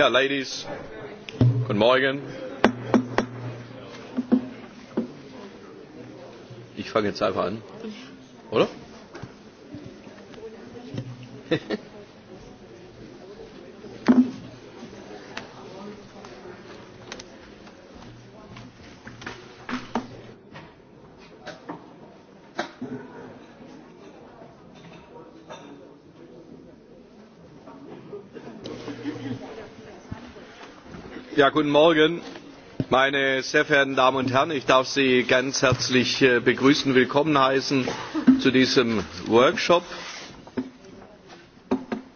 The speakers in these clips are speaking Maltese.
Yeah, ladies, good morning. Ich fange jetzt einfach an, oder? Ja, guten Morgen, meine sehr verehrten Damen und Herren. Ich darf Sie ganz herzlich äh, begrüßen, willkommen heißen zu diesem Workshop.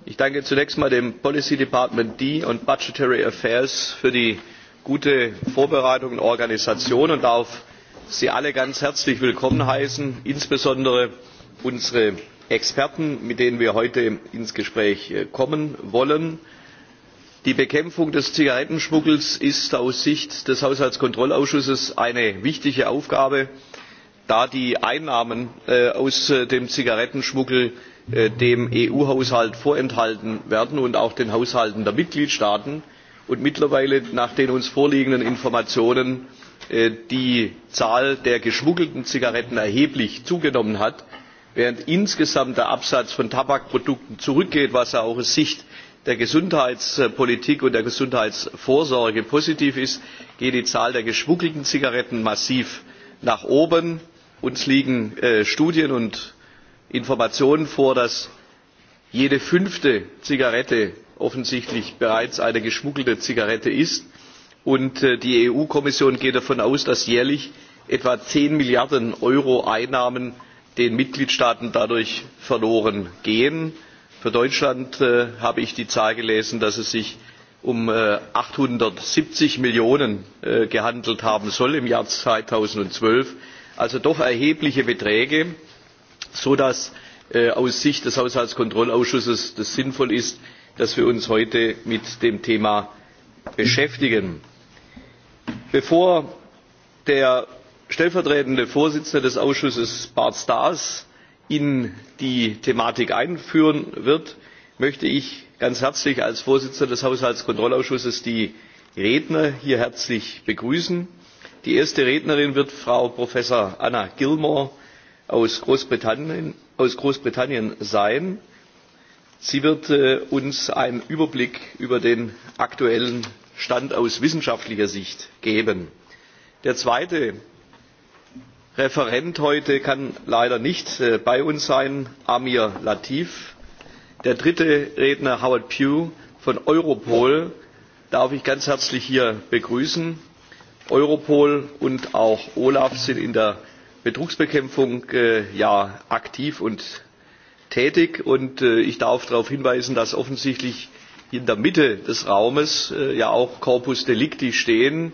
Ich danke zunächst mal dem Policy Department D und Budgetary Affairs für die gute Vorbereitung und Organisation und darf Sie alle ganz herzlich willkommen heißen, insbesondere unsere Experten, mit denen wir heute ins Gespräch äh, kommen wollen die bekämpfung des zigarettenschmuggels ist aus sicht des haushaltskontrollausschusses eine wichtige aufgabe da die einnahmen äh, aus äh, dem zigarettenschmuggel äh, dem eu haushalt vorenthalten werden und auch den haushalten der mitgliedstaaten und mittlerweile nach den uns vorliegenden informationen die zahl der geschmuggelten zigaretten erheblich zugenommen hat während insgesamt der absatz von tabakprodukten zurückgeht was ja auch aus sicht der Gesundheitspolitik und der Gesundheitsvorsorge positiv ist, geht die Zahl der geschmuggelten Zigaretten massiv nach oben. Uns liegen äh, Studien und Informationen vor, dass jede fünfte Zigarette offensichtlich bereits eine geschmuggelte Zigarette ist. Und äh, die EU-Kommission geht davon aus, dass jährlich etwa zehn Milliarden Euro Einnahmen den Mitgliedstaaten dadurch verloren gehen. Für Deutschland äh, habe ich die Zahl gelesen, dass es sich um äh, 870 Millionen äh, gehandelt haben soll im Jahr 2012. Also doch erhebliche Beträge, sodass äh, aus Sicht des Haushaltskontrollausschusses das sinnvoll ist, dass wir uns heute mit dem Thema beschäftigen. Bevor der stellvertretende Vorsitzende des Ausschusses Bart Stars in die Thematik einführen wird, möchte ich ganz herzlich als Vorsitzender des Haushaltskontrollausschusses die Redner hier herzlich begrüßen. Die erste Rednerin wird Frau Professor Anna Gilmore aus Großbritannien, aus Großbritannien sein. Sie wird äh, uns einen Überblick über den aktuellen Stand aus wissenschaftlicher Sicht geben. Der zweite Referent heute kann leider nicht äh, bei uns sein, Amir Latif. Der dritte Redner, Howard Pugh von Europol, darf ich ganz herzlich hier begrüßen. Europol und auch Olaf sind in der Betrugsbekämpfung äh, ja, aktiv und tätig. Und äh, ich darf darauf hinweisen, dass offensichtlich in der Mitte des Raumes äh, ja auch Corpus Delicti stehen.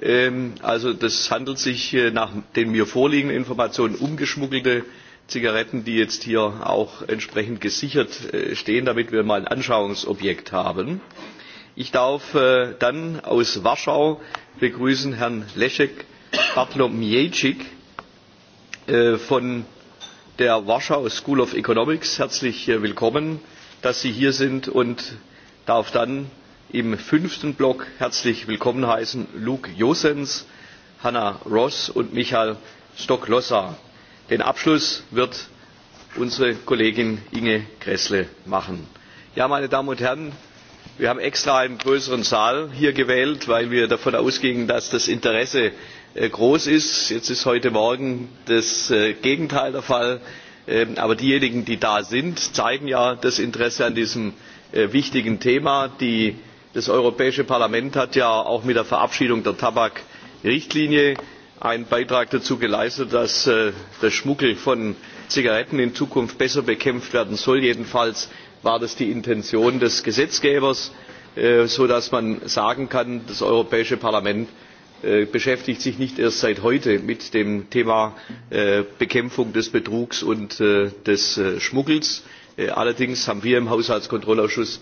Ähm, also das handelt sich äh, nach den mir vorliegenden Informationen umgeschmuggelte Zigaretten, die jetzt hier auch entsprechend gesichert äh, stehen, damit wir mal ein Anschauungsobjekt haben. Ich darf äh, dann aus Warschau begrüßen Herrn Leszek Bartlomiejczyk äh, von der Warschau School of Economics. Herzlich äh, willkommen, dass Sie hier sind und darf dann im fünften Block herzlich willkommen heißen Luke Josens, Hanna Ross und Michael Stocklosser. Den Abschluss wird unsere Kollegin Inge Kressle machen. Ja, meine Damen und Herren, wir haben extra einen größeren Saal hier gewählt, weil wir davon ausgingen, dass das Interesse äh, groß ist. Jetzt ist heute Morgen das äh, Gegenteil der Fall. Ähm, aber diejenigen, die da sind, zeigen ja das Interesse an diesem Äh, wichtigen Thema. Die, das Europäische Parlament hat ja auch mit der Verabschiedung der Tabakrichtlinie einen Beitrag dazu geleistet, dass äh, der Schmuggel von Zigaretten in Zukunft besser bekämpft werden soll. Jedenfalls war das die Intention des Gesetzgebers, äh, sodass man sagen kann, das Europäische Parlament äh, beschäftigt sich nicht erst seit heute mit dem Thema äh, Bekämpfung des Betrugs und des Schmuggels. Äh, allerdings haben wir im Haushaltskontrollausschuss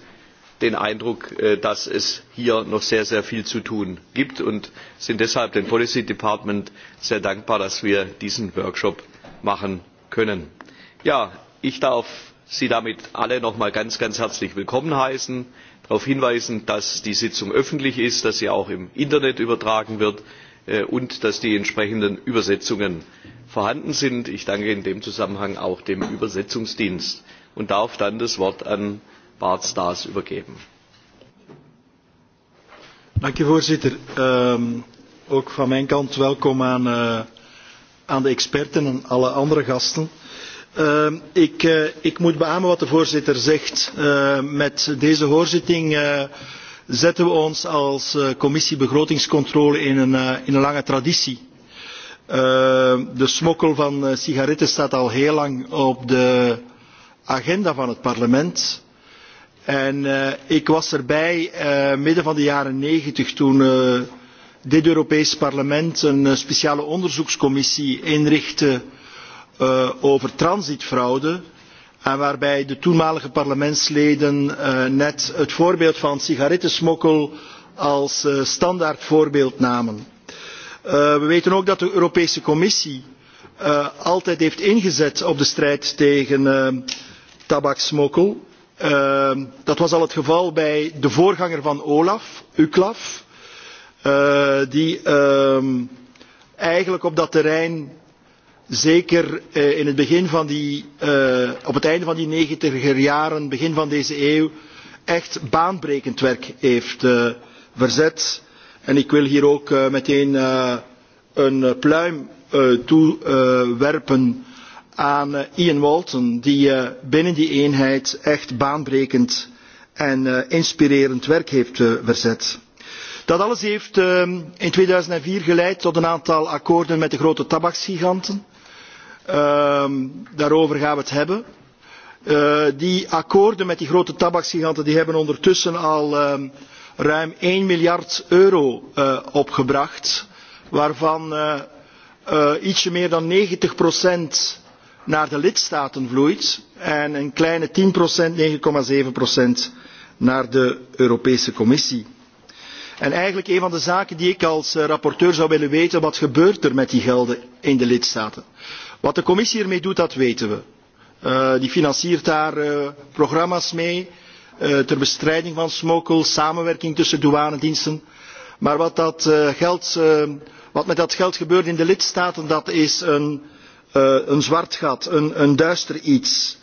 den Eindruck, äh, dass es hier noch sehr, sehr viel zu tun gibt und sind deshalb dem Policy Department sehr dankbar, dass wir diesen Workshop machen können. Ja, ich darf Sie damit alle noch mal ganz, ganz herzlich willkommen heißen, darauf hinweisen, dass die Sitzung öffentlich ist, dass sie auch im Internet übertragen wird äh, und dass die entsprechenden Übersetzungen vorhanden sind. Ich danke in dem Zusammenhang auch dem Übersetzungsdienst und darf dann das Wort an Bart Staes übergeben. Dank u voorzitter. Um, ook van mijn kant welkom aan, uh, aan de experten en alle andere gasten. Uh, ik, uh, ik moet beamen wat de voorzitter zegt. Uh, met deze hoorzitting uh, zetten we ons als uh, commissie begrotingscontrole in een, uh, in een lange traditie. Uh, de smokkel van uh, sigaretten staat al heel lang op de agenda van het parlement. En uh, ik was erbij uh, midden van de jaren negentig toen uh, dit Europees parlement een speciale onderzoekscommissie inrichtte uh, over transitfraude. En waarbij de toenmalige parlementsleden uh, net het voorbeeld van sigarettensmokkel als uh, standaard voorbeeld namen. Uh, we weten ook dat de Europese Commissie uh, altijd heeft ingezet op de strijd tegen uh, smokkel. Uh, dat was al het geval bij de voorganger van Olaf, Uklaf, uh, die uh, eigenlijk op dat terrein zeker uh, in het begin van die, uh, op het einde van die negentiger jaren, begin van deze eeuw, echt baanbrekend werk heeft uh, verzet. En ik wil hier ook uh, meteen uh, een pluim uh, toewerpen uh, aan eh, Ian Walton, die eh, binnen die eenheid echt baanbrekend en eh, inspirerend werk heeft verzet. Dat alles heeft ehm, in 2004 geleid tot een aantal akkoorden met de grote tabaksgiganten. Ehm, daarover gaan we het hebben. Die akkoorden met die grote tabaksgiganten die hebben ondertussen al ehm, ruim 1 miljard euro opgebracht, waarvan ietsje meer dan 90 procent naar de lidstaten vloeit en een kleine 10%, 9,7% naar de Europese Commissie. En eigenlijk een van de zaken die ik als eh, rapporteur zou willen weten, wat gebeurt er met die gelden in de lidstaten? Wat de Commissie ermee doet, dat weten we. Uh, die financiert daar uh, programma's mee uh, ter bestrijding van smokkel, samenwerking tussen douanediensten. Maar wat, dat, uh, geld, uh, wat met dat geld gebeurt in de lidstaten, dat is een Eh, een zwart gat, een, een duister iets.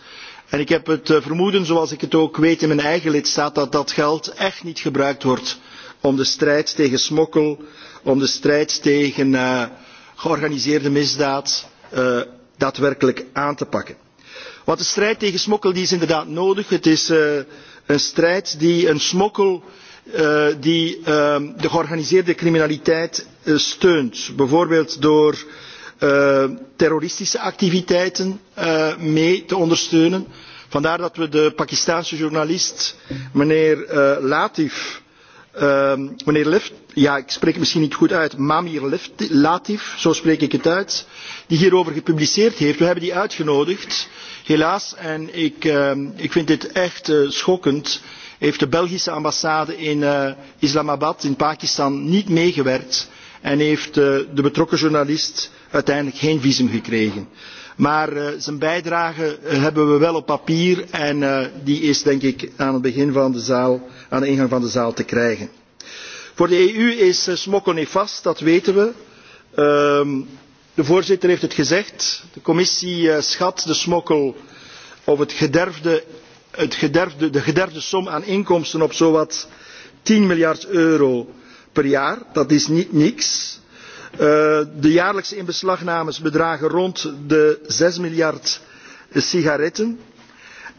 En ik heb het eh, vermoeden, zoals ik het ook weet in mijn eigen lidstaat, dat dat geld echt niet gebruikt wordt om de strijd tegen smokkel, om de strijd tegen uh, georganiseerde misdaad uh, daadwerkelijk aan te pakken. Want de strijd tegen smokkel die is inderdaad nodig. Het is uh, een strijd die een smokkel uh, die uh, de georganiseerde criminaliteit uh, steunt. Bijvoorbeeld door Eh, terroristische activiteiten eh, mee te ondersteunen. Vandaar dat we de Pakistaanse journalist, meneer eh, Latif, ehm, meneer Lift, ja ik spreek het misschien niet goed uit, Mamir Latif, zo spreek ik het uit, die hierover gepubliceerd heeft. We hebben die uitgenodigd, helaas, en ik, ehm, ik vind dit echt schokkend, heeft de Belgische ambassade in uh, Islamabad in Pakistan niet meegewerkt en heeft eh, de betrokken journalist uiteindelijk geen visum gekregen. Maar uh, zijn bijdrage eh, hebben we wel op papier en uh, die is denk ik aan het begin van de zaal, aan de ingang van de zaal te krijgen. Voor de EU is uh, smokkel nefast, dat weten we. Uh, de voorzitter heeft het gezegd. De commissie uh, schat de smokkel of het gederfde, het gederfde, de gederfde som aan inkomsten op zowat 10 miljard euro per jaar. Dat is niet niks. Uh, de jaarlijkse inbeslagnames bedragen rond de 6 miljard sigaretten.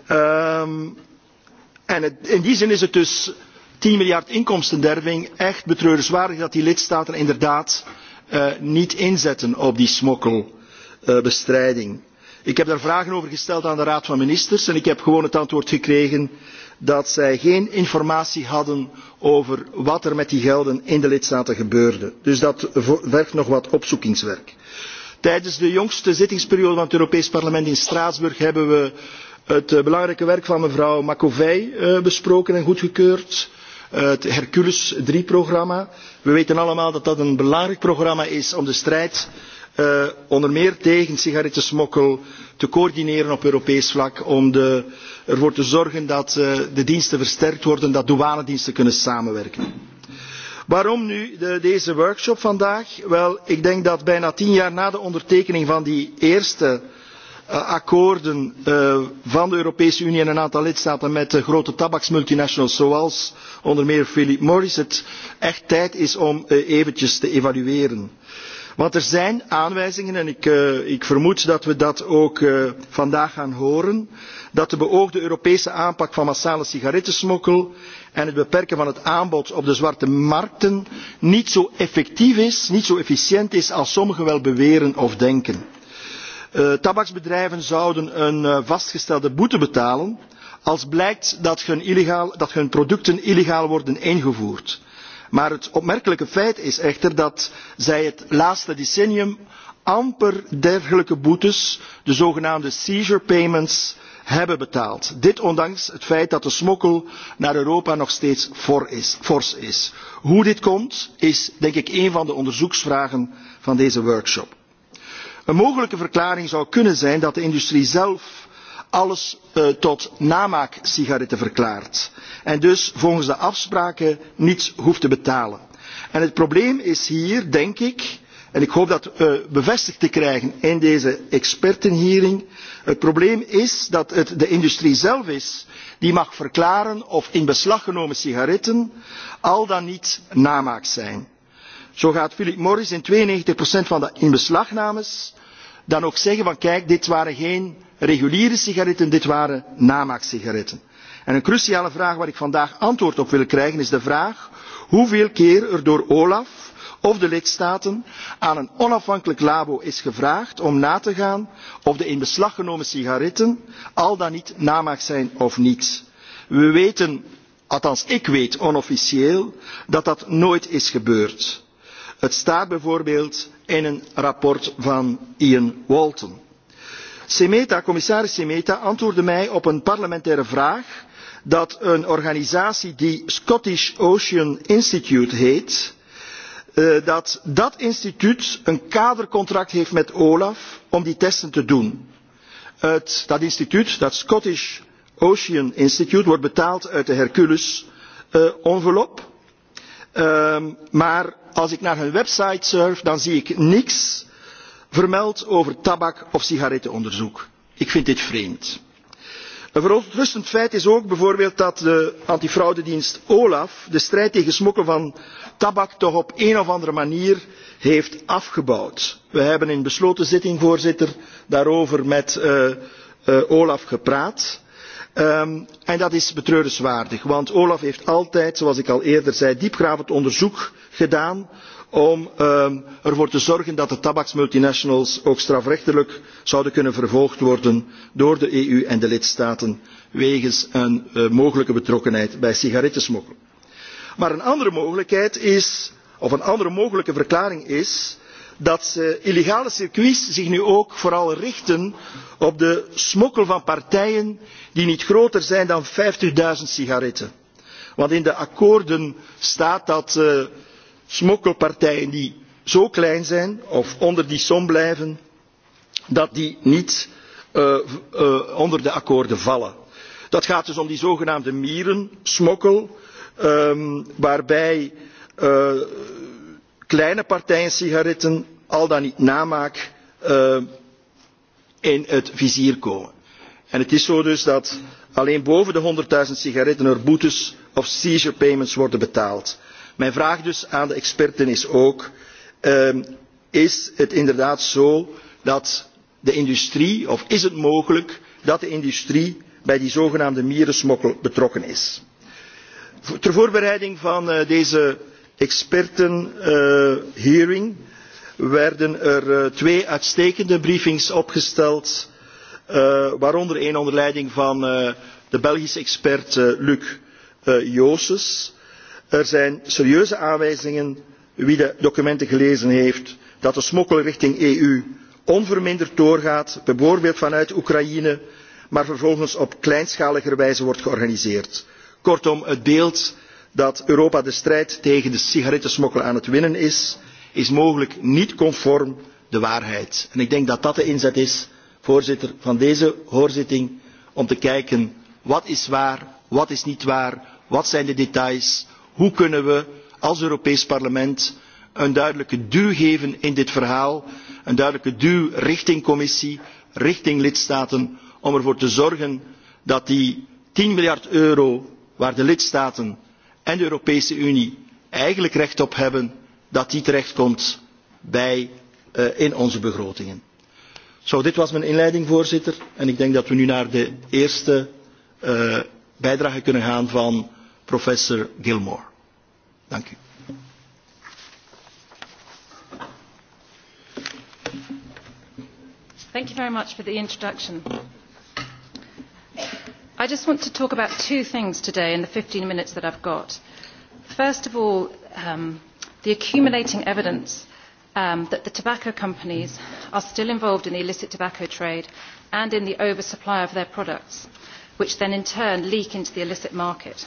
Um, en het, in die zin is het dus 10 miljard inkomstenderving echt betreurenswaardig dat die lidstaten inderdaad uh, niet inzetten op die smokkelbestrijding. Uh, ik heb daar vragen over gesteld aan de Raad van Ministers en ik heb gewoon het antwoord gekregen uh, dat zij geen informatie hadden over wat er met die gelden in de lidstaten gebeurde. Dus dat vergt nog wat opzoekingswerk. Tijdens de jongste zittingsperiode van het Europees Parlement in Straatsburg hebben we het eh, belangrijke werk van mevrouw Macovei eh, besproken en goedgekeurd. Eh, het Hercules 3-programma. We weten allemaal dat dat een belangrijk programma is om de strijd uh, onder meer tegen sigarettensmokkel te coördineren op Europees vlak om de, ervoor te zorgen dat uh, de diensten versterkt worden, dat douanediensten kunnen samenwerken. Waarom nu de, deze workshop vandaag? Wel, ik denk dat bijna tien jaar na de ondertekening van die eerste uh, akkoorden uh, van de Europese Unie en een aantal lidstaten met de grote tabaksmultinationals zoals onder meer Philip Morris het echt tijd is om uh, eventjes te evalueren. Want er zijn aanwijzingen, en ik, uh, ik vermoed dat we dat ook uh, vandaag gaan horen, dat de beoogde Europese aanpak van massale sigarettensmokkel en het beperken van het aanbod op de zwarte markten niet zo effectief is, niet zo efficiënt is als sommigen wel beweren of denken. Uh, tabaksbedrijven zouden een uh, vastgestelde boete betalen als blijkt dat hun, illegaal, dat hun producten illegaal worden ingevoerd. Maar het opmerkelijke feit is echter dat zij het laatste decennium amper dergelijke boetes, de zogenaamde seizure payments, hebben betaald. Dit ondanks het feit dat de smokkel naar Europa nog steeds fors is. Hoe dit komt is denk ik een van de onderzoeksvragen van deze workshop. Een mogelijke verklaring zou kunnen zijn dat de industrie zelf alles uh, tot namaaksigaretten verklaart. En dus volgens de afspraken niets hoeft te betalen. En het probleem is hier, denk ik, en ik hoop dat uh, bevestigd te krijgen in deze expertenhearing, het probleem is dat het de industrie zelf is die mag verklaren of in beslag genomen sigaretten al dan niet namaak zijn. Zo gaat Philip Morris in 92% van de inbeslagnames dan ook zeggen van kijk, dit waren geen reguliere sigaretten, dit waren namaaksigaretten. En een cruciale vraag waar ik vandaag antwoord op wil krijgen is de vraag hoeveel keer er door Olaf of de lidstaten aan een onafhankelijk labo is gevraagd om na te gaan of de in beslag genomen sigaretten al dan niet namaak zijn of niet. We weten, althans ik weet onofficieel, dat dat nooit is gebeurd. Het staat bijvoorbeeld in een rapport van Ian Walton. Semeta, commissaris Semeta antwoordde mij op een parlementaire vraag dat een organisatie die Scottish Ocean Institute heet, eh, dat dat instituut een kadercontract heeft met Olaf om die testen te doen. Het, dat instituut, dat Scottish Ocean Institute, wordt betaald uit de Hercules-envelop. Eh, Ehm, maar als ik naar hun website surf, dan zie ik niks vermeld over tabak- of sigarettenonderzoek. Ik vind dit vreemd. Een verontrustend feit is ook bijvoorbeeld dat de antifraudedienst OLAF de strijd tegen smokkel van tabak toch op een of andere manier heeft afgebouwd. We hebben in besloten zitting, voorzitter, daarover met uh, uh, OLAF gepraat. Um, en dat is betreurenswaardig, want Olaf heeft altijd, zoals ik al eerder zei, diepgravend onderzoek gedaan om um, ervoor te zorgen dat de tabaksmultinationals ook strafrechtelijk zouden kunnen vervolgd worden door de EU en de lidstaten wegens een uh, mogelijke betrokkenheid bij sigarettensmokkel. Maar een andere mogelijkheid is, of een andere mogelijke verklaring is, dat eh, illegale circuits zich nu ook vooral richten op de smokkel van partijen die niet groter zijn dan vijftig nul sigaretten. Want in de akkoorden staat dat uh, smokkelpartijen die zo klein zijn of onder die som blijven, dat die niet uh, uh, onder de akkoorden vallen. Dat gaat dus om die zogenaamde mierensmokkel, um, waarbij kleine partijen sigaretten al dan niet namaak, uh, in het vizier komen. En het is zo dus dat alleen boven de 100.000 sigaretten er boetes of seizure payments worden betaald. Mijn vraag dus aan de experten is ook, uh, is het inderdaad zo dat de industrie, of is het mogelijk dat de industrie bij die zogenaamde mierensmokkel betrokken is? Ter voorbereiding van eh, deze Experten eh, hearing werden er eh, twee uitstekende briefings opgesteld, eh, waaronder een onder leiding van de Belgische expert Luc Joosses. Er zijn serieuze aanwijzingen, wie de documenten gelezen heeft, dat de smokkel richting EU onverminderd doorgaat, bijvoorbeeld vanuit Oekraïne, maar vervolgens op kleinschaliger wijze wordt georganiseerd. Kortom, het beeld dat Europa de strijd tegen de sigarettensmokkel aan het winnen is, is mogelijk niet conform de waarheid. En ik denk dat dat de inzet is, voorzitter, van deze hoorzitting om te kijken wat is waar, wat is niet waar, wat zijn de details, hoe kunnen we als Europees parlement een duidelijke duw geven in dit verhaal, een duidelijke duw richting commissie, richting lidstaten, om ervoor te zorgen dat die 10 miljard euro waar de lidstaten en de Europese Unie eigenlijk recht op hebben, dat die terechtkomt bij, uh, in onze begrotingen. Zo, dit was mijn inleiding, voorzitter. En ik denk dat we nu naar de eerste uh, bijdrage kunnen gaan van professor Gilmore. Dank u. Thank you very much for the introduction. I just want to talk about two things today in the 15 minutes that I've got. First of all, um, the accumulating evidence um, that the tobacco companies are still involved in the illicit tobacco trade and in the oversupply of their products, which then in turn leak into the illicit market.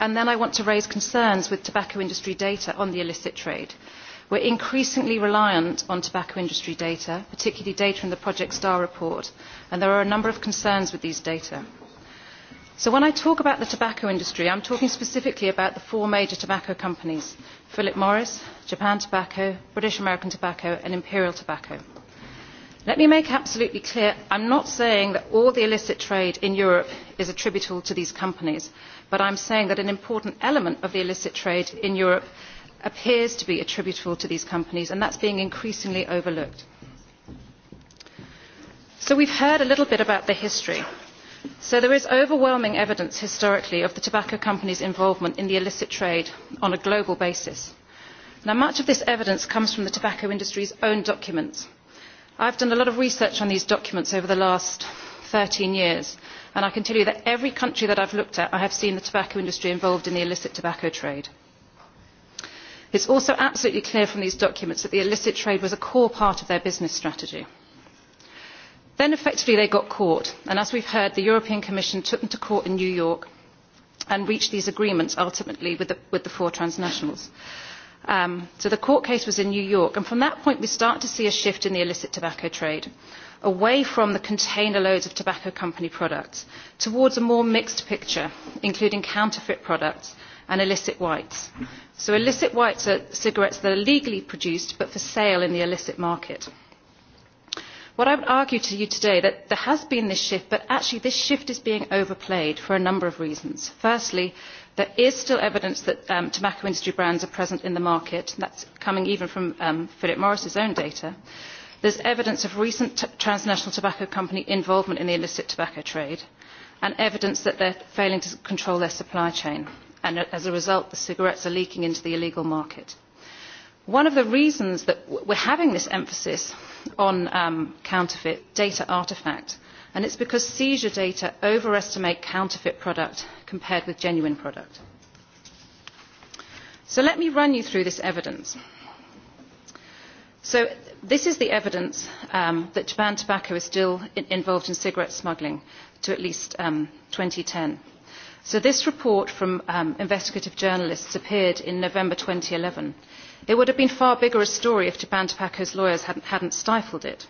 And then I want to raise concerns with tobacco industry data on the illicit trade We're increasingly reliant on tobacco industry data, particularly data in the Project STAR report, and there are a number of concerns with these data. So when I talk about the tobacco industry, I'm talking specifically about the four major tobacco companies, Philip Morris, Japan Tobacco, British American Tobacco, and Imperial Tobacco. Let me make absolutely clear, I'm not saying that all the illicit trade in Europe is attributable to these companies, but I'm saying that an important element of the illicit trade in Europe appears to be attributable to these companies, and that's being increasingly overlooked. So we've heard a little bit about the history. So there is overwhelming evidence historically of the tobacco companies' involvement in the illicit trade on a global basis. Now much of this evidence comes from the tobacco industry's own documents. I've done a lot of research on these documents over the last 13 years, and I can tell you that every country that I've looked at, I have seen the tobacco industry involved in the illicit tobacco trade. It is also absolutely clear from these documents that the illicit trade was a core part of their business strategy. Then effectively they got caught, and as we have heard, the European Commission took them to court in New York and reached these agreements ultimately with the, with the four transnationals. Um, so the court case was in New York, and from that point we start to see a shift in the illicit tobacco trade, away from the container loads of tobacco company products, towards a more mixed picture, including counterfeit products and illicit whites. So illicit whites are cigarettes that are legally produced but for sale in the illicit market. What I would argue to you today that there has been this shift, but actually this shift is being overplayed for a number of reasons. Firstly, there is still evidence that um, tobacco industry brands are present in the market. and That's coming even from um, Philip Morris's own data. There's evidence of recent t transnational tobacco company involvement in the illicit tobacco trade and evidence that they're failing to control their supply chain and as a result the cigarettes are leaking into the illegal market. One of the reasons that we're having this emphasis on um, counterfeit data artifact and it's because seizure data overestimate counterfeit product compared with genuine product. So let me run you through this evidence. So this is the evidence um, that Japan Tobacco is still in involved in cigarette smuggling to at least um, 2010. So this report from um, investigative journalists appeared in November 2011. It would have been far bigger a story if Japan Tobacco's lawyers hadn't, hadn't stifled it.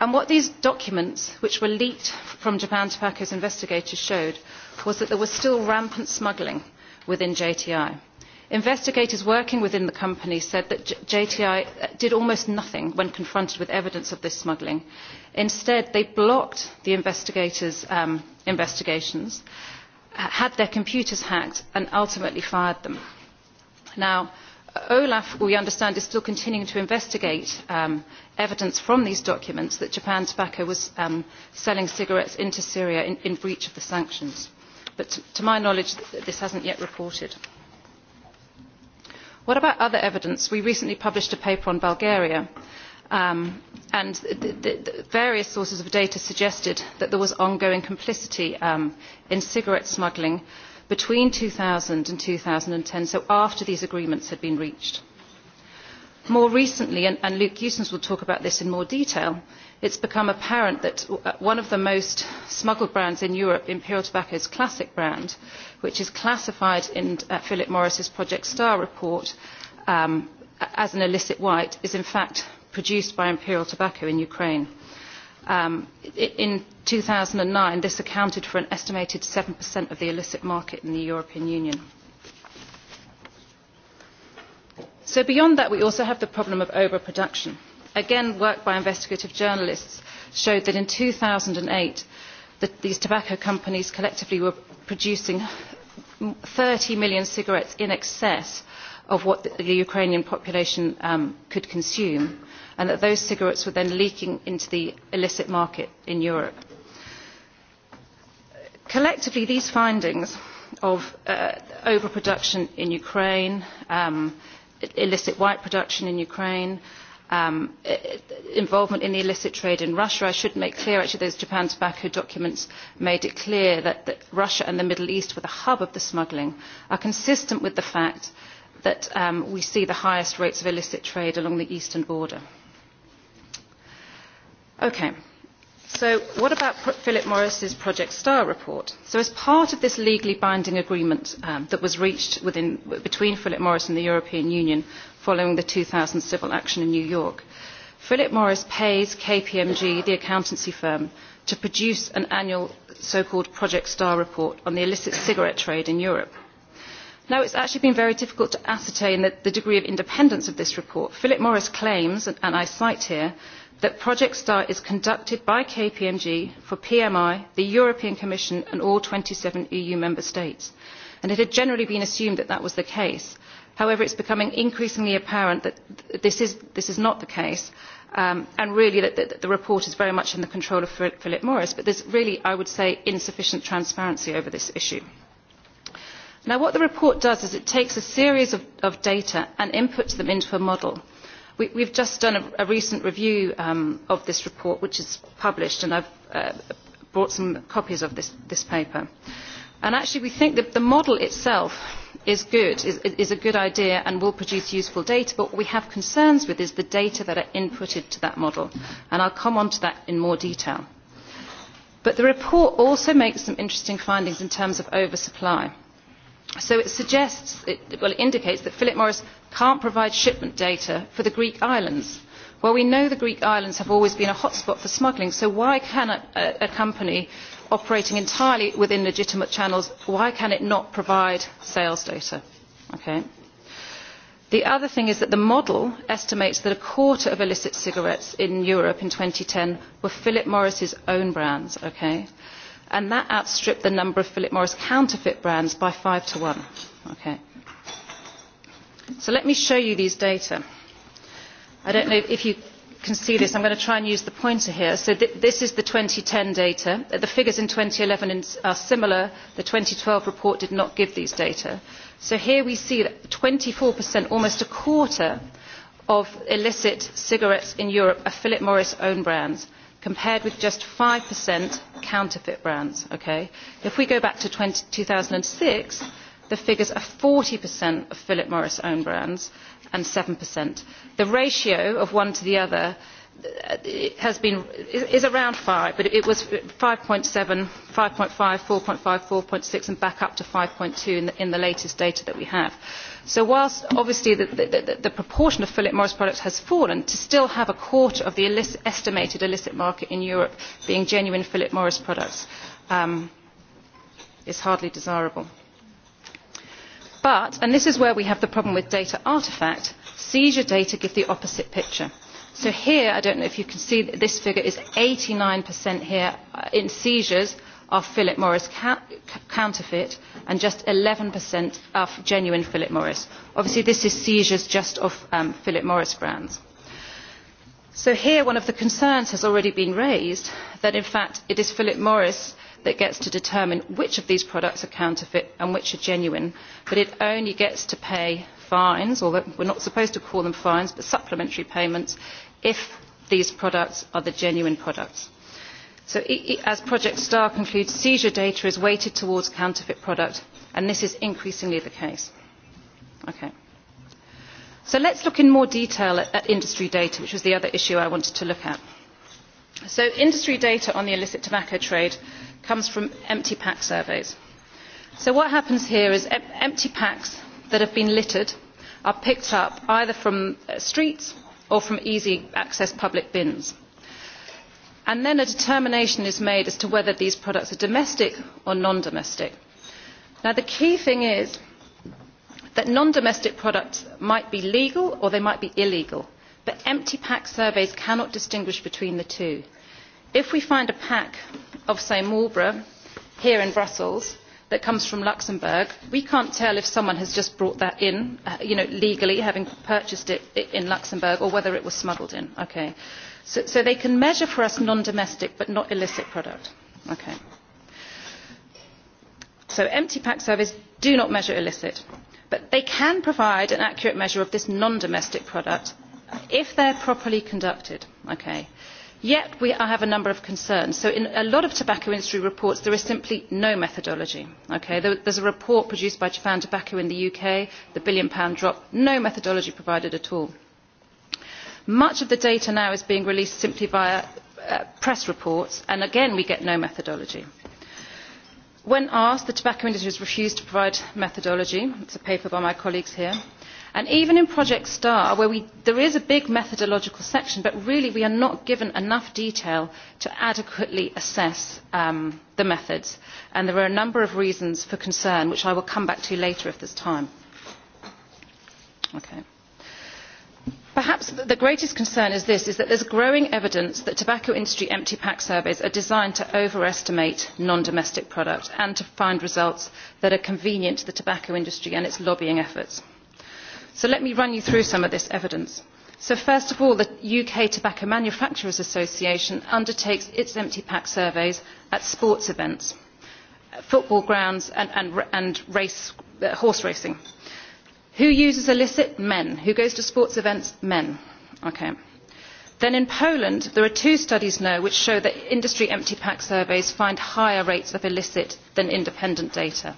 And what these documents, which were leaked from Japan Tobacco's investigators, showed was that there was still rampant smuggling within JTI. Investigators working within the company said that JTI uh, did almost nothing when confronted with evidence of this smuggling. Instead, they blocked the investigators' um, investigations, had their computers hacked, and ultimately fired them. Now, uh, Olaf, we understand, is still continuing to investigate um, evidence from these documents that Japan Tobacco was um, selling cigarettes into Syria in, in breach of the sanctions. But to, to my knowledge, this hasn't yet reported. What about other evidence? We recently published a paper on Bulgaria. Um, and the, the, the various sources of data suggested that there was ongoing complicity um, in cigarette smuggling between 2000 and 2010, so after these agreements had been reached. More recently, and, and Luke Eusens will talk about this in more detail, it has become apparent that uh, one of the most smuggled brands in Europe, Imperial Tobacco's classic brand, which is classified in uh, Philip Morris's Project Star report um, as an illicit white, is in fact produced by Imperial Tobacco in Ukraine. Um, in 2009, this accounted for an estimated 7% of the illicit market in the European Union. So beyond that, we also have the problem of overproduction. Again, work by investigative journalists showed that in 2008, the, these tobacco companies collectively were producing 30 million cigarettes in excess of what the, the Ukrainian population um, could consume, and that those cigarettes were then leaking into the illicit market in Europe. Collectively, these findings of uh, overproduction in Ukraine, um, illicit white production in Ukraine, um, involvement in the illicit trade in Russia. I should make clear, actually, those Japan tobacco documents made it clear that, that Russia and the Middle East were the hub of the smuggling, are consistent with the fact that um, we see the highest rates of illicit trade along the eastern border. Okay. So what about Philip Morris's Project Star report? So as part of this legally binding agreement um, that was reached within, between Philip Morris and the European Union following the 2000 civil action in New York, Philip Morris pays KPMG, the accountancy firm, to produce an annual so-called Project Star report on the illicit cigarette trade in Europe. Now, it's actually been very difficult to ascertain the, the degree of independence of this report. Philip Morris claims, and I cite here, that Project STAR is conducted by KPMG for PMI, the European Commission and all twenty seven EU member states. And it had generally been assumed that that was the case. However, it is becoming increasingly apparent that this is, this is not the case um, and really that, that the report is very much in the control of Philip Morris, but there is really, I would say, insufficient transparency over this issue. Now, what the report does is it takes a series of, of data and inputs them into a model We, we've just done a, a recent review um, of this report, which is published, and I've uh, brought some copies of this, this paper. And actually, we think that the model itself is good, is, is a good idea and will produce useful data, but what we have concerns with is the data that are inputted to that model. And I'll come on to that in more detail. But the report also makes some interesting findings in terms of oversupply. So it suggests, it, well, it indicates that Philip Morris can't provide shipment data for the Greek islands. Well, we know the Greek islands have always been a hotspot for smuggling, so why can a, a company operating entirely within legitimate channels, why can it not provide sales data? Okay. The other thing is that the model estimates that a quarter of illicit cigarettes in Europe in 2010 were Philip Morris's own brands, okay? And that outstripped the number of Philip Morris counterfeit brands by five to one, okay? So let me show you these data. I don't know if you can see this. I'm going to try and use the pointer here. So th this is the 2010 data. Uh, the figures in 2011 are similar. The 2012 report did not give these data. So here we see that 24%, almost a quarter, of illicit cigarettes in Europe are Philip Morris own brands, compared with just 5% counterfeit brands. Okay? If we go back to 20, 2006, The figures are 40% of Philip Morris own brands and 7%. The ratio of one to the other uh, has been is around five, but it was 5.7, 5.5, 4.5, 4.6, and back up to 5.2 in the, in the latest data that we have. So whilst obviously the, the, the proportion of Philip Morris products has fallen, to still have a quarter of the illicit, estimated illicit market in Europe being genuine Philip Morris products um, is hardly desirable. But, and this is where we have the problem with data artifact, seizure data give the opposite picture. So here, I don't know if you can see that this figure is 89% here uh, in seizures of Philip Morris ca counterfeit and just 11% of genuine Philip Morris. Obviously, this is seizures just of um, Philip Morris brands. So here, one of the concerns has already been raised that, in fact, it is Philip Morris that gets to determine which of these products are counterfeit and which are genuine, but it only gets to pay fines, or we're not supposed to call them fines, but supplementary payments, if these products are the genuine products. So as Project STAR concludes, seizure data is weighted towards counterfeit product, and this is increasingly the case. Okay. So let's look in more detail at, at industry data, which was the other issue I wanted to look at. So industry data on the illicit tobacco trade comes from empty pack surveys. So what happens here is em empty packs that have been littered are picked up either from uh, streets or from easy access public bins. And then a determination is made as to whether these products are domestic or non-domestic. Now the key thing is that non-domestic products might be legal or they might be illegal, but empty pack surveys cannot distinguish between the two. If we find a pack of say Marlborough, here in Brussels that comes from Luxembourg, we can't tell if someone has just brought that in, uh, you know, legally, having purchased it in Luxembourg, or whether it was smuggled in. Okay. So, so they can measure for us non-domestic but not illicit product. Okay. So empty pack surveys do not measure illicit, but they can provide an accurate measure of this non-domestic product if they're properly conducted. Okay. Yet we have a number of concerns. So in a lot of tobacco industry reports, there is simply no methodology. Okay? There, there's a report produced by Japan Tobacco in the UK, the billion pound drop, no methodology provided at all. Much of the data now is being released simply via uh, press reports, and again we get no methodology. When asked, the tobacco industry has refused to provide methodology. It's a paper by my colleagues here. And even in Project STAR, where we, there is a big methodological section, but really we are not given enough detail to adequately assess um, the methods. And there are a number of reasons for concern, which I will come back to later if there's time. Okay. Perhaps the greatest concern is this, is that there's growing evidence that tobacco industry empty pack surveys are designed to overestimate non-domestic product and to find results that are convenient to the tobacco industry and its lobbying efforts. So let me run you through some of this evidence. So first of all, the UK Tobacco Manufacturers Association undertakes its empty pack surveys at sports events, football grounds and, and, and race, uh, horse racing. Who uses illicit? Men. Who goes to sports events? Men. Okay. Then in Poland, there are two studies now which show that industry empty pack surveys find higher rates of illicit than independent data.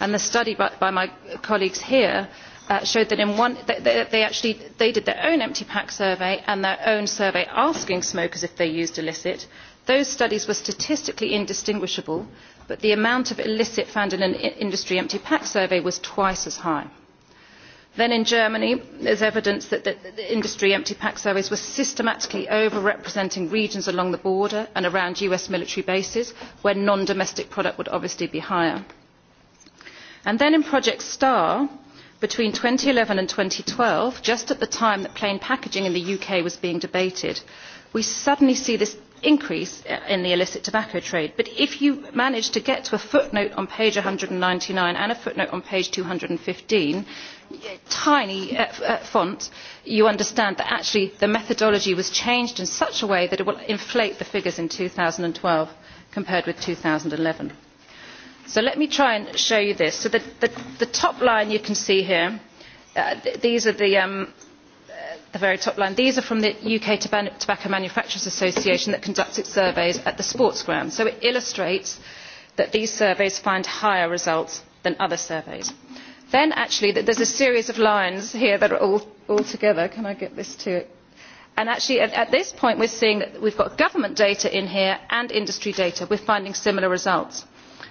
And the study by, by my colleagues here Uh, showed that in one, they, they actually they did their own empty pack survey and their own survey asking smokers if they used illicit. Those studies were statistically indistinguishable, but the amount of illicit found in an industry empty pack survey was twice as high. Then in Germany, there's evidence that the, the industry empty pack surveys were systematically over-representing regions along the border and around US military bases where non-domestic product would obviously be higher. And then in Project STAR, between two thousand and eleven and two thousand and twelve just at the time that plain packaging in the uk was being debated we suddenly see this increase in the illicit tobacco trade but if you manage to get to a footnote on page one hundred and ninety nine and a footnote on page two hundred and fifteen tiny uh, uh, font you understand that actually the methodology was changed in such a way that it will inflate the figures in two thousand and twelve compared with two thousand and eleven So let me try and show you this. So the, the, the top line you can see here, uh, th these are the, um, uh, the very top line. These are from the UK Tobacco Manufacturers Association that conducts its surveys at the sports ground. So it illustrates that these surveys find higher results than other surveys. Then actually there's a series of lines here that are all, all together. Can I get this to it? And actually at, at this point we're seeing that we've got government data in here and industry data. We're finding similar results.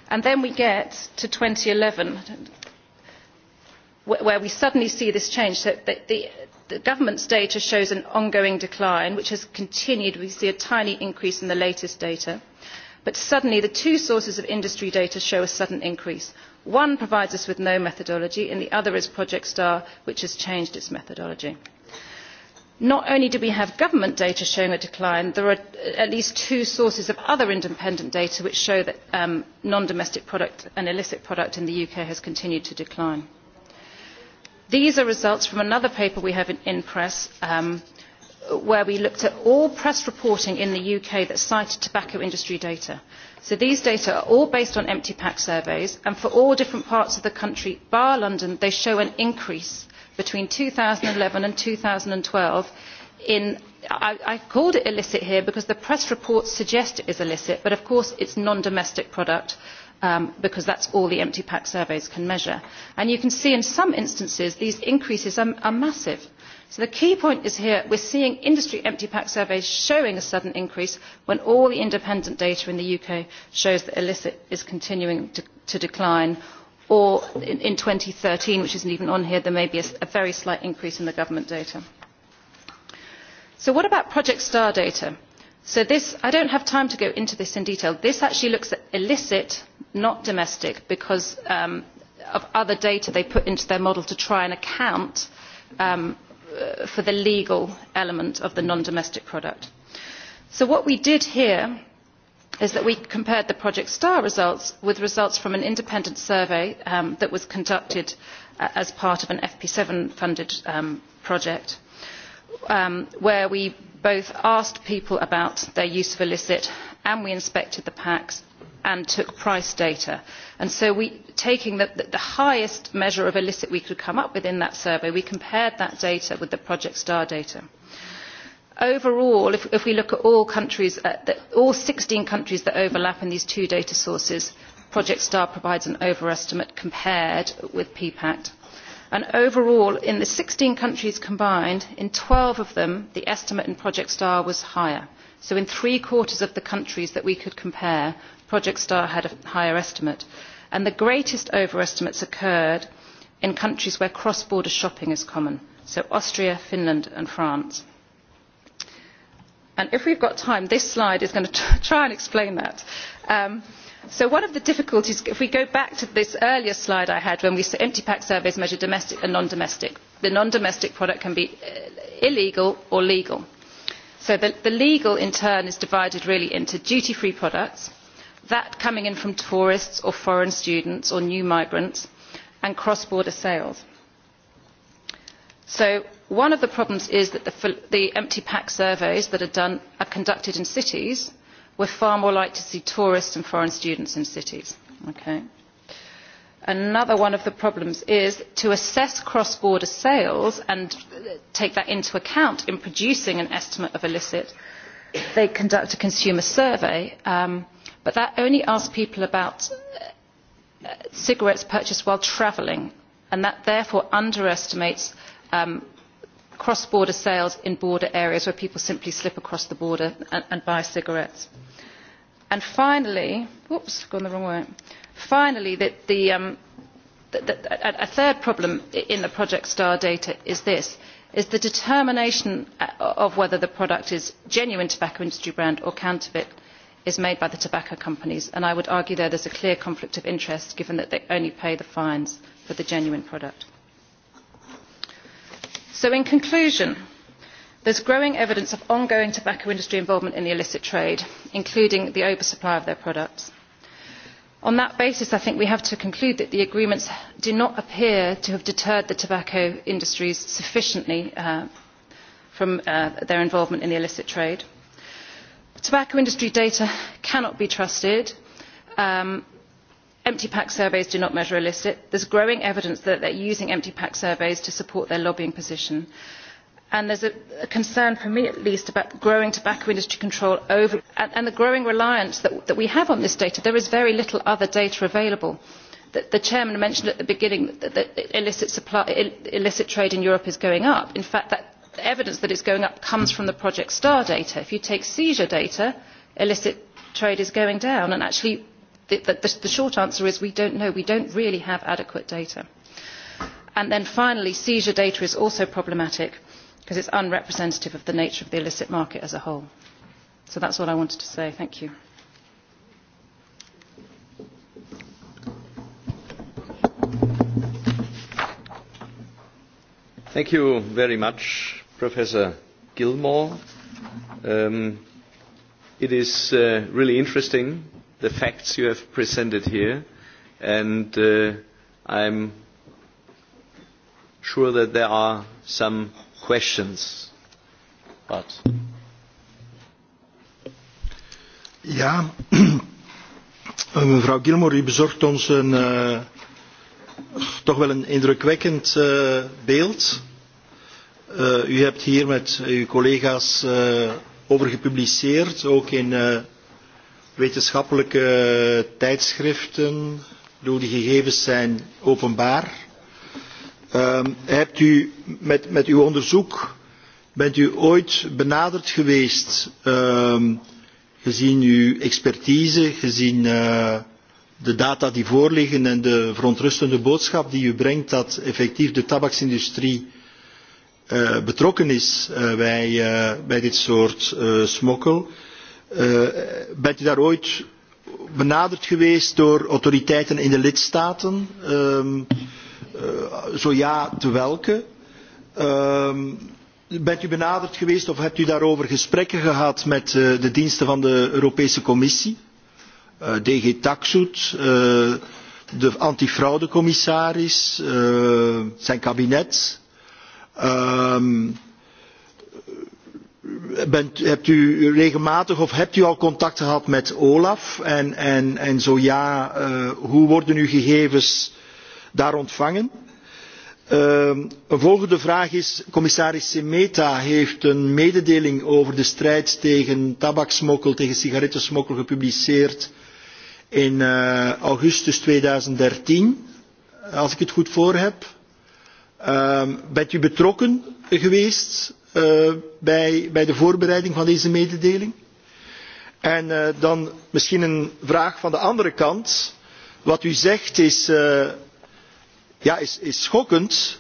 And then we get to 2011, where we suddenly see this change. So the, the, the government's data shows an ongoing decline, which has continued. We see a tiny increase in the latest data. But suddenly, the two sources of industry data show a sudden increase. One provides us with no methodology, and the other is Project STAR, which has changed its methodology. Not only do we have government data showing a decline, there are at least two sources of other independent data which show that um, non-domestic product and illicit product in the UK has continued to decline. These are results from another paper we have in, in press um, where we looked at all press reporting in the UK that cited tobacco industry data. So these data are all based on empty pack surveys and for all different parts of the country, bar London, they show an increase between 2011 and 2012 in I, I called it illicit here because the press reports suggest it is illicit, but of course it's non-domestic product um, because that's all the empty pack surveys can measure. And you can see in some instances these increases are, are massive. So the key point is here, we're seeing industry empty pack surveys showing a sudden increase when all the independent data in the UK shows that illicit is continuing to, to decline or in, in 2013, which isn't even on here, there may be a, a very slight increase in the government data. So what about Project STAR data? So this, I don't have time to go into this in detail. This actually looks at illicit, not domestic, because um, of other data they put into their model to try and account um, uh, for the legal element of the non-domestic product. So what we did here is that we compared the Project STAR results with results from an independent survey um, that was conducted uh, as part of an FP7 funded um, project, um, where we both asked people about their use of illicit and we inspected the packs and took price data. And so we, taking the, the, the highest measure of illicit we could come up with in that survey, we compared that data with the Project STAR data. Overall, if, if we look at all countries, at uh, the, all 16 countries that overlap in these two data sources, Project STAR provides an overestimate compared with PPACT. And overall, in the 16 countries combined, in 12 of them, the estimate in Project STAR was higher. So in three quarters of the countries that we could compare, Project STAR had a higher estimate. And the greatest overestimates occurred in countries where cross-border shopping is common, so Austria, Finland and France. And if we've got time, this slide is going to try and explain that. Um, so one of the difficulties, if we go back to this earlier slide I had when we said empty pack surveys measure domestic and non-domestic, the non-domestic product can be uh, illegal or legal. So the, the legal in turn is divided really into duty-free products, that coming in from tourists or foreign students or new migrants, and cross-border sales. So One of the problems is that the, the empty pack surveys that are, done, are conducted in cities. We're far more likely to see tourists and foreign students in cities. Okay. Another one of the problems is to assess cross-border sales and take that into account in producing an estimate of illicit. They conduct a consumer survey, um, but that only asks people about uh, cigarettes purchased while travelling, and that therefore underestimates um, cross border sales in border areas where people simply slip across the border and, and buy cigarettes. And finally, whoops, gone the wrong way. Finally, the, the, um, the, the, a third problem in the Project STAR data is this, is the determination uh, of whether the product is genuine tobacco industry brand or counterfeit is made by the tobacco companies. And I would argue there there's a clear conflict of interest given that they only pay the fines for the genuine product. So in conclusion, there is growing evidence of ongoing tobacco industry involvement in the illicit trade, including the oversupply of their products. On that basis, I think we have to conclude that the agreements do not appear to have deterred the tobacco industries sufficiently uh, from uh, their involvement in the illicit trade. Tobacco industry data cannot be trusted. Um, empty pack surveys do not measure illicit. There is growing evidence that they are using empty pack surveys to support their lobbying position. And there is a, a concern, for me at least, about growing tobacco industry control over and, and the growing reliance that, that we have on this data. There is very little other data available. The, chairman mentioned at the beginning that, that illicit, supply, illicit trade in Europe is going up. In fact, that the evidence that it is going up comes from the Project STAR data. If you take seizure data, illicit trade is going down, and actually the, the, the short answer is we don't know. We don't really have adequate data. And then finally, seizure data is also problematic because it's unrepresentative of the nature of the illicit market as a whole. So that's all I wanted to say. Thank you. Thank you very much, Professor Gilmore. Um, it is uh, really interesting the facts you have presented here, and uh, I'm sure that there are some questions. But Ja, eh, mevrouw Gilmour, u bezorgt ons een, uh, toch wel een indrukwekkend uh, beeld. Uh, u hebt hier met uw collega's uh, over gepubliceerd, ook in uh, wetenschappelijke eh, tijdschriften. Bedoel, die gegevens zijn openbaar. Um, hebt u met, met uw onderzoek, bent u ooit benaderd geweest, um, gezien uw expertise, gezien uh, de data die voorliggen en de verontrustende boodschap die u brengt dat effectief de tabaksindustrie uh, betrokken is uh, bij, uh, bij dit soort uh, smokkel? uh, bent u daar ooit benaderd geweest door autoriteiten in de lidstaten? Um, uh, zo ja, te welke? Um, bent u benaderd geweest of hebt u daarover gesprekken gehad met uh, de diensten van de Europese Commissie? Uh, DG Taxut, uh, de antifraudecommissaris, uh, zijn kabinet. Um, Bent, hebt u regelmatig of hebt u al contact gehad met Olaf? En, en, en zo ja, uh, hoe worden uw gegevens daar ontvangen? Uh, een volgende vraag is, commissaris Semeta heeft een mededeling over de strijd tegen tabaksmokkel, tegen sigarettensmokkel gepubliceerd in uh, augustus 2013, als ik het goed voor heb. Uh, bent u betrokken geweest uh, bij, bij de voorbereiding van deze mededeling? En uh, dan misschien een vraag van de andere kant. Wat u zegt is, uh, ja, is, is schokkend.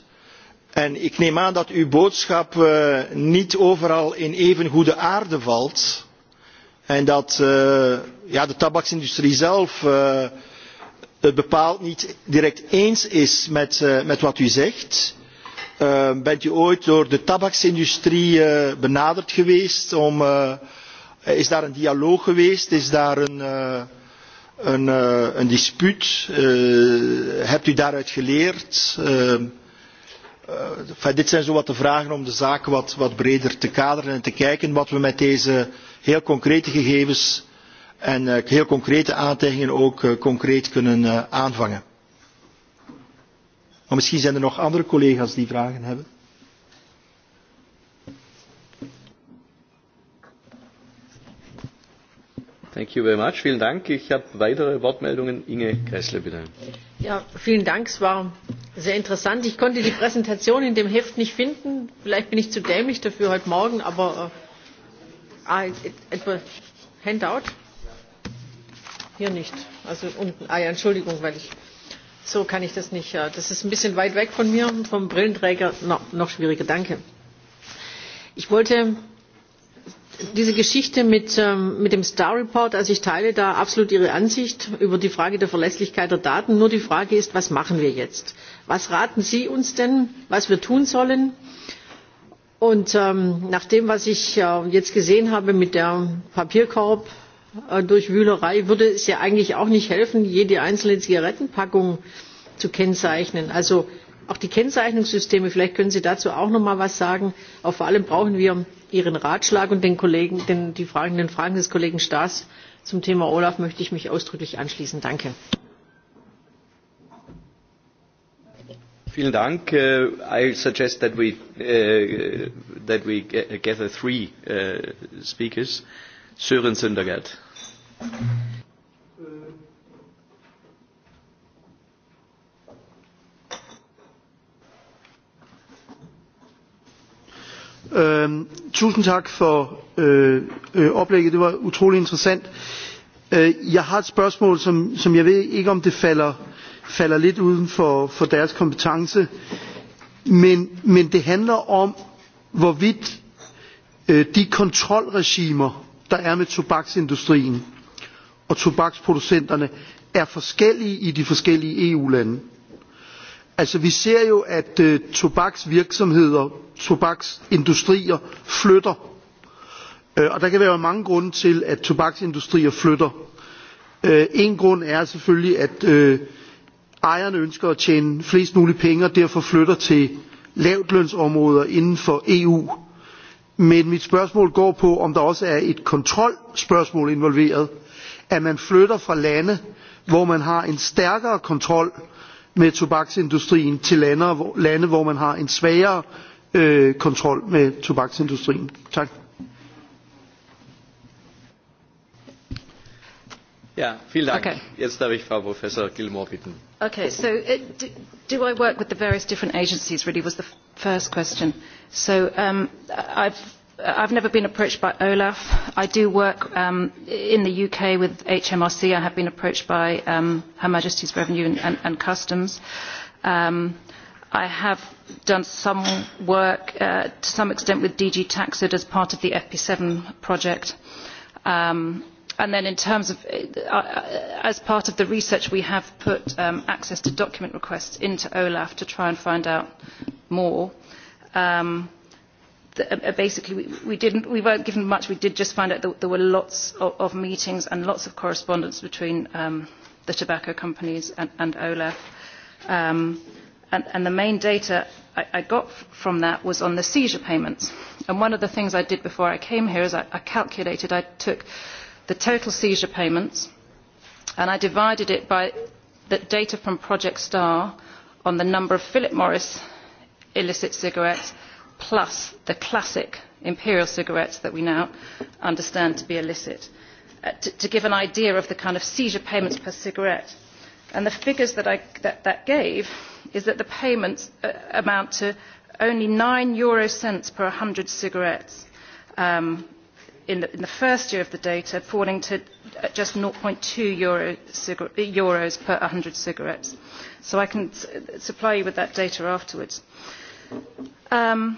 En ik neem aan dat uw boodschap uh, niet overal in even goede aarde valt. En dat uh, ja, de tabaksindustrie zelf uh, het bepaald niet direct eens is met, uh, met wat u zegt. Ehm, bent u ooit door de tabaksindustrie uh, benaderd geweest? Om, uh, is daar een dialoog geweest? Is daar een, uh, een, uh, een dispuut? Uh, hebt u daaruit geleerd? Uh, uh, dit zijn zo wat de vragen om de zaak wat, wat breder te kaderen en te kijken wat we met deze heel concrete gegevens en uh, heel concrete aantijgingen ook uh, concreet kunnen uh, aanvangen. Maar misschien zijn er nog andere collega's die vragen hebben. Thank you very much. Vielen Dank. Ich habe weitere Wortmeldungen. Inge Kressler, bitte. Ja, vielen Dank. Es war sehr interessant. Ich konnte die Präsentation in dem Heft nicht finden. Vielleicht bin ich zu dämlich dafür heute Morgen, aber äh, ah, etwa Handout? Hier nicht. Also unten. Ah ja, Entschuldigung, weil ich So kann ich das nicht. Das ist ein bisschen weit weg von mir, vom Brillenträger no, noch schwieriger. Danke. Ich wollte diese Geschichte mit, ähm, mit dem Star Report, also ich teile da absolut Ihre Ansicht über die Frage der Verlässlichkeit der Daten. Nur die Frage ist, was machen wir jetzt? Was raten Sie uns denn, was wir tun sollen? Und ähm, nach dem, was ich äh, jetzt gesehen habe mit der Papierkorb, Äh, durch Wühlerei würde es ja eigentlich auch nicht helfen, jede einzelne Zigarettenpackung zu kennzeichnen. Also auch die Kennzeichnungssysteme, vielleicht können Sie dazu auch noch mal was sagen. aber äh, vor allem brauchen wir Ihren Ratschlag und den Kollegen, den, die Fragen, den Fragen des Kollegen Staas zum Thema Olaf möchte ich mich ausdrücklich anschließen. Danke. Vielen Dank. Uh, äh, I suggest that we, uh, that we gather three uh, speakers. Sören Sundergaard. Øhm, tusind tak for øh, øh, oplægget. Det var utrolig interessant. Øh, jeg har et spørgsmål, som, som jeg ved ikke, om det falder, falder lidt uden for, for deres kompetence, men, men det handler om, hvorvidt øh, de kontrolregimer, der er med tobaksindustrien, og tobaksproducenterne er forskellige i de forskellige EU-lande. Altså vi ser jo, at øh, tobaksvirksomheder, tobaksindustrier flytter. Øh, og der kan være mange grunde til, at tobaksindustrier flytter. Øh, en grund er selvfølgelig, at øh, ejerne ønsker at tjene flest mulige penge, og derfor flytter til lavtlønsområder inden for EU. Men mit spørgsmål går på, om der også er et kontrolspørgsmål involveret at man flytter fra lande, hvor man har en stærkere kontrol med tobaksindustrien til lande, hvor, lande, hvor man har en svagere øh, kontrol med tobaksindustrien. Tak. Ja, vielen Dank. Okay. Jetzt darf ich Frau Professor Gilmore bitten. Okay, so it, uh, do, do I work with the various different agencies really was the first question. So um, I've I've never been approached by Olaf. I do work um, in the UK with HMRC. I have been approached by um, Her Majesty's Revenue and, and, and Customs. Um, I have done some work uh, to some extent with DG Taxid as part of the FP7 project. Um, and then in terms of, uh, uh, as part of the research, we have put um, access to document requests into OLAF to try and find out more. Um, the, uh, basically we, we, didn't, we weren't given much. We did just find out that there were lots of, of meetings and lots of correspondence between um, the tobacco companies and, and OLAF. Um, and, and the main data I, I got from that was on the seizure payments. And one of the things I did before I came here is I, I calculated, I took the total seizure payments and I divided it by the data from Project Star on the number of Philip Morris illicit cigarettes plus the classic imperial cigarettes that we now understand to be illicit, uh, to, to give an idea of the kind of seizure payments per cigarette. And the figures that I, that, that gave is that the payments uh, amount to only 9 euro cents per 100 cigarettes um, in, the, in the first year of the data, falling to uh, just 0.2 euro, euros per 100 cigarettes. So I can s supply you with that data afterwards. Uh, Um,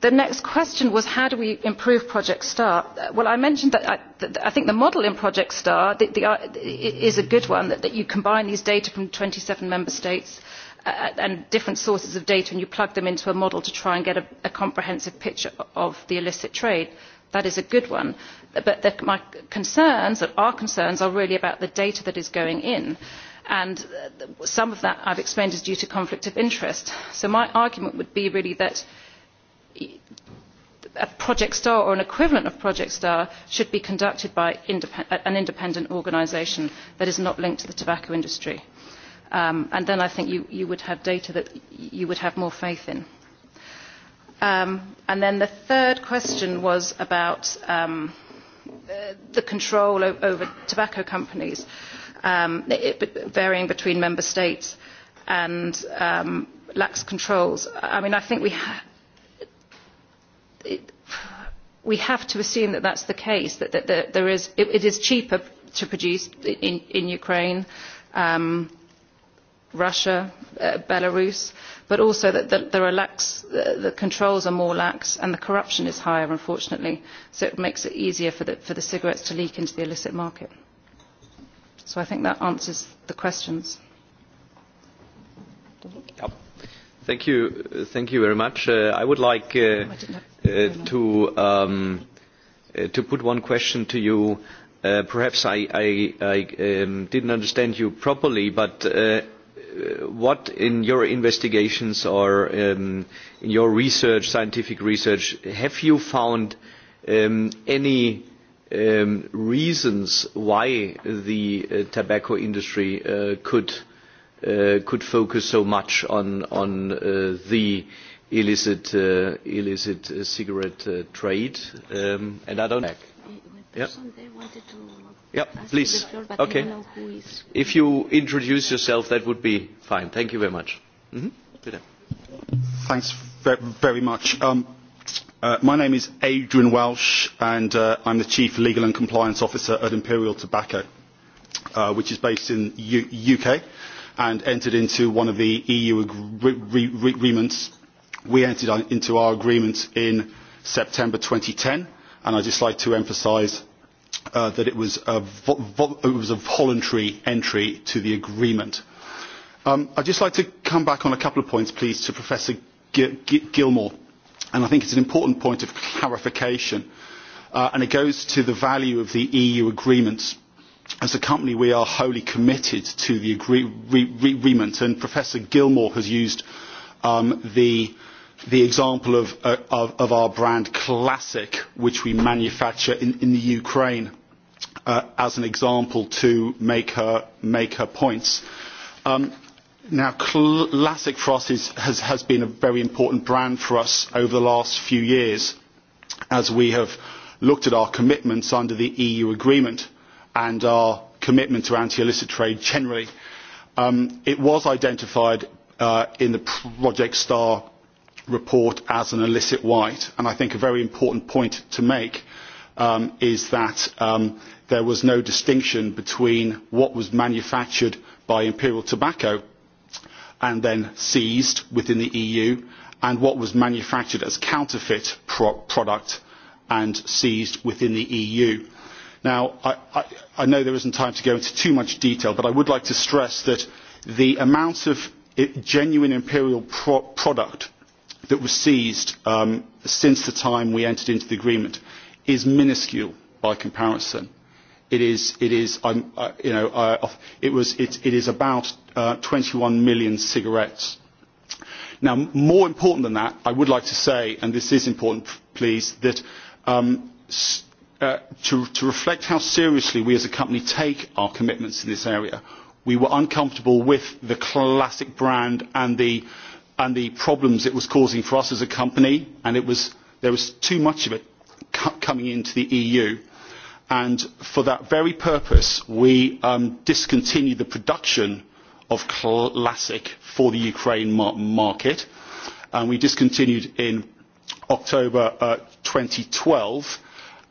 the next question was how do we improve Project Star? Uh, well, I mentioned that I, uh, that I think the model in Project Star the, the, uh, is a good one, that, that you combine these data from 27 member states uh, uh, and different sources of data and you plug them into a model to try and get a, a comprehensive picture of the illicit trade. That is a good one. But the, my concerns, our concerns, are really about the data that is going in and uh, some of that I have explained is due to conflict of interest. So my argument would be really that a project star or an equivalent of project star should be conducted by independ uh, an independent organisation that is not linked to the tobacco industry. Um, and then I think you, you would have data that you would have more faith in. Um, and then the third question was about um, uh, the control over tobacco companies. Uh, um, it, varying between member states and um, lax controls. I mean, I think we, ha it, we have to assume that that's the case, that, that, that there is, it, it is cheaper to produce in, in Ukraine, um, Russia, uh, Belarus, but also that, that there are lax, uh, the controls are more lax and the corruption is higher, unfortunately. So it makes it easier for the, for the cigarettes to leak into the illicit market. So I think that answers the questions. Yep. Thank you. Uh, thank you very much. Uh, I would like uh, uh, to, um, uh, to put one question to you. Uh, perhaps I, I, I um, didn't understand you properly, but uh, what in your investigations or um, in your research, scientific research, have you found um, any um, reasons why the uh, tobacco industry uh, could, uh, could focus so much on, on uh, the illicit, uh, illicit uh, cigarette uh, trade. Um, and I don't... Yeah. please. Floor, okay. If you introduce yourself, that would be fine. Thank you very much. Mm -hmm. Thanks very much. Um, Uh, my name is Adrian Welsh and uh, I'm the Chief Legal and Compliance Officer at Imperial Tobacco, uh, which is based in UK and entered into one of the EU agreements. We entered into our agreement in September 2010 and I'd just like to emphasise uh, that it was, a vo vo it was a voluntary entry to the agreement. Um, I'd just like to come back on a couple of points, please, to Professor G G Gilmore And I think it's an important point of clarification. Uh, and it goes to the value of the EU agreements. As a company, we are wholly committed to the agree re re agreement. And Professor Gilmore has used um, the, the example of, uh, of, of our brand Classic, which we manufacture in, in the Ukraine, uh, as an example to make her, make her points. Um, Now, Classic Frost is, has, has been a very important brand for us over the last few years as we have looked at our commitments under the EU agreement and our commitment to anti-illicit trade generally. Um, it was identified uh, in the Project Star report as an illicit white, and I think a very important point to make um, is that um, there was no distinction between what was manufactured by Imperial Tobacco and then seized within the EU and what was manufactured as counterfeit pro product and seized within the EU. Now, I, I, I know there isn't time to go into too much detail, but I would like to stress that the amount of eh, genuine imperial pro product that was seized um, since the time we entered into the agreement is minuscule by comparison it is it is um, uh, you know uh, it was it, it is about uh, 21 million cigarettes now more important than that i would like to say and this is important please that um, uh, to, to reflect how seriously we as a company take our commitments in this area we were uncomfortable with the classic brand and the and the problems it was causing for us as a company and it was there was too much of it coming into the eu And for that very purpose, we um, discontinued the production of Classic for the Ukraine mar market. And we discontinued in October uh, 2012.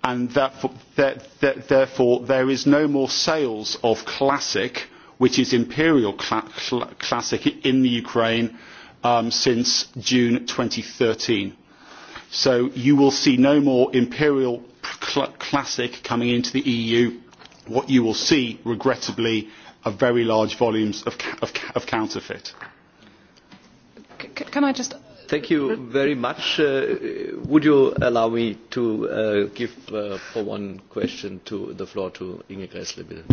And that, that, that, therefore, there is no more sales of Classic, which is Imperial cl Classic, in the Ukraine um, since June 2013. So you will see no more Imperial cl classic coming into the EU, what you will see, regrettably, are very large volumes of, ca of, of counterfeit. C can I just Thank you very much. Uh, would you allow me to uh, give uh, for one question to the floor to Inge Gressle, bitte?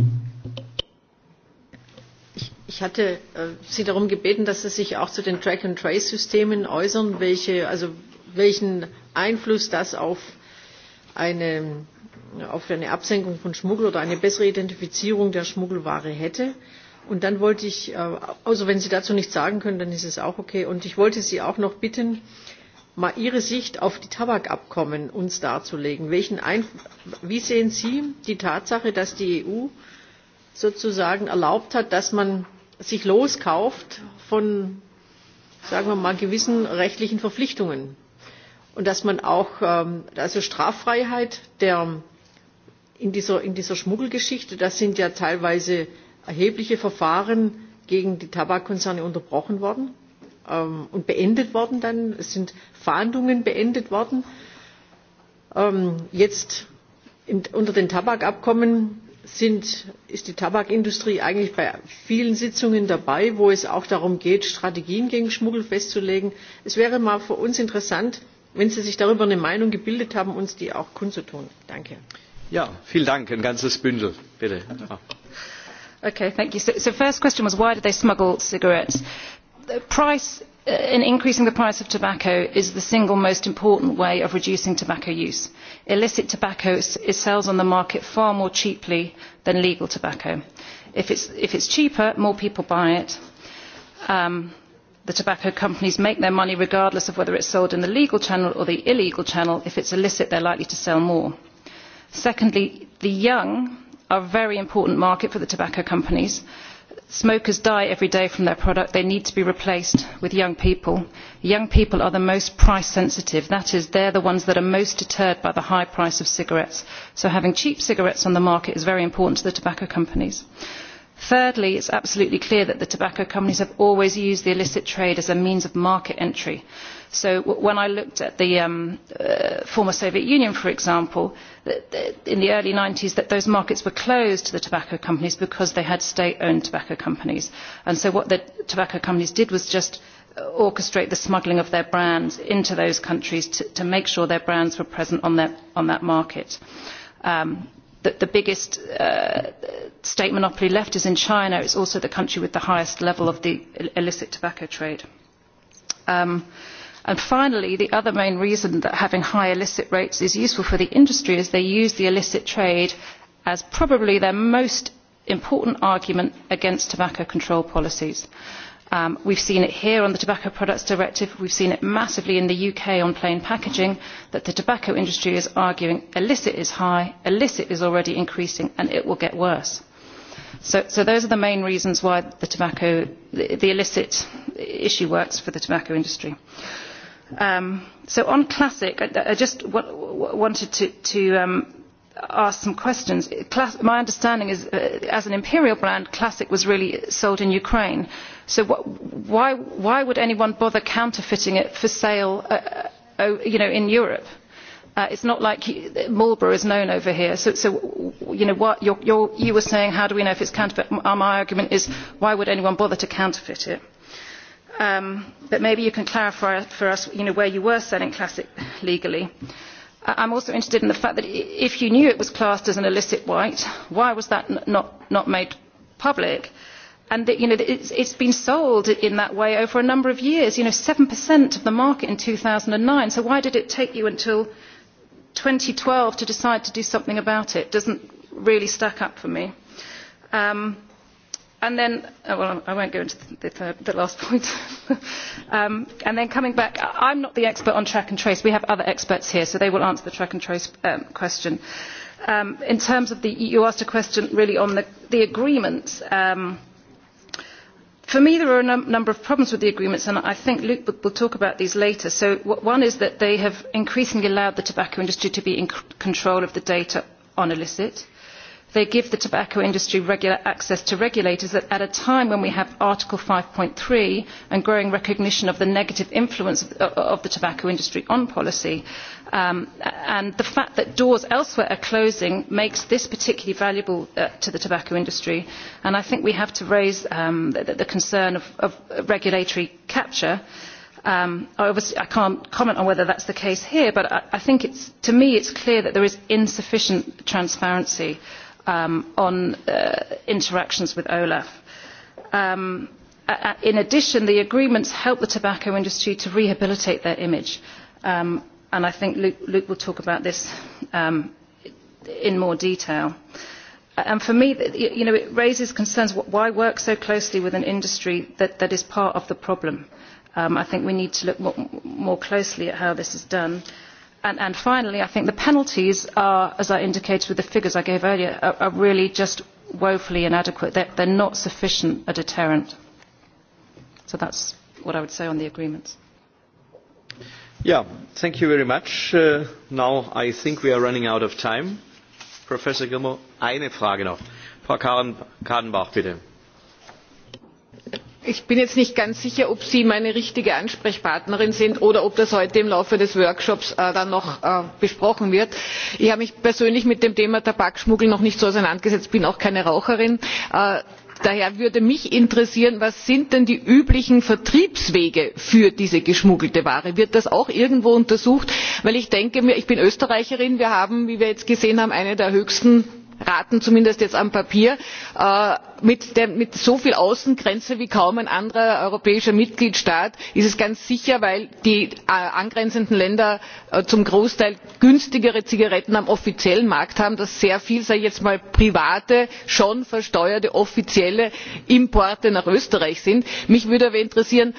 ich hatte äh, Sie darum gebeten, dass Sie sich auch zu den Track-and-Trace-Systemen äußern, welche, also welchen Einfluss das auf eine, auf eine Absenkung von Schmuggel oder eine bessere Identifizierung der Schmuggelware hätte. Und dann wollte ich, äh, also wenn Sie dazu nichts sagen können, dann ist es auch okay. Und ich wollte Sie auch noch bitten, mal Ihre Sicht auf die Tabakabkommen uns darzulegen. Welchen Einf Wie sehen Sie die Tatsache, dass die EU sozusagen erlaubt hat, dass man sich loskauft von, sagen wir mal, gewissen rechtlichen Verpflichtungen? und dass man auch, ähm, also Straffreiheit der, in, dieser, in dieser Schmuggelgeschichte, das sind ja teilweise erhebliche Verfahren gegen die Tabakkonzerne unterbrochen worden ähm, und beendet worden dann. Es sind Fahndungen beendet worden. Ähm, jetzt in, unter den Tabakabkommen sind, ist die Tabakindustrie eigentlich bei vielen Sitzungen dabei, wo es auch darum geht, Strategien gegen Schmuggel festzulegen. Es wäre mal für uns interessant, wenn Sie sich darüber eine Meinung gebildet haben, uns die auch kundzutun. Danke. Ja, vielen Dank. Ein ganzes Bündel, bitte. Okay, thank you. So, so first question was why did they smuggle cigarettes? The price uh, in increasing the price of tobacco is the single most important way of reducing tobacco use. Illicit tobacco is sells on the market far more cheaply than legal tobacco. If it's, if it's cheaper, more people buy it. Um, The tobacco companies make their money regardless of whether it is sold in the legal channel or the illegal channel. If it is illicit, they are likely to sell more. Secondly, the young are a very important market for the tobacco companies. Smokers die every day from their product. They need to be replaced with young people. Young people are the most price sensitive. That is, they're the ones that are most deterred by the high price of cigarettes. So having cheap cigarettes on the market is very important to the tobacco companies. Thirdly, it is absolutely clear that the tobacco companies have always used the illicit trade as a means of market entry. So when I looked at the um, uh, former Soviet Union, for example, in the early 90s, that those markets were closed to the tobacco companies because they had state-owned tobacco companies. And so what the tobacco companies did was just uh, orchestrate the smuggling of their brands into those countries to, to make sure their brands were present on, their, on that market. Um, that the biggest uh, state monopoly left is in China. It's also the country with the highest level of the illicit tobacco trade. Um, And finally, the other main reason that having high illicit rates is useful for the industry is they use the illicit trade as probably their most important argument against tobacco control policies. Um, we've seen it here on the Tobacco Products Directive. We've seen it massively in the UK on plain packaging that the tobacco industry is arguing illicit is high, illicit is already increasing, and it will get worse. So, so those are the main reasons why the tobacco, the, the illicit issue works for the tobacco industry. Um, so on classic, I, I just w wanted to, to um, ask some questions. Class, my understanding is, uh, as an imperial brand, classic was really sold in Ukraine So wh why, why would anyone bother counterfeiting it for sale uh, uh, you know, in Europe? Uh, it's not like Marlborough is known over here. So, so you know, what you're, you're, you were saying, how do we know if it's counterfeit? Uh, my argument is, why would anyone bother to counterfeit it? Um, but maybe you can clarify for us, you know, where you were selling classic legally. Uh, I'm also interested in the fact that if you knew it was classed as an illicit white, why was that not, not made public? and you know, it's, it's been sold in that way over a number of years. You know, 7% of the market in 2009. So why did it take you until 2012 to decide to do something about it? Doesn't really stack up for me. Um, and then, oh, well, I won't go into the, third, the last point. um, and then coming back, I'm not the expert on track and trace. We have other experts here, so they will answer the track and trace um, question. Um, in terms of the, you asked a question really on the, the agreements. Um, For me, there are a num number of problems with the agreements, and I think Luke will, will talk about these later. So, one is that they have increasingly allowed the tobacco industry to be in control of the data on illicit. They give the tobacco industry regular access to regulators at, a time when we have Article three and growing recognition of the negative influence of, the tobacco industry on policy. Um, and the fact that doors elsewhere are closing makes this particularly valuable uh, to the tobacco industry. And I think we have to raise um, the, the concern of, of regulatory capture. Um, obviously, I can't comment on whether that's the case here, but I, I think it's, to me it's clear that there is insufficient transparency um, on uh, interactions with OLAF. Um, in addition, the agreements help the tobacco industry to rehabilitate their image. Um, and I think Luke, Luke will talk about this um, in more detail. Uh, and for me, you know, it raises concerns why work so closely with an industry that, that is part of the problem. Um, I think we need to look more, more closely at how this is done. And, and finally, I think the penalties are, as I indicated with the figures I gave earlier, are, are really just woefully inadequate. They're, they're not sufficient a deterrent. So that's what I would say on the agreements. Yeah, thank you very much. Uh, now I think we are running out of time. Professor Gilmour, eine Frage noch. Frau Kadenbach, bitte ich bin jetzt nicht ganz sicher ob sie meine richtige ansprechpartnerin sind oder ob das heute im laufe des workshops äh, dann noch äh, besprochen wird. ich habe mich persönlich mit dem thema tabakschmuggel noch nicht so auseinandergesetzt bin auch keine raucherin. Äh, daher würde mich interessieren was sind denn die üblichen vertriebswege für diese geschmuggelte ware? wird das auch irgendwo untersucht? Weil ich denke mir ich bin österreicherin wir haben wie wir jetzt gesehen haben eine der höchsten raten zumindest jetzt am papier äh, mit, so viel außengrenze wie kaum ein anderer europäischer mitgliedstaat ist es ganz sicher weil die äh, angrenzenden länder äh, zum großteil günstigere zigaretten am offiziellen markt haben dass sehr viel sage ich jetzt mal private schon versteuerte offizielle importe nach österreich sind. mich würde aber interessieren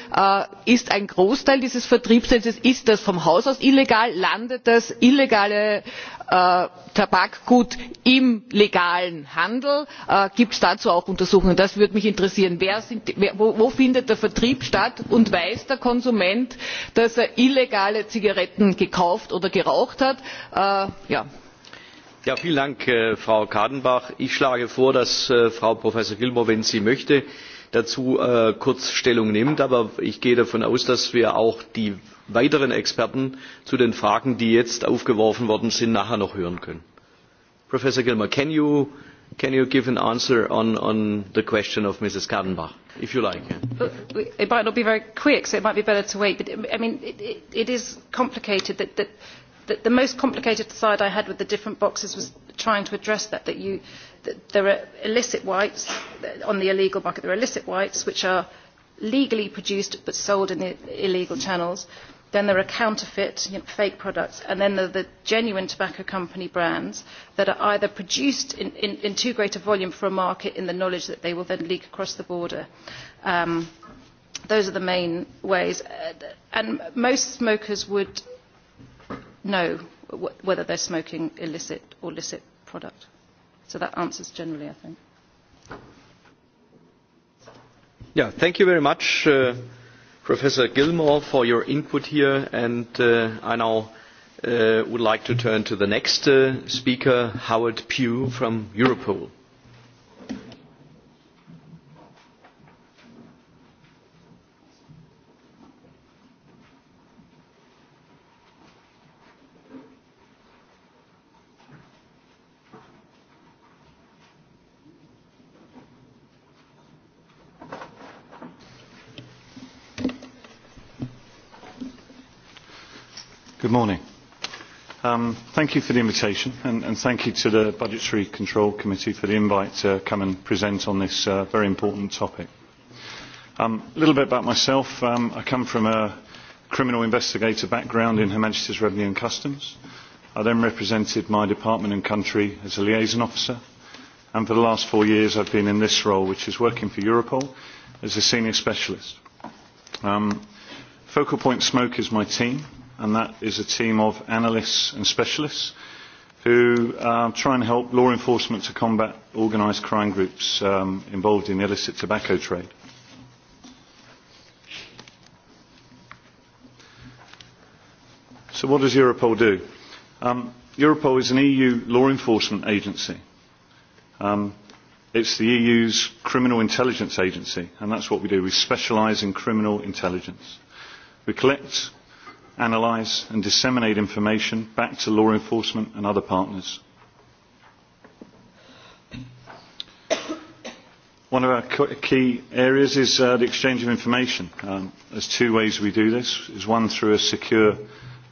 ist ein großteil dieses vertriebsnetzes ist das vom haus aus illegal landet das illegale Äh, Tabakgut im legalen Handel? Äh, Gibt es dazu auch Untersuchungen? Das würde mich interessieren. wo, findet der Vertrieb statt und weiß der Konsument, dass er illegale Zigaretten gekauft oder geraucht hat? Äh, vielen Dank, Frau Kadenbach. Ich schlage vor, dass Frau Professor gilmore wenn sie möchte, dazu kurz Stellung nimmt. Aber ich gehe davon aus, dass wir auch die weiteren Experten zu den Fragen, die jetzt aufgeworfen worden sind, nachher noch hören können. Professor Gilmer, can you Can you give an answer on, on the question of Mrs. Kadenbach, if you like? It might not be very quick, so it might be better to wait. But, I mean, it, it, it is complicated. That, that, the the most complicated side I had with the different boxes was trying to address that, that, you, that there are illicit whites on the illegal market. There are illicit whites which are legally produced but sold in the illegal channels then there are counterfeit you know, fake products and then there are the genuine tobacco company brands that are either produced in, in, in too great a volume for a market in the knowledge that they will then leak across the border. Um, those are the main ways. Uh, and most smokers would know w whether they're smoking illicit or licit product. So that answers generally, I think. Yeah, thank you very much. Uh, Professor Gilmore, for your input here, and uh, I now uh, would like to turn to the next uh, speaker, Howard Pugh from Europol. Good morning. Um, thank you for the invitation and, and thank you to the Budgetary Control Committee for the invite to come and present on this uh, very important topic. Um, a little bit about myself. Um, I come from a criminal investigator background in Her Majesty's Revenue and Customs. I then represented my department and country as a liaison officer. And for the last four years I've been in this role, which is working for Europol as a senior specialist. Um, Focal Point Smoke is my team and that is a team of analysts and specialists who uh, try and help law enforcement to combat organised crime groups um, involved in the illicit tobacco trade. So what does Europol do? Um, Europol is an EU law enforcement agency. Um, it's the EU's criminal intelligence agency, and that's what we do. We specialise in criminal intelligence. We collect analyse and disseminate information back to law enforcement and other partners. One of our key areas is uh, the exchange of information. Um, there's two ways we do this. Is one through a secure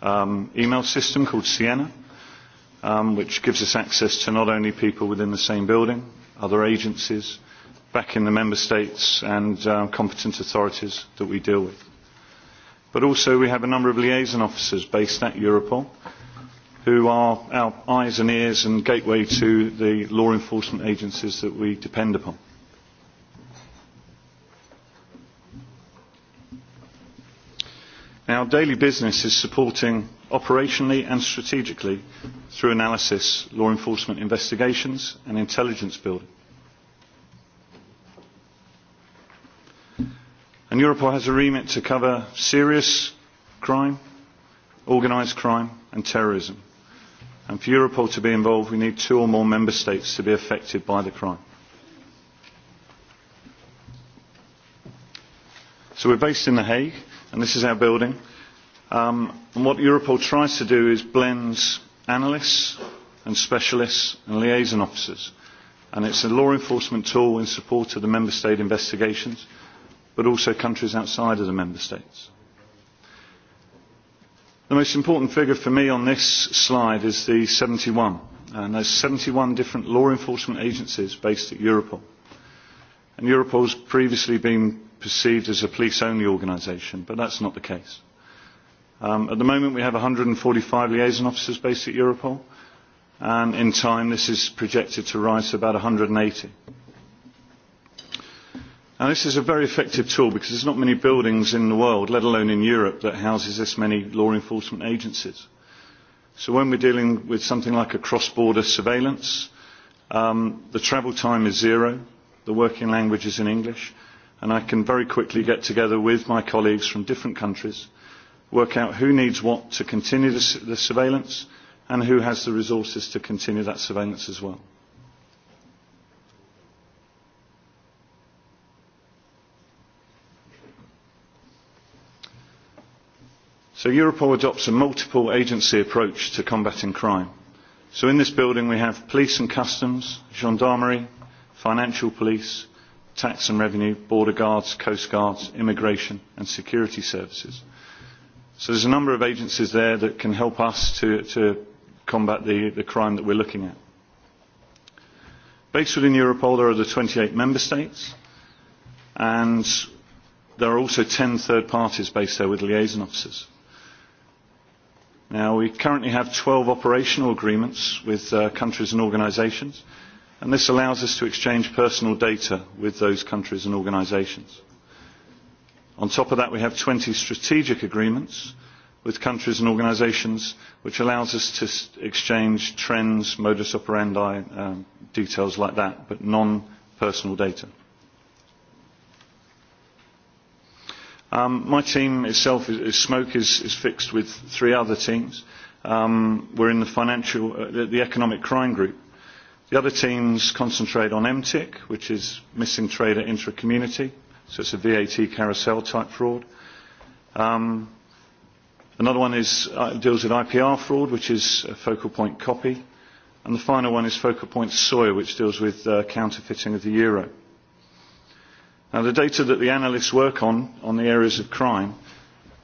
um, email system called Siena, um, which gives us access to not only people within the same building, other agencies, back in the member states and um, competent authorities that we deal with. But also we have a number of liaison officers based at Europol who are our eyes and ears and gateway to the law enforcement agencies that we depend upon. Our daily business is supporting operationally and strategically through analysis, law enforcement investigations and intelligence building. And Europol has a remit to cover serious crime, organised crime and terrorism. And for Europol to be involved, we need two or more member states to be affected by the crime. So we're based in The Hague, and this is our building. Um, and what Europol tries to do is blends analysts and specialists and liaison officers. And it's a law enforcement tool in support of the member state investigations – but also countries outside of the member states. The most important figure for me on this slide is the 71. And there's 71 different law enforcement agencies based at Europol. And Europol's previously been perceived as a police-only organisation, but that's not the case. Um, at the moment, we have 145 liaison officers based at Europol, and in time, this is projected to rise to about 180. And this is a very effective tool because there's not many buildings in the world, let alone in Europe, that houses this many law enforcement agencies. So when we're dealing with something like a cross-border surveillance, um, the travel time is zero, the working language is in English, and I can very quickly get together with my colleagues from different countries, work out who needs what to continue the, the surveillance, and who has the resources to continue that surveillance as well. So Europol adopts a multiple agency approach to combating crime. So in this building we have police and customs, gendarmerie, financial police, tax and revenue, border guards, coast guards, immigration and security services. So there's a number of agencies there that can help us to, to combat the, the crime that we're looking at. Based within Europol there are the 28 member states and there are also 10 third parties based there with liaison officers. Now, we currently have 12 operational agreements with uh, countries and organisations, and this allows us to exchange personal data with those countries and organisations. On top of that, we have 20 strategic agreements with countries and organisations, which allows us to exchange trends, modus operandi, um, details like that, but non-personal data. Um, my team itself, is, is Smoke, is, is fixed with three other teams. Um, we're in the financial, uh, the, the economic crime group. The other teams concentrate on MTIC, which is missing trader intra-community, so it's a VAT carousel type fraud. Um, another one is, uh, deals with IPR fraud, which is a focal point copy. And the final one is focal point soy, which deals with uh, counterfeiting of the euro. Now, the data that the analysts work on, on the areas of crime,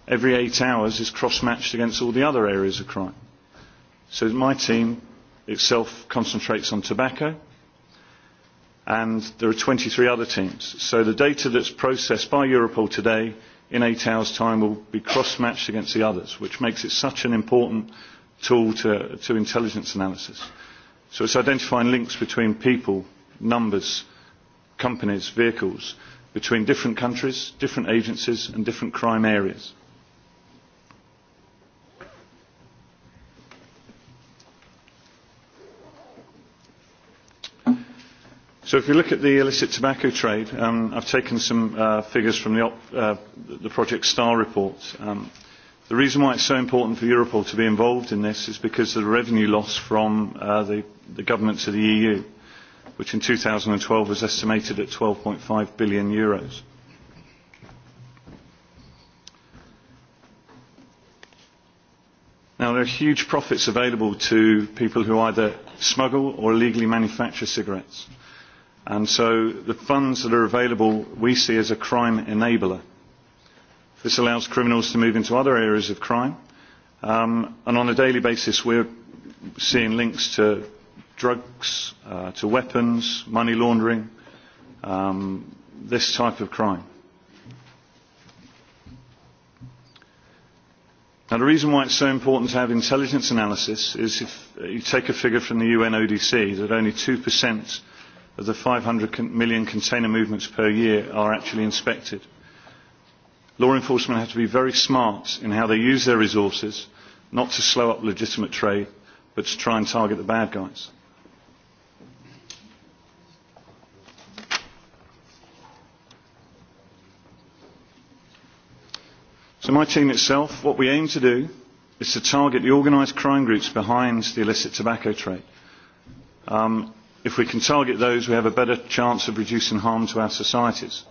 every eight hours is cross-matched against all the other areas of crime. So my team itself concentrates on tobacco, and there are 23 other teams. So the data that's processed by Europol today in eight hours' time will be cross-matched against the others, which makes it such an important tool to, to intelligence analysis. So it's identifying links between people, numbers, companies, vehicles, between different countries, different agencies and different crime areas. So if you look at the illicit tobacco trade, um, I've taken some uh, figures from the, op uh, the Project STAR report. Um, the reason why it's so important for Europol to be involved in this is because of the revenue loss from uh, the, the governments of the EU which in 2012 was estimated at 12.5 billion euros. Now, there are huge profits available to people who either smuggle or illegally manufacture cigarettes. And so the funds that are available we see as a crime enabler. This allows criminals to move into other areas of crime. Um, and on a daily basis, we're seeing links to drugs uh, to weapons, money laundering, um, this type of crime. Now, the reason why it's so important to have intelligence analysis is if you take a figure from the UN ODC that only 2% of the 500 million container movements per year are actually inspected. Law enforcement have to be very smart in how they use their resources, not to slow up legitimate trade, but to try and target the bad guys. So my team itself, what we aim to do is to target the organised crime groups behind the illicit tobacco trade. Um, if we can target those, we have a better chance of reducing harm to our societies.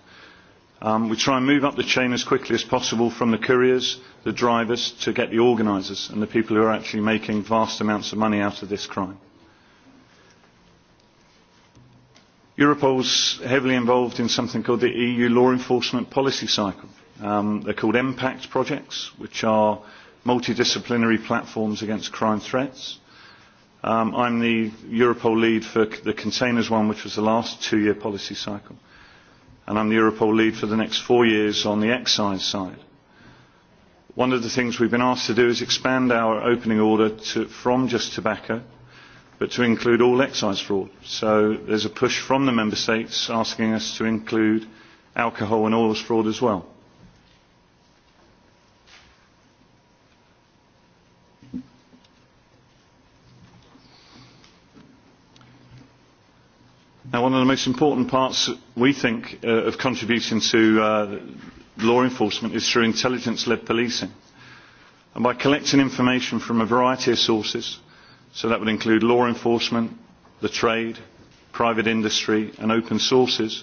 Um, we try and move up the chain as quickly as possible from the couriers, the drivers, to get the organisers and the people who are actually making vast amounts of money out of this crime. Europol's heavily involved in something called the EU law enforcement policy cycle. Um, they're called impact projects, which are multidisciplinary platforms against crime threats. Um, I'm the Europol lead for the containers one, which was the last two-year policy cycle. And I'm the Europol lead for the next four years on the excise side. One of the things we've been asked to do is expand our opening order to, from just tobacco, but to include all excise fraud. So there's a push from the member states asking us to include alcohol and oils fraud as well. Now, one of the most important parts, we think, uh, of contributing to uh, law enforcement is through intelligence-led policing. And by collecting information from a variety of sources, so that would include law enforcement, the trade, private industry and open sources,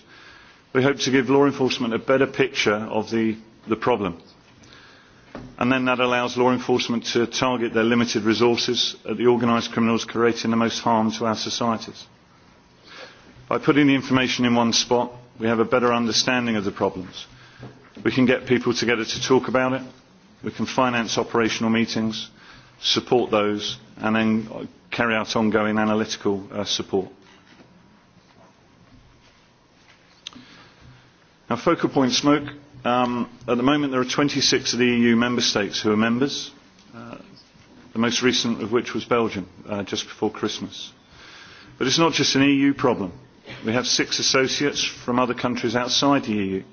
we hope to give law enforcement a better picture of the, the problem. And then that allows law enforcement to target their limited resources at the organised criminals creating the most harm to our societies. By putting the information in one spot, we have a better understanding of the problems. We can get people together to talk about it. We can finance operational meetings, support those, and then carry out ongoing analytical uh, support. Now, focal point smoke. Um, at the moment, there are 26 of the EU member states who are members, uh, the most recent of which was Belgium uh, just before Christmas. But it's not just an EU problem. We have six associates from other countries outside the EU.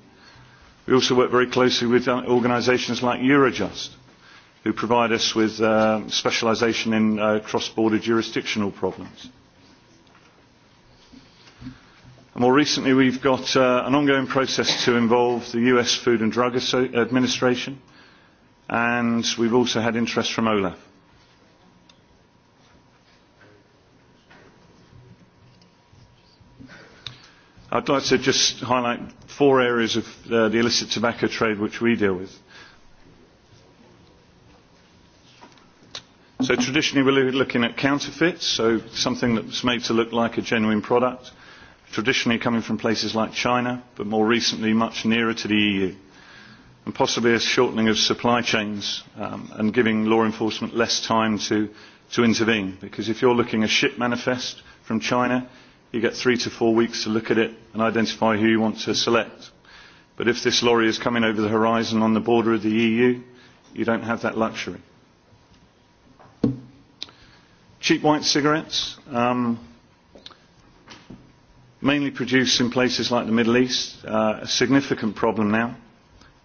We also work very closely with uh, organisations like Eurojust, who provide us with uh, specialisation in uh, cross-border jurisdictional problems. And more recently, we've got uh, an ongoing process to involve the US Food and Drug Administration, and we've also had interest from OLAF. I'd like to just highlight four areas of uh, the illicit tobacco trade which we deal with. So traditionally we're looking at counterfeits, so something that's made to look like a genuine product, traditionally coming from places like China, but more recently much nearer to the EU, and possibly a shortening of supply chains um, and giving law enforcement less time to, to intervene, because if you're looking at a ship manifest from China, you get three to four weeks to look at it and identify who you want to select. But if this lorry is coming over the horizon on the border of the EU, you don't have that luxury. Cheap white cigarettes, um, mainly produced in places like the Middle East, uh, a significant problem now.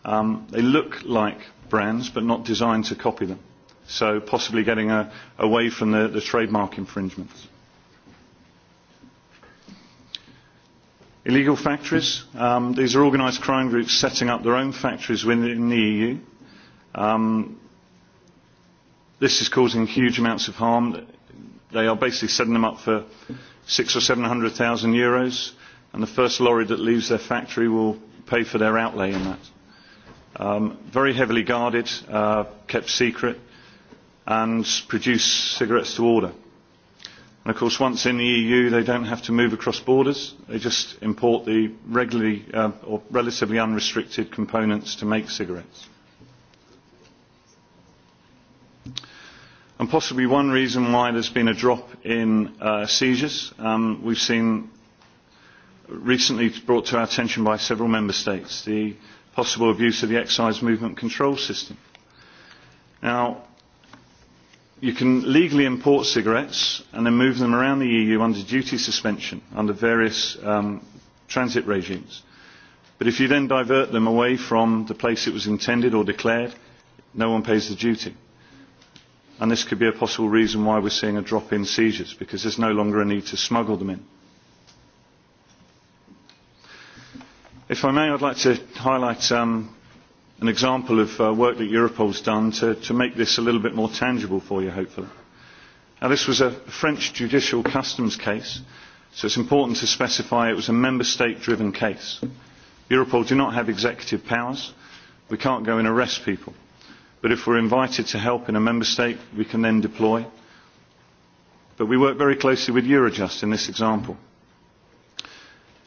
Um, they look like brands, but not designed to copy them. So possibly getting a, away from the, the trademark infringements. Illegal factories. Um, these are organised crime groups setting up their own factories within the EU. Um, this is causing huge amounts of harm. They are basically setting them up for six or seven hundred thousand euros, and the first lorry that leaves their factory will pay for their outlay in that. Um, very heavily guarded, uh, kept secret, and produce cigarettes to order. And of course, once in the EU, they don't have to move across borders. They just import the regularly uh, or relatively unrestricted components to make cigarettes. And possibly one reason why there's been a drop in uh, seizures, um, we've seen recently brought to our attention by several member states, the possible abuse of the excise movement control system. Now, You can legally import cigarettes and then move them around the EU under duty suspension under various um, transit regimes. But if you then divert them away from the place it was intended or declared, no one pays the duty. And this could be a possible reason why we're seeing a drop in seizures, because there's no longer a need to smuggle them in. If I may, I'd like to highlight um, an example of uh, work that Europol's done to, to make this a little bit more tangible for you, hopefully. Now, this was a French judicial customs case, so it's important to specify it was a member state-driven case. Europol do not have executive powers. We can't go and arrest people. But if we're invited to help in a member state, we can then deploy. But we work very closely with Eurojust in this example.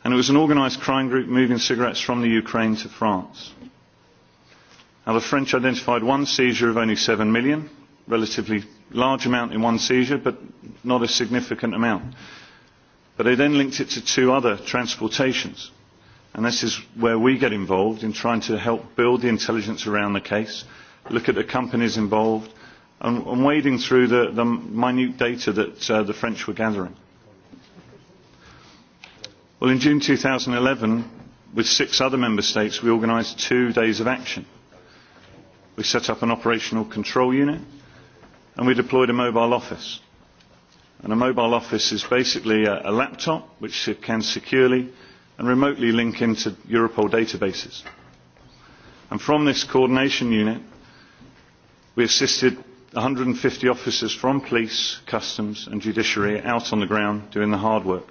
And it was an organised crime group moving cigarettes from the Ukraine to France. Now, the French identified one seizure of only 7 million, relatively large amount in one seizure, but not a significant amount. But they then linked it to two other transportations. And this is where we get involved in trying to help build the intelligence around the case, look at the companies involved, and, and wading through the, the minute data that uh, the French were gathering. Well, in June 2011, with six other member states, we organised two days of action – We set up an operational control unit and we deployed a mobile office. And a mobile office is basically a, a laptop which can securely and remotely link into Europol databases. And from this coordination unit, we assisted 150 officers from police, customs and judiciary out on the ground doing the hard work.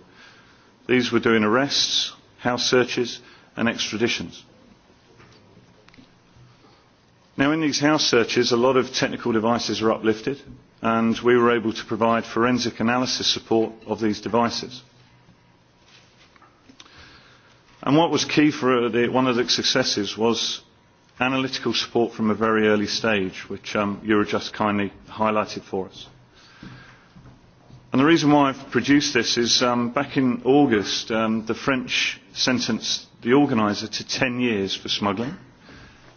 These were doing arrests, house searches and extraditions. Now, in these house searches, a lot of technical devices are uplifted, and we were able to provide forensic analysis support of these devices. And what was key for uh, the, one of the successes was analytical support from a very early stage, which um, Eurojust kindly highlighted for us. And the reason why I've produced this is um, back in August, um, the French sentenced the organiser to 10 years for smuggling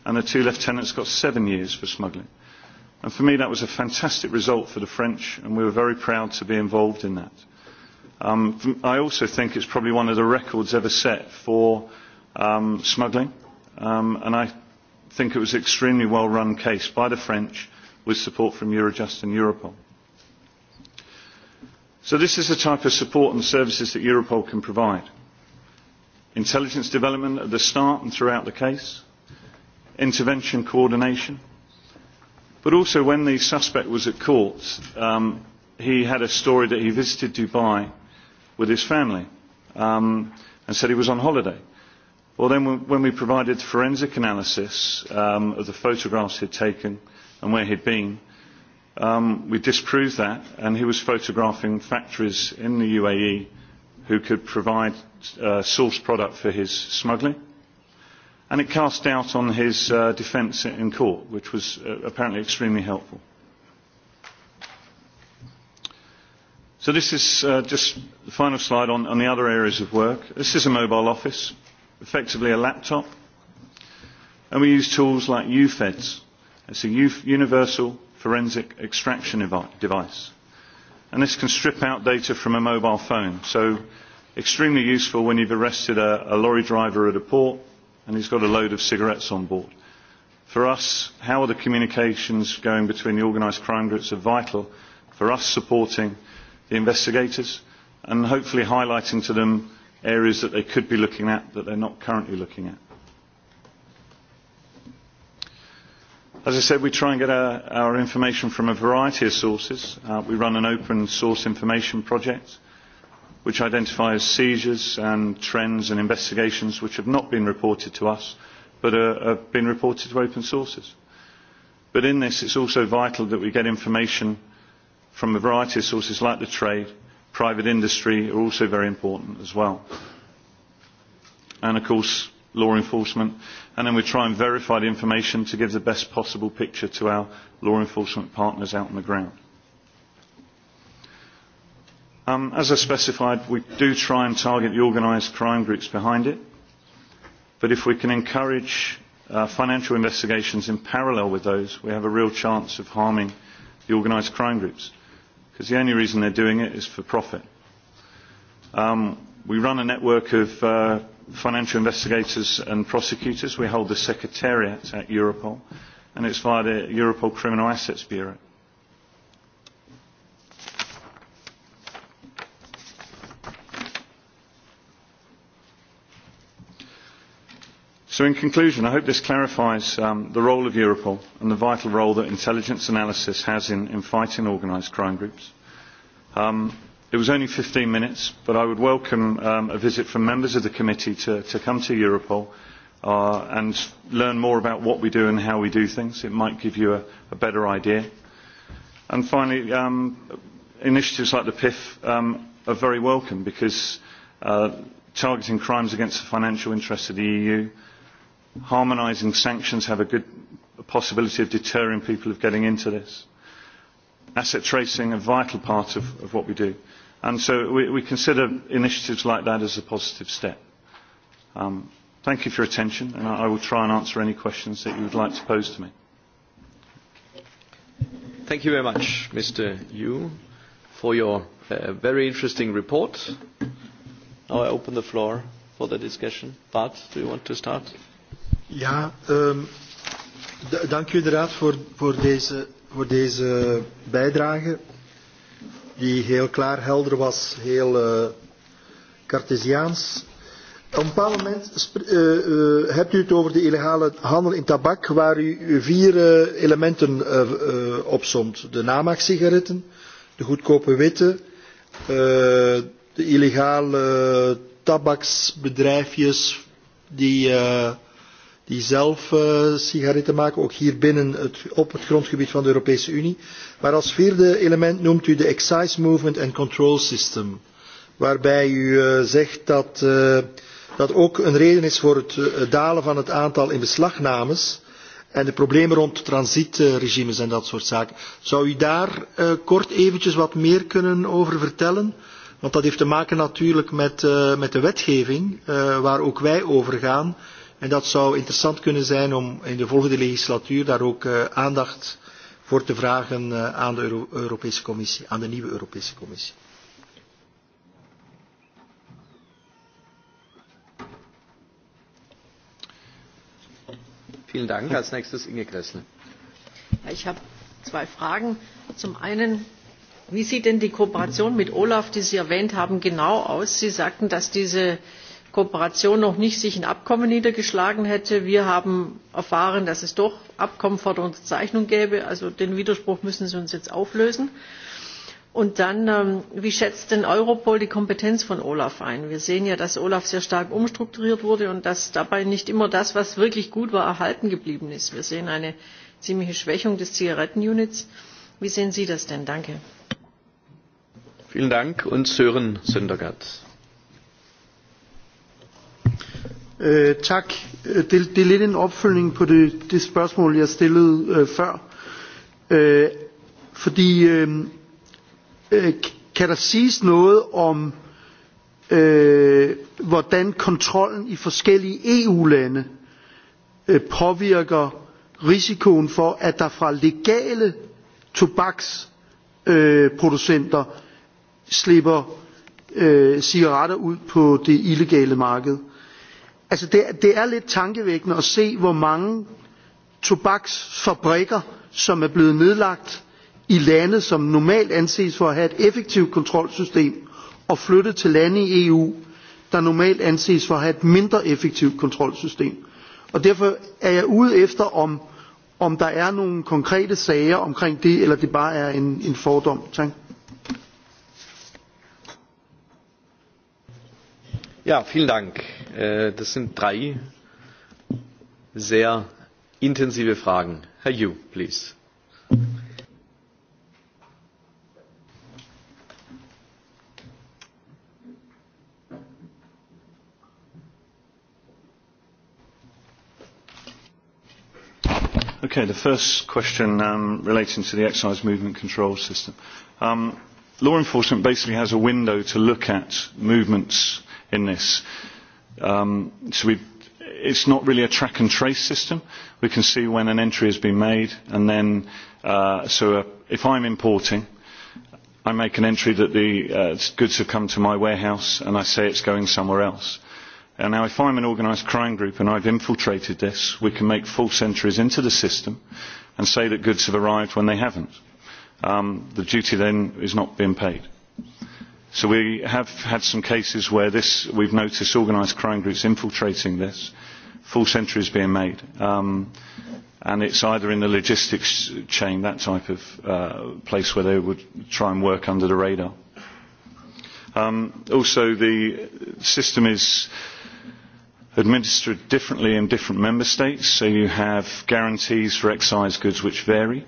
and the two lieutenants got seven years for smuggling. And for me, that was a fantastic result for the French, and we were very proud to be involved in that. Um, I also think it's probably one of the records ever set for um, smuggling, um, and I think it was an extremely well-run case by the French with support from Eurojust and Europol. So this is the type of support and services that Europol can provide. Intelligence development at the start and throughout the case, intervention coordination. But also when the suspect was at court, um, he had a story that he visited Dubai with his family um, and said he was on holiday. Well, then when we provided forensic analysis um, of the photographs he'd taken and where he'd been, um, we disproved that, and he was photographing factories in the UAE who could provide uh, source product for his smuggling and it cast doubt on his uh, defence in court, which was uh, apparently extremely helpful. So this is uh, just the final slide on, on the other areas of work. This is a mobile office, effectively a laptop, and we use tools like UFEDS. It's a universal forensic extraction device. And this can strip out data from a mobile phone, so extremely useful when you've arrested a, a lorry driver at a port and he's got a load of cigarettes on board. For us, how are the communications going between the organised crime groups are vital for us supporting the investigators and hopefully highlighting to them areas that they could be looking at that they're not currently looking at. As I said, we try and get our, our information from a variety of sources. Uh, we run an open source information project which identifies seizures and trends and investigations which have not been reported to us but are, have been reported to open sources. But in this, it's also vital that we get information from a variety of sources like the trade, private industry are also very important as well. And of course, law enforcement. And then we try and verify the information to give the best possible picture to our law enforcement partners out on the ground. Um, as I specified, we do try and target the organised crime groups behind it. But if we can encourage uh, financial investigations in parallel with those, we have a real chance of harming the organised crime groups. Because the only reason they're doing it is for profit. Um, we run a network of uh, financial investigators and prosecutors. We hold the secretariat at Europol, and it's via the Europol Criminal Assets Bureau. So in conclusion, I hope this clarifies um, the role of Europol and the vital role that intelligence analysis has in, in fighting organised crime groups. Um, it was only 15 minutes, but I would welcome um, a visit from members of the committee to, to come to Europol uh, and learn more about what we do and how we do things. It might give you a, a better idea. And finally, um, initiatives like the PIF um, are very welcome because uh, targeting crimes against the financial interests of the EU harmonising sanctions have a good possibility of deterring people of getting into this. Asset tracing, a vital part of, of what we do. And so we, we consider initiatives like that as a positive step. Um, thank you for your attention, and I, I will try and answer any questions that you would like to pose to me. Thank you very much, Mr. Yu, for your uh, very interesting report. Now I open the floor for the discussion. Bart, do you want to start? Ja, um, dank u inderdaad voor, voor, deze, voor deze bijdrage, die heel klaar, helder was, heel uh, cartesiaans. Op een bepaald moment uh, uh, hebt u het over de illegale handel in tabak, waar u vier uh, elementen uh, uh, opzomt. De namaaksigaretten, de goedkope witte, uh, de illegale tabaksbedrijfjes die... Uh, die zelf uh, sigaretten maken, ook hier binnen het, op het grondgebied van de Europese Unie. Maar als vierde element noemt u de excise movement and control system, waarbij u uh, zegt dat uh, dat ook een reden is voor het uh, dalen van het aantal in beslagnames en de problemen rond transitregimes en dat soort zaken. Zou u daar uh, kort eventjes wat meer kunnen over vertellen? Want dat heeft te maken natuurlijk met, uh, met de wetgeving, uh, waar ook wij over gaan. En dat zou interessant kunnen zijn om in de volgende legislatuur daar ook uh, aandacht voor te vragen uh, aan de Euro Europese Commissie, aan de nieuwe Europese Commissie. Vielen Dank. Als nächstes Inge Kressle. Ja, ich habe zwei Fragen. Zum einen, wie sieht denn die Kooperation mit Olaf, die Sie erwähnt haben, genau aus? Sie sagten, dass diese Kooperation noch nicht sich in Abkommen niedergeschlagen hätte. Wir haben erfahren, dass es doch Abkommen vor der Unterzeichnung gäbe. Also den Widerspruch müssen Sie uns jetzt auflösen. Und dann, ähm, wie schätzt denn Europol die Kompetenz von Olaf ein? Wir sehen ja, dass Olaf sehr stark umstrukturiert wurde und dass dabei nicht immer das, was wirklich gut war, erhalten geblieben ist. Wir sehen eine ziemliche Schwächung des Zigarettenunits. Wie sehen Sie das denn? Danke. Vielen Dank und Sören Sündergaard. Øh, tak. Det, det er lidt en opfølgning på det, det spørgsmål, jeg stillede øh, før. Øh, fordi øh, øh, kan der siges noget om, øh, hvordan kontrollen i forskellige EU-lande øh, påvirker risikoen for, at der fra legale tobaksproducenter øh, slipper øh, cigaretter ud på det illegale marked. Altså det, det er lidt tankevækkende at se, hvor mange tobaksfabrikker, som er blevet nedlagt i lande, som normalt anses for at have et effektivt kontrolsystem, og flyttet til lande i EU, der normalt anses for at have et mindre effektivt kontrolsystem. Og derfor er jeg ude efter, om, om der er nogle konkrete sager omkring det, eller det bare er en, en fordom. Tak. Ja, vielen Dank. Äh, das sind drei sehr intensive Fragen. Herr Yu, please. Okay, the first question um, relating to the excise movement control system. Um, law enforcement basically has a window to look at movements in this. Um, so we, it's not really a track and trace system. We can see when an entry has been made and then, uh, so uh, if I'm importing, I make an entry that the uh, goods have come to my warehouse and I say it's going somewhere else. And now if I'm an organised crime group and I've infiltrated this, we can make false entries into the system and say that goods have arrived when they haven't. Um, the duty then is not being paid. So we have had some cases where this, we've noticed organised crime groups infiltrating this. Full centuries being made. Um, and it's either in the logistics chain, that type of uh, place where they would try and work under the radar. Um, also, the system is administered differently in different member states, so you have guarantees for excise goods which vary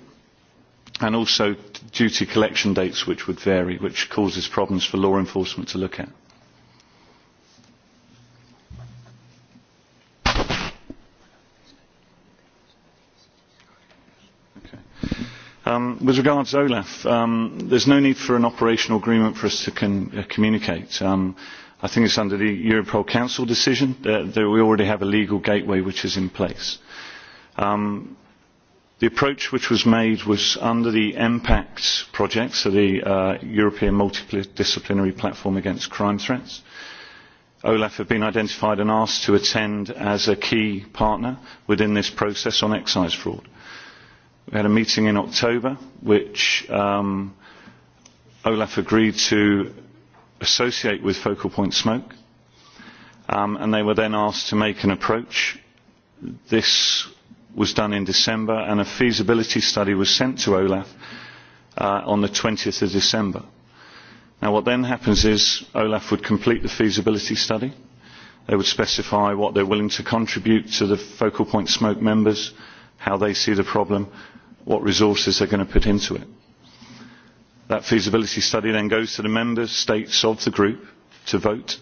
and also duty collection dates which would vary, which causes problems for law enforcement to look at. Um, with regards to OLAF, um, there's no need for an operational agreement for us to con uh, communicate. Um, I think it's under the Europol Council decision that, that we already have a legal gateway which is in place. Um, The approach which was made was under the MPACT project, so the uh, European Multidisciplinary Platform Against Crime Threats. OLAF have been identified and asked to attend as a key partner within this process on excise fraud. We had a meeting in October which um, OLAF agreed to associate with Focal Point Smoke um, and they were then asked to make an approach. This was done in December and a feasibility study was sent to OLAF uh, on the 20th of December. Now what then happens is OLAF would complete the feasibility study. They would specify what they're willing to contribute to the focal point smoke members, how they see the problem, what resources they're going to put into it. That feasibility study then goes to the member states of the group to vote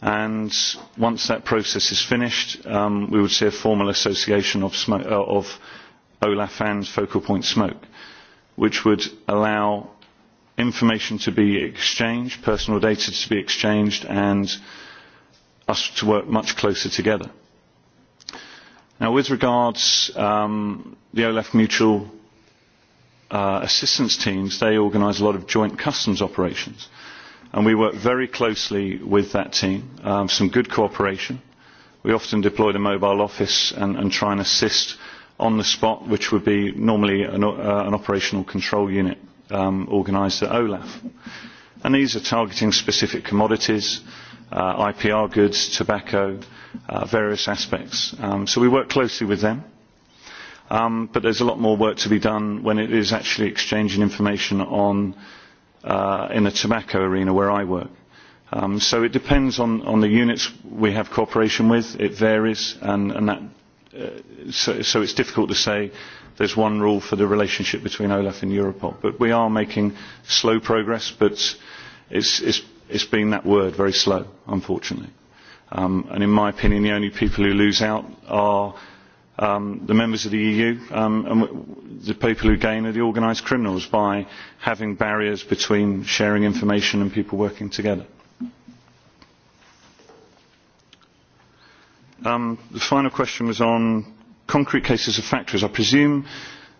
and once that process is finished, um, we would see a formal association of, smoke, uh, of OLAF and focal point smoke, which would allow information to be exchanged, personal data to be exchanged, and us to work much closer together. Now, with regards um, the OLAF mutual uh, assistance teams, they organise a lot of joint customs operations and we work very closely with that team, um, some good cooperation. We often deploy the mobile office and, and try and assist on the spot, which would be normally an, uh, an operational control unit um, organised at OLAF. And these are targeting specific commodities, uh, IPR goods, tobacco, uh, various aspects. Um, so we work closely with them. Um, but there's a lot more work to be done when it is actually exchanging information on uh, in a tobacco arena where I work. Um, so it depends on, on the units we have cooperation with. It varies, and, and that, uh, so, so it's difficult to say there's one rule for the relationship between Olaf and Europol. But we are making slow progress, but it's, it's, it's been that word, very slow, unfortunately. Um, and in my opinion, the only people who lose out are um, the members of the EU um, and the people who gain are the organised criminals by having barriers between sharing information and people working together. Um, the final question was on concrete cases of factories. I presume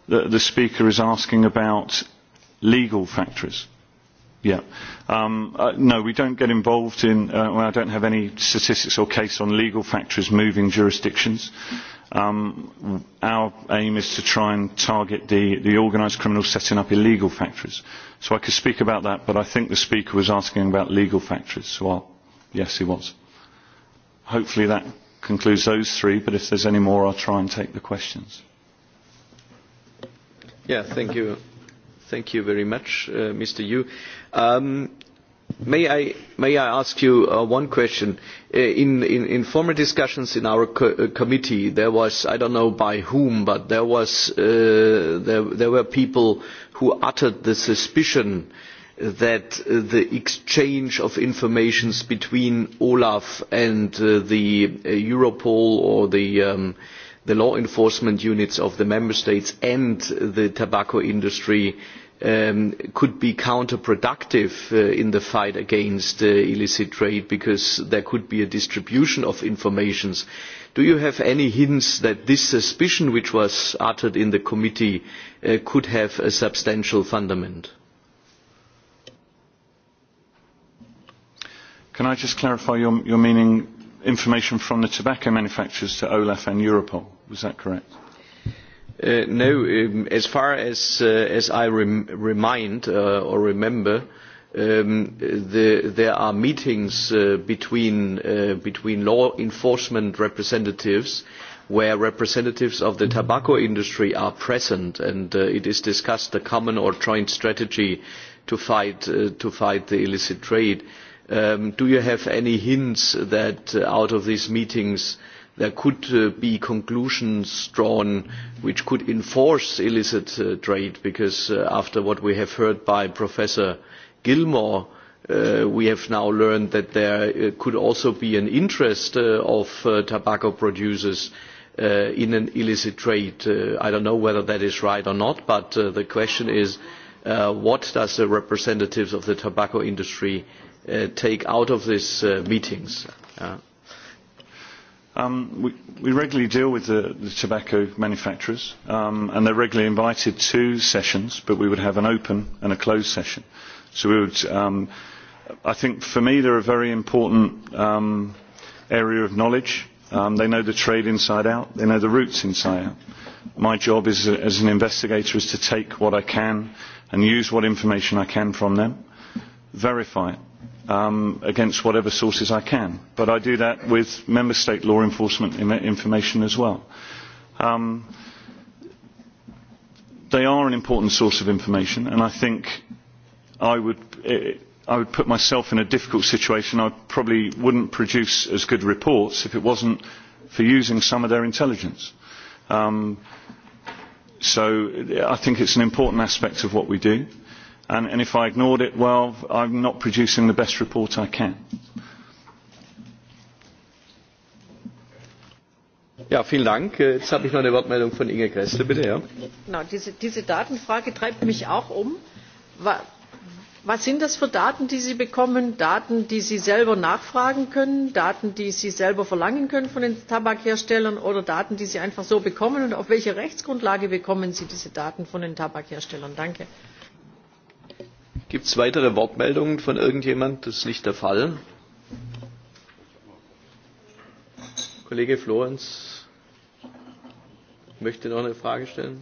that the speaker is asking about legal factories. Yeah. Um, uh, no, we don't get involved in, uh, well, I don't have any statistics or case on legal factories moving jurisdictions. Um, our aim is to try and target the, the organised criminals setting up illegal factories. So I could speak about that, but I think the speaker was asking about legal factories. So I'll, yes, he was. Hopefully that concludes those three, but if there's any more, I'll try and take the questions. Yeah, thank you. Thank you very much, uh, Mr. Yu. Um, May I, may I ask you uh, one question? Uh, in, in, in former discussions in our co uh, committee, there was, I don't know by whom, but there, was, uh, there, there were people who uttered the suspicion that uh, the exchange of information between Olaf and uh, the Europol or the, um, the law enforcement units of the member states and the tobacco industry um, could be counterproductive uh, in the fight against uh, illicit trade because there could be a distribution of information. Do you have any hints that this suspicion which was uttered in the committee uh, could have a substantial fundament? Can I just clarify your, your meaning information from the tobacco manufacturers to OLAF and Europol? Was that correct? Uh, no, um, as far as, uh, as I rem remind uh, or remember, um, the, there are meetings uh, between, uh, between law enforcement representatives where representatives of the tobacco industry are present and uh, it is discussed the common or joint strategy to fight, uh, to fight the illicit trade. Um, do you have any hints that uh, out of these meetings uh, there could uh, be conclusions drawn which could enforce illicit uh, trade because uh, after what we have heard by Professor Gilmore, uh, we have now learned that there uh, could also be an interest uh, of uh, tobacco producers uh, in an illicit trade. Uh, I don't know whether that is right or not, but uh, the question is uh, what does the representatives of the tobacco industry uh, take out of these uh, meetings? Uh, Um, we, we regularly deal with the, the tobacco manufacturers, um, and they're regularly invited to sessions, but we would have an open and a closed session. So we would, um, I think for me they're a very important um, area of knowledge. Um, they know the trade inside out, they know the routes inside out. My job is, as an investigator is to take what I can and use what information I can from them, verify it, um, against whatever sources I can. But I do that with member state law enforcement information as well. Um, they are an important source of information, and I think I would, uh, I would put myself in a difficult situation. I probably wouldn't produce as good reports if it wasn't for using some of their intelligence. Um, so eh, I think it's an important aspect of what we do and, and if I ignored it, well, I'm not producing the best report I can. Ja, vielen Dank. Äh, jetzt habe ich noch eine Wortmeldung von Inge Kressel, bitte. Ja. Genau, diese, diese Datenfrage treibt mich auch um. Was sind das für Daten, die Sie bekommen? Daten, die Sie selber nachfragen können, Daten, die Sie selber verlangen können von den Tabakherstellern oder Daten, die Sie einfach so bekommen? Und auf welche Rechtsgrundlage bekommen Sie diese Daten von den Tabakherstellern? Danke. Gibt es weitere Wortmeldungen von irgendjemand? Das ist nicht der Fall. Kollege Florenz möchte noch eine Frage stellen?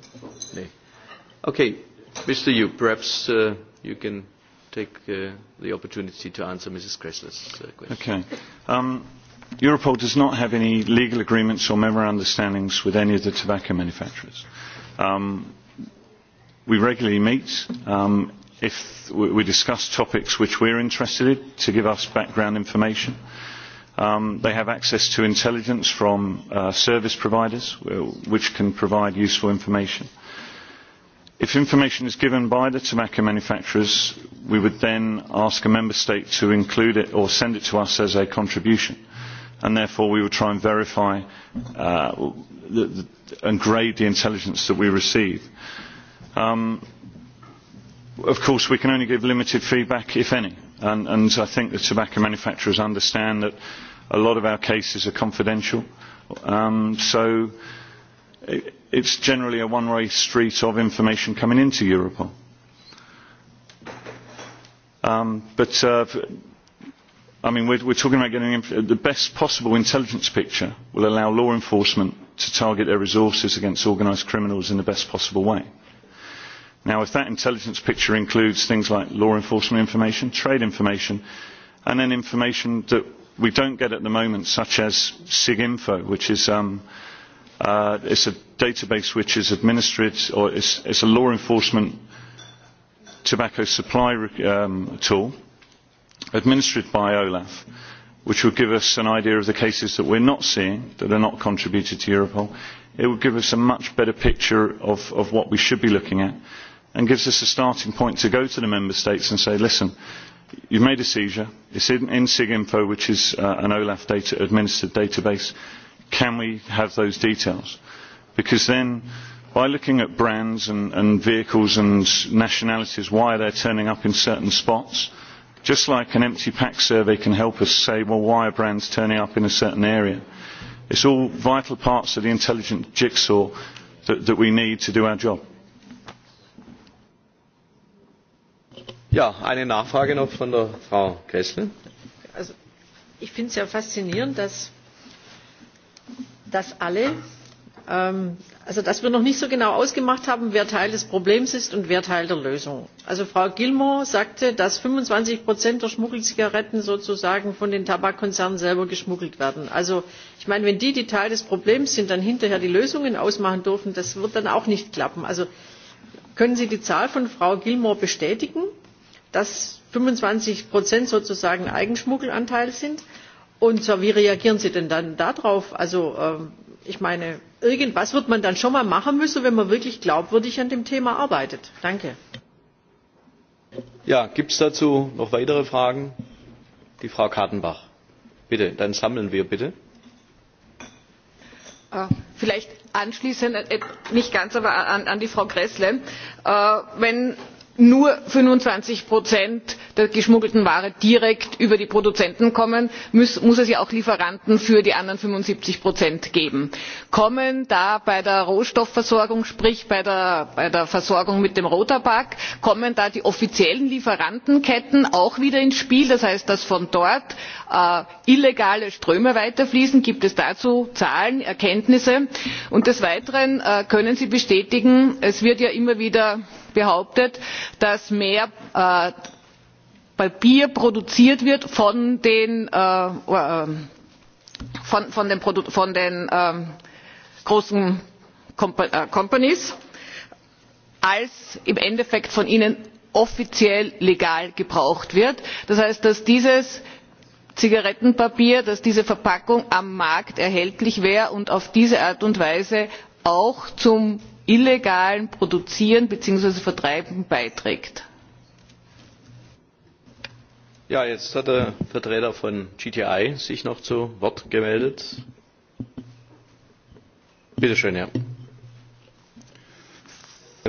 Nee. Okay, Mr. Yu, perhaps uh, you can take uh, the opportunity to answer Mrs. Kressler's uh, question. Okay. Um, Europol does not have any legal agreements or memorandum understandings with any of the tobacco manufacturers. Um, we regularly meet. Um, if we discuss topics which we're interested in to give us background information. Um, they have access to intelligence from uh, service providers which can provide useful information. If information is given by the tobacco manufacturers, we would then ask a member state to include it or send it to us as a contribution. And therefore we would try and verify uh, the, the, and grade the intelligence that we receive. Um, of course, we can only give limited feedback, if any. And, and I think the tobacco manufacturers understand that a lot of our cases are confidential. Um, so it, it's generally a one-way street of information coming into Europol. Um, but, uh, I mean, we're, we're talking about getting the best possible intelligence picture will allow law enforcement to target their resources against organised criminals in the best possible way. Now, if that intelligence picture includes things like law enforcement information, trade information, and then information that we don't get at the moment, such as SIGINFO, which is um, uh, it's a database which is administered, or it's, it's a law enforcement tobacco supply um, tool administered by OLAF, which would give us an idea of the cases that we're not seeing, that are not contributed to Europol. It would give us a much better picture of, of what we should be looking at and gives us a starting point to go to the member states and say, listen, you've made a seizure, it's in, in SIGINFO, which is uh, an OLAF data administered database, can we have those details? Because then, by looking at brands and, and vehicles and nationalities, why they're turning up in certain spots, just like an empty pack survey can help us say, well, why are brands turning up in a certain area? It's all vital parts of the intelligent jigsaw that, that we need to do our job. Ja, eine Nachfrage noch von der Frau Kessler. Also, ich finde es ja faszinierend, dass, dass alle, ähm, also dass wir noch nicht so genau ausgemacht haben, wer Teil des Problems ist und wer Teil der Lösung. Also Frau Gilmore sagte, dass 25 Prozent der Schmuggelzigaretten sozusagen von den Tabakkonzernen selber geschmuggelt werden. Also ich meine, wenn die, die Teil des Problems sind, dann hinterher die Lösungen ausmachen dürfen, das wird dann auch nicht klappen. Also können Sie die Zahl von Frau Gilmore bestätigen? dass 25 Prozent sozusagen Eigenschmuggelanteil sind. Und zwar wie reagieren Sie denn dann darauf? Also äh, ich meine, irgendwas wird man dann schon mal machen müssen, wenn man wirklich glaubwürdig an dem Thema arbeitet. Danke. Ja, gibt es dazu noch weitere Fragen? Die Frau Kartenbach. Bitte, dann sammeln wir bitte. Äh, vielleicht anschließend, äh, nicht ganz, aber an, an die Frau Gressle. Äh, wenn nur fünfundzwanzig der geschmuggelten ware direkt über die produzenten kommen muss, es ja auch lieferanten für die anderen fünfundsiebzig geben. kommen da bei der rohstoffversorgung sprich bei der, versorgung mit dem rohtabak kommen da die offiziellen lieferantenketten auch wieder ins spiel das heißt dass von dort äh, illegale ströme weiterfließen? gibt es dazu zahlen erkenntnisse? und des weiteren äh, können sie bestätigen es wird ja immer wieder behauptet, dass mehr äh, Papier produziert wird von den, äh, äh von, von den, Produ von den äh, großen Compa äh, Companies als im Endeffekt von ihnen offiziell legal gebraucht wird. Das heißt, dass dieses Zigarettenpapier, dass diese Verpackung am Markt erhältlich wäre und auf diese Art und Weise auch zum illegalen Produzieren bzw. Vertreiben beiträgt. Ja, jetzt hat der Vertreter von GTI sich noch zu Wort gemeldet. Bitte schön,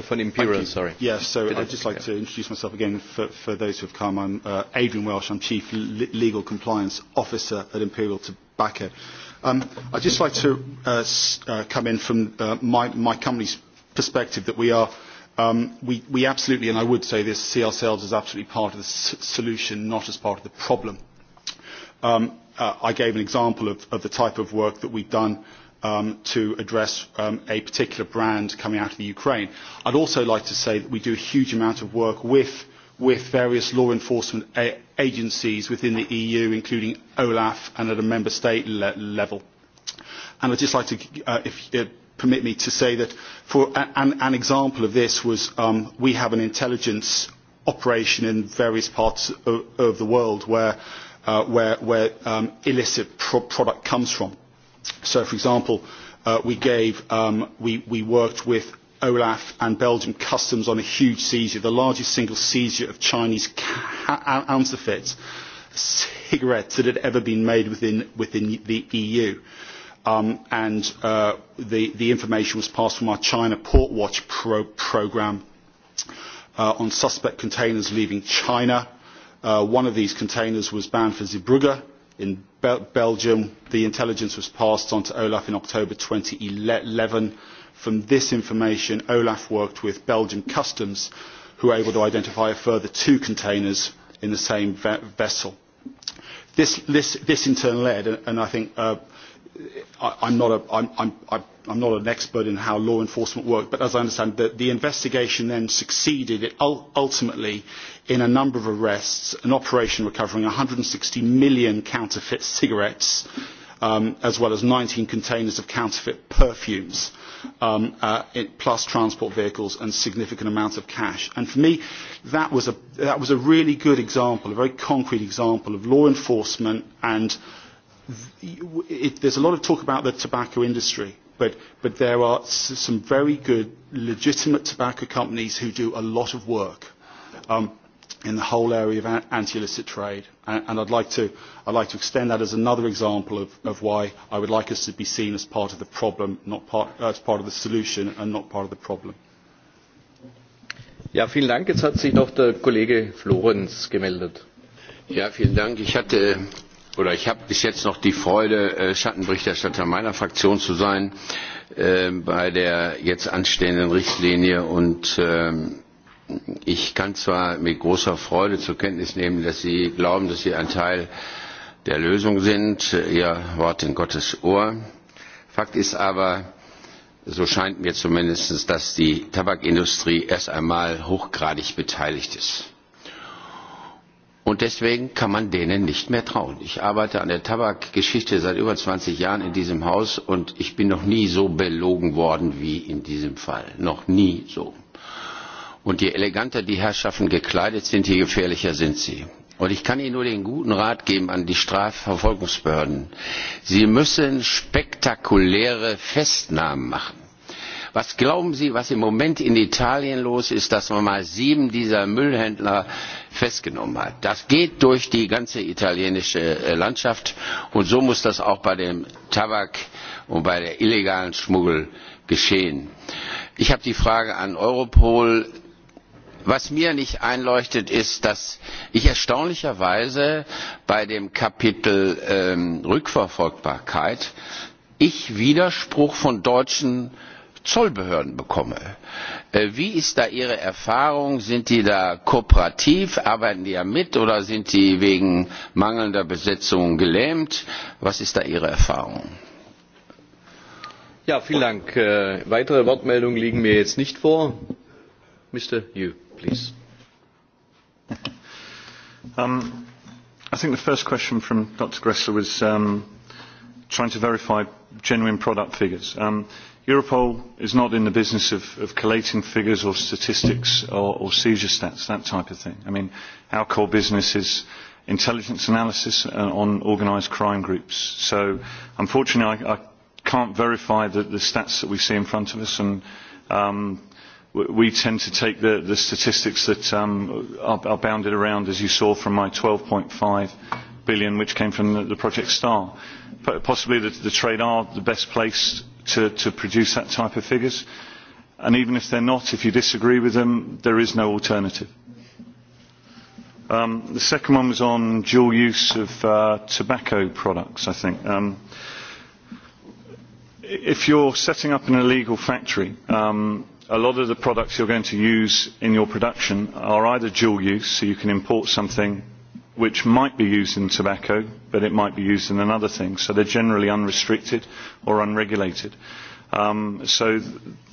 Von uh, Imperial, sorry. so Bitte. I'd just like to introduce myself again for, for those who have come. I'm uh, Adrian Welsh. I'm Chief Legal Compliance Officer at Imperial Tobacco. Um, I'd just like to uh, uh, come in from uh, my, my company's perspective that we are um, we, we absolutely, and I would say this, see ourselves as absolutely part of the solution, not as part of the problem. Um, uh, I gave an example of, of the type of work that we've done um, to address um, a particular brand coming out of the Ukraine. I'd also like to say that we do a huge amount of work with, with various law enforcement a agencies within the EU, including OLAF and at a member state le level. And I'd just like to, uh, if, uh, permit me to say that for an, an example of this was um, we have an intelligence operation in various parts of, of the world where, uh, where, where um, illicit pro product comes from. So, for example, uh, we, gave, um, we, we worked with Olaf and Belgium Customs on a huge seizure, the largest single seizure of Chinese counterfeit cigarettes that had ever been made within, within the EU um, and uh, the, the information was passed from our China Port Watch pro program uh, on suspect containers leaving China. Uh, one of these containers was bound for Zeebrugge in Bel Belgium. The intelligence was passed on to Olaf in October 2011. From this information, Olaf worked with Belgian customs who were able to identify a further two containers in the same ve vessel. This, this, this in turn led, and I think uh, I, I'm, not a, I'm, I'm, I'm not an expert in how law enforcement works, but as I understand, the, the investigation then succeeded it ultimately in a number of arrests, an operation recovering 160 million counterfeit cigarettes, um, as well as 19 containers of counterfeit perfumes, um, uh, it, plus transport vehicles and significant amounts of cash. And for me, that was a, that was a really good example, a very concrete example of law enforcement and it, there's a lot of talk about the tobacco industry, but, but there are s some very good legitimate tobacco companies who do a lot of work um, in the whole area of anti-illicit trade. And, and I'd, like to, I'd like to extend that as another example of, of why I would like us to be seen as part of the problem, not part, uh, as part of the solution and not part of the problem. Ja, vielen Dank. Jetzt hat sich noch der Kollege Florenz gemeldet. Ja, vielen Dank. Ich hatte oder ich habe bis jetzt noch die Freude, äh, Schattenberichterstatter meiner Fraktion zu sein ähm, bei der jetzt anstehenden Richtlinie. Und ähm, ich kann zwar mit großer Freude zur Kenntnis nehmen, dass Sie glauben, dass Sie ein Teil der Lösung sind, Ihr Wort in Gottes Ohr. Fakt ist aber, so scheint mir zumindest, dass die Tabakindustrie erst einmal hochgradig beteiligt ist. Und deswegen kann man denen nicht mehr trauen. Ich arbeite an der Tabakgeschichte seit über 20 Jahren in diesem Haus und ich bin noch nie so belogen worden wie in diesem Fall. Noch nie so. Und je eleganter die Herrschaften gekleidet sind, je gefährlicher sind sie. Und ich kann Ihnen nur den guten Rat geben an die Strafverfolgungsbehörden. Sie müssen spektakuläre Festnahmen machen. Was glauben Sie, was im Moment in Italien los ist, dass man mal sieben dieser Müllhändler festgenommen hat? Das geht durch die ganze italienische äh, Landschaft und so muss das auch bei dem Tabak und bei der illegalen Schmuggel geschehen. Ich habe die Frage an Europol. Was mir nicht einleuchtet, ist, dass ich erstaunlicherweise bei dem Kapitel ähm, Rückverfolgbarkeit ich Widerspruch von deutschen Zollbehörden bekomme. Äh, wie ist da Ihre Erfahrung? Sind die da kooperativ? Arbeiten die ja mit oder sind die wegen mangelnder Besetzung gelähmt? Was ist da Ihre Erfahrung? Ja, vielen Dank. Äh, weitere Wortmeldungen liegen mir jetzt nicht vor. Mr. Yu, please. Um, I think the first question from Dr. Gressler was um, trying to verify genuine product figures. Um, Europol is not in the business of, of collating figures or statistics or, or seizure stats, that type of thing. I mean, our core business is intelligence analysis uh, on organised crime groups. So, unfortunately, I, I can't verify the, the stats that we see in front of us, and um, we tend to take the, the statistics that um, are, are bounded around, as you saw from my 12.5 billion which came from the the Project Star. Possibly the, the trade are the best place to, to produce that type of figures. And even if they're not, if you disagree with them, there is no alternative. Um, the second one was on dual use of uh, tobacco products, I think. Um, if you're setting up an illegal factory, um, a lot of the products you're going to use in your production are either dual use, so you can import something which might be used in tobacco, but it might be used in another thing. So they're generally unrestricted or unregulated. Um, so th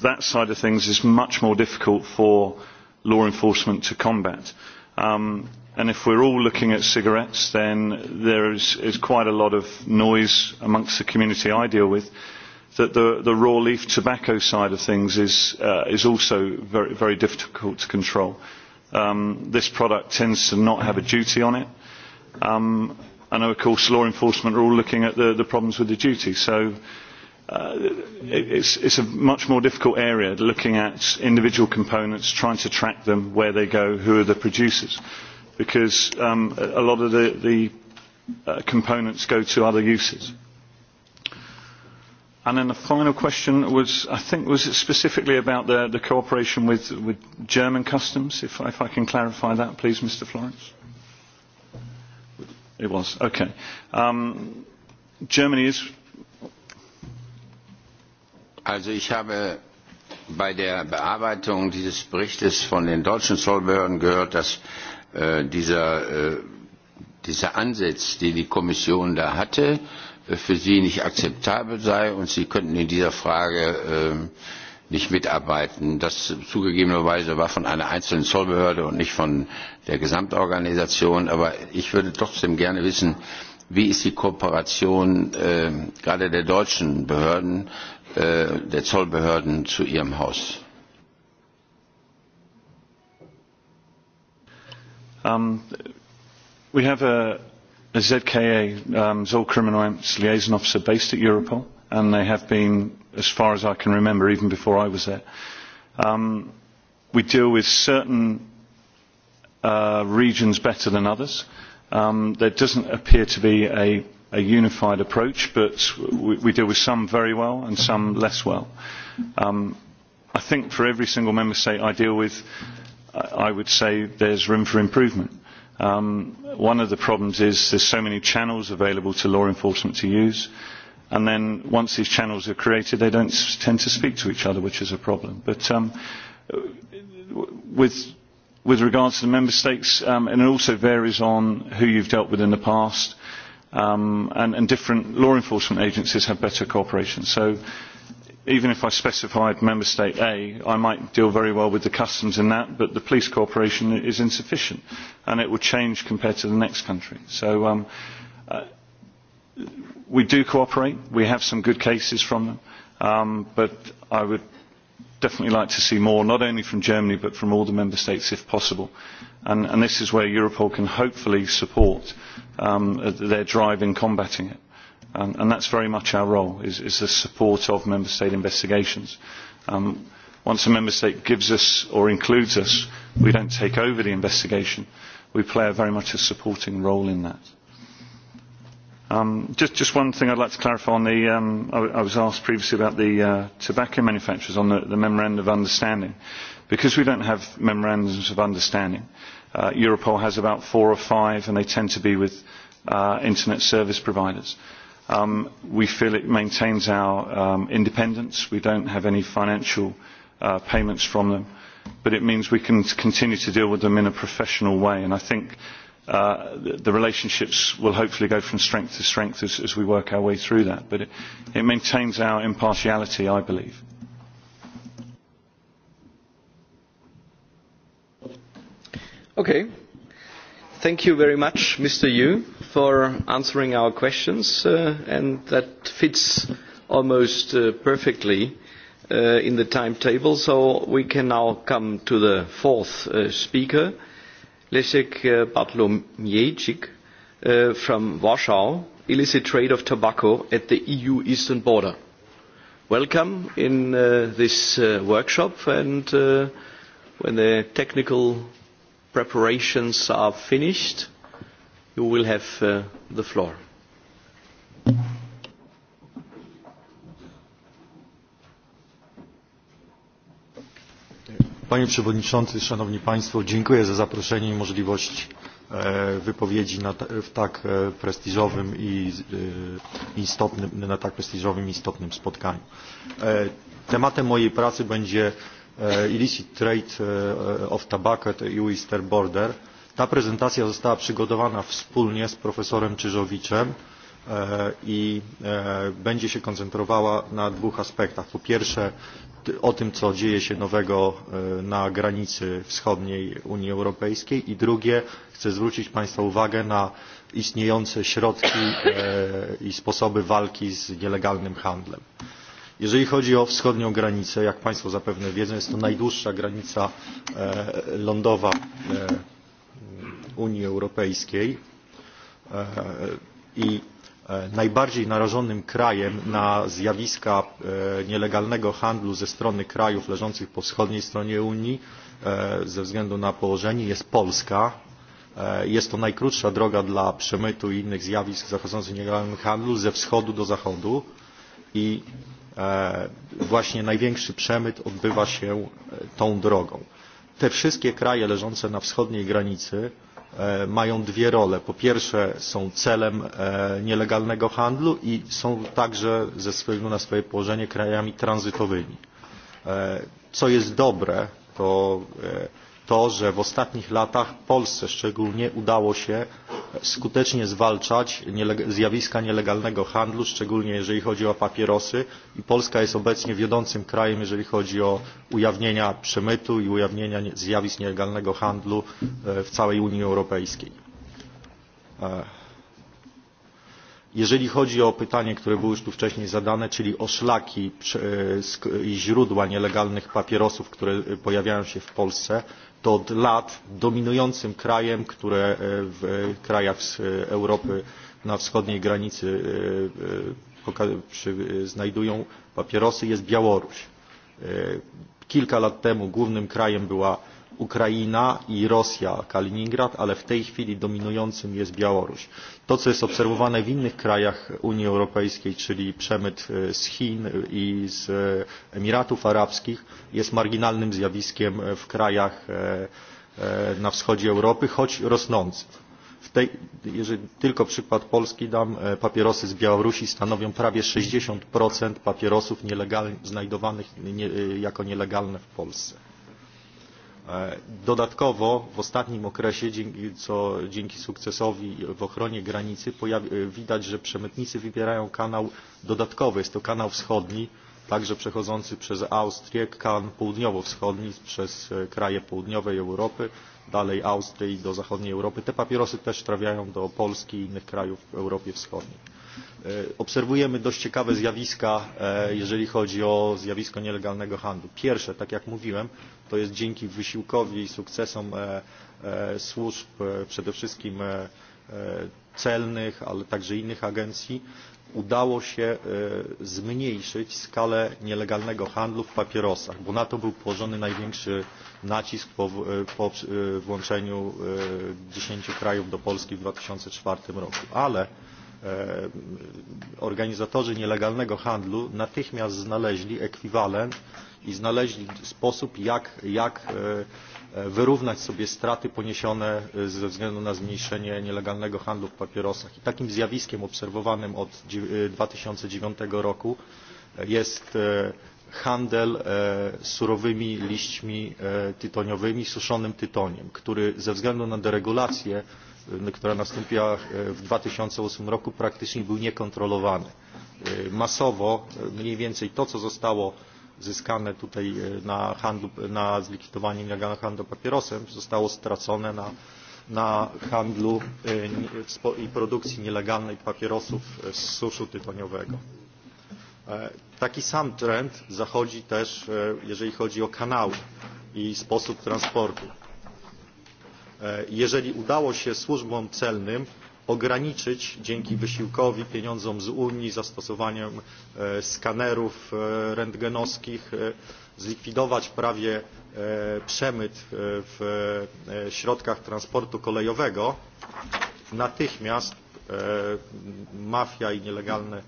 that side of things is much more difficult for law enforcement to combat. Um, and if we're all looking at cigarettes, then there is, is quite a lot of noise amongst the community I deal with that the, the raw leaf tobacco side of things is, uh, is also very, very difficult to control um, this product tends to not have a duty on it. Um, I know, of course, law enforcement are all looking at the, the problems with the duty. So uh, it, it's, it's a much more difficult area looking at individual components, trying to track them, where they go, who are the producers. Because um, a lot of the, the uh, components go to other uses. And then the final question was, I think, was it specifically about the, the cooperation with, with German customs. If, if I can clarify that, please, Mr. Florence. It was, okay. Um, Germany is. Also ich habe bei der Bearbeitung dieses Berichtes von den deutschen Zollbehörden gehört, dass äh, dieser, äh, dieser Ansatz, den die Kommission da hatte, äh, für Sie nicht akzeptabel sei und Sie könnten in dieser Frage ähm, nicht mitarbeiten. Das zugegebenerweise war von einer einzelnen Zollbehörde und nicht von der Gesamtorganisation. Aber ich würde trotzdem gerne wissen, wie ist die Kooperation äh, gerade der deutschen Behörden, äh, der Zollbehörden zu Ihrem Haus? Um, we have a ZKA, um, Zol Criminal Amps Liaison Officer based at Europol, and they have been, as far as I can remember, even before I was there. Um, we deal with certain uh, regions better than others. Um, there doesn't appear to be a, a unified approach, but we, we deal with some very well and some less well. Um, I think for every single member state I deal with, I, I would say there's room for improvement. Um, one of the problems is there's so many channels available to law enforcement to use, and then once these channels are created, they don't tend to speak to each other, which is a problem. But um, with, with regards to the member states, um, and it also varies on who you've dealt with in the past, um, and, and different law enforcement agencies have better cooperation. So even if I specified Member State A, I might deal very well with the customs in that, but the police cooperation is insufficient, and it will change compared to the next country. So um, uh, we do cooperate. We have some good cases from them, um, but I would definitely like to see more, not only from Germany, but from all the Member States if possible. And, and this is where Europol can hopefully support um, uh, their drive in combating it. Um, and that's very much our role, is, is the support of member state investigations. Um, once a member state gives us or includes us, we don't take over the investigation. We play a very much a supporting role in that. Um, just, just one thing I'd like to clarify on the, um, I, I was asked previously about the uh, tobacco manufacturers on the, the memorandum of understanding. Because we don't have memorandums of understanding, uh, Europol has about four or five and they tend to be with uh, internet service providers. Um, we feel it maintains our um, independence. We don't have any financial uh, payments from them, but it means we can continue to deal with them in a professional way. And I think uh, the, relationships will hopefully go from strength to strength as, as we work our way through that. But it, it maintains our impartiality, I believe. Okay. Thank you very much, Mr. Yu for answering our questions, uh, and that fits almost uh, perfectly uh, in the timetable. So we can now come to the fourth uh, speaker, Leszek uh, Bartlomiejczyk uh, from Warsaw, illicit trade of tobacco at the EU eastern border. Welcome in uh, this uh, workshop, and uh, when the technical preparations are finished, you will have uh, the floor. Panie Przewodniczący, Szanowni Państwo, dziękuję za zaproszenie i możliwość e, wypowiedzi na, w tak e, prestiżowym i e, istotnym, na tak prestiżowym i istotnym spotkaniu. Tematem mojej pracy będzie illicit trade of tobacco to EU Eastern Border – Ta prezentacja została przygotowana wspólnie z profesorem Czyżowiczem e, i e, będzie się koncentrowała na dwóch aspektach. Po pierwsze o tym, co dzieje się nowego e, na granicy wschodniej Unii Europejskiej i drugie chcę zwrócić Państwa uwagę na istniejące środki i sposoby walki z nielegalnym handlem. Jeżeli chodzi o wschodnią granicę, jak Państwo zapewne wiedzą, jest to najdłuższa granica lądowa Unii Europejskiej e, i e, najbardziej narażonym krajem na zjawiska e, nielegalnego handlu ze strony krajów leżących po wschodniej stronie Unii ze względu na położenie jest Polska. Jest to najkrótsza droga dla przemytu i innych zjawisk zachodzących w nielegalnym handlu ze wschodu do zachodu i właśnie największy przemyt odbywa się tą drogą te wszystkie kraje leżące na wschodniej granicy e, mają dwie role. Po pierwsze są celem e, nielegalnego handlu i są także ze względu na swoje położenie krajami tranzytowymi. E, co jest dobre, to to, że w ostatnich latach Polsce szczególnie udało się skutecznie zwalczać zjawiska nielegalnego handlu, szczególnie jeżeli chodzi o papierosy i Polska jest obecnie wiodącym krajem, jeżeli chodzi o ujawnienia przemytu i ujawnienia zjawisk nielegalnego handlu e, w całej Unii Europejskiej. E, jeżeli chodzi o pytanie, które było już tu wcześniej zadane, czyli o szlaki e, i źródła nielegalnych papierosów, które pojawiają się w Polsce, to od lat dominującym krajem, które e, w krajach e, Europy na wschodniej granicy e, znajdują papierosy jest Białoruś. Kilka lat temu głównym krajem była Ukraina i Rosja, Kaliningrad, ale w tej chwili dominującym jest Białoruś. To, co jest obserwowane w innych krajach Unii Europejskiej, czyli przemyt e, z Chin e, i z e, Emiratów Arabskich, jest marginalnym zjawiskiem w krajach na wschodzie Europy, choć rosnącym. W tej, jeżeli tylko przykład Polski dam, papierosy z Białorusi stanowią prawie 60% papierosów nielegalnych znajdowanych nie, jako nielegalne w Polsce. E, dodatkowo w ostatnim okresie, dzięki, co dzięki sukcesowi w ochronie granicy, pojawi, e, widać, że przemytnicy wybierają kanał dodatkowy. Jest to kanał wschodni, także przechodzący przez Austrię, kanał południowo-wschodni, przez e, kraje południowej Europy, dalej Austrii do zachodniej Europy. Te papierosy też trafiają do Polski i innych krajów w Europie Wschodniej. E, obserwujemy dość ciekawe zjawiska, e, jeżeli chodzi o zjawisko nielegalnego handlu. Pierwsze, tak jak mówiłem, to jest dzięki wysiłkowi i sukcesom e, służb, przede wszystkim celnych, ale także innych agencji, udało się zmniejszyć skalę nielegalnego handlu w papierosach, bo na to był położony największy nacisk po, po włączeniu 10 krajów do Polski w 2004 roku. Ale E, organizatorzy nielegalnego handlu natychmiast znaleźli ekwiwalent i znaleźli sposób, jak, jak e, e, wyrównać sobie straty poniesione ze względu na zmniejszenie nielegalnego handlu w papierosach. I takim zjawiskiem obserwowanym od 2009 roku jest handel surowymi liśćmi tytoniowymi, suszonym tytoniem, który ze względu na deregulację E, która nastąpiła e, w 2008 roku, praktycznie był niekontrolowany. E, masowo mniej więcej to, co zostało zyskane tutaj na, handlu, na zlikwidowanie nielegalnego handlu papierosem, zostało stracone na, na handlu i produkcji nielegalnej papierosów z suszu tytoniowego. Taki sam trend zachodzi też, jeżeli chodzi o kanały i sposób transportu E, jeżeli udało się służbom celnym ograniczyć dzięki wysiłkowi, pieniądzom z Unii, zastosowaniem e, skanerów e, rentgenowskich, zlikwidować prawie przemyt w środkach transportu kolejowego, natychmiast E, mafia i nielegalne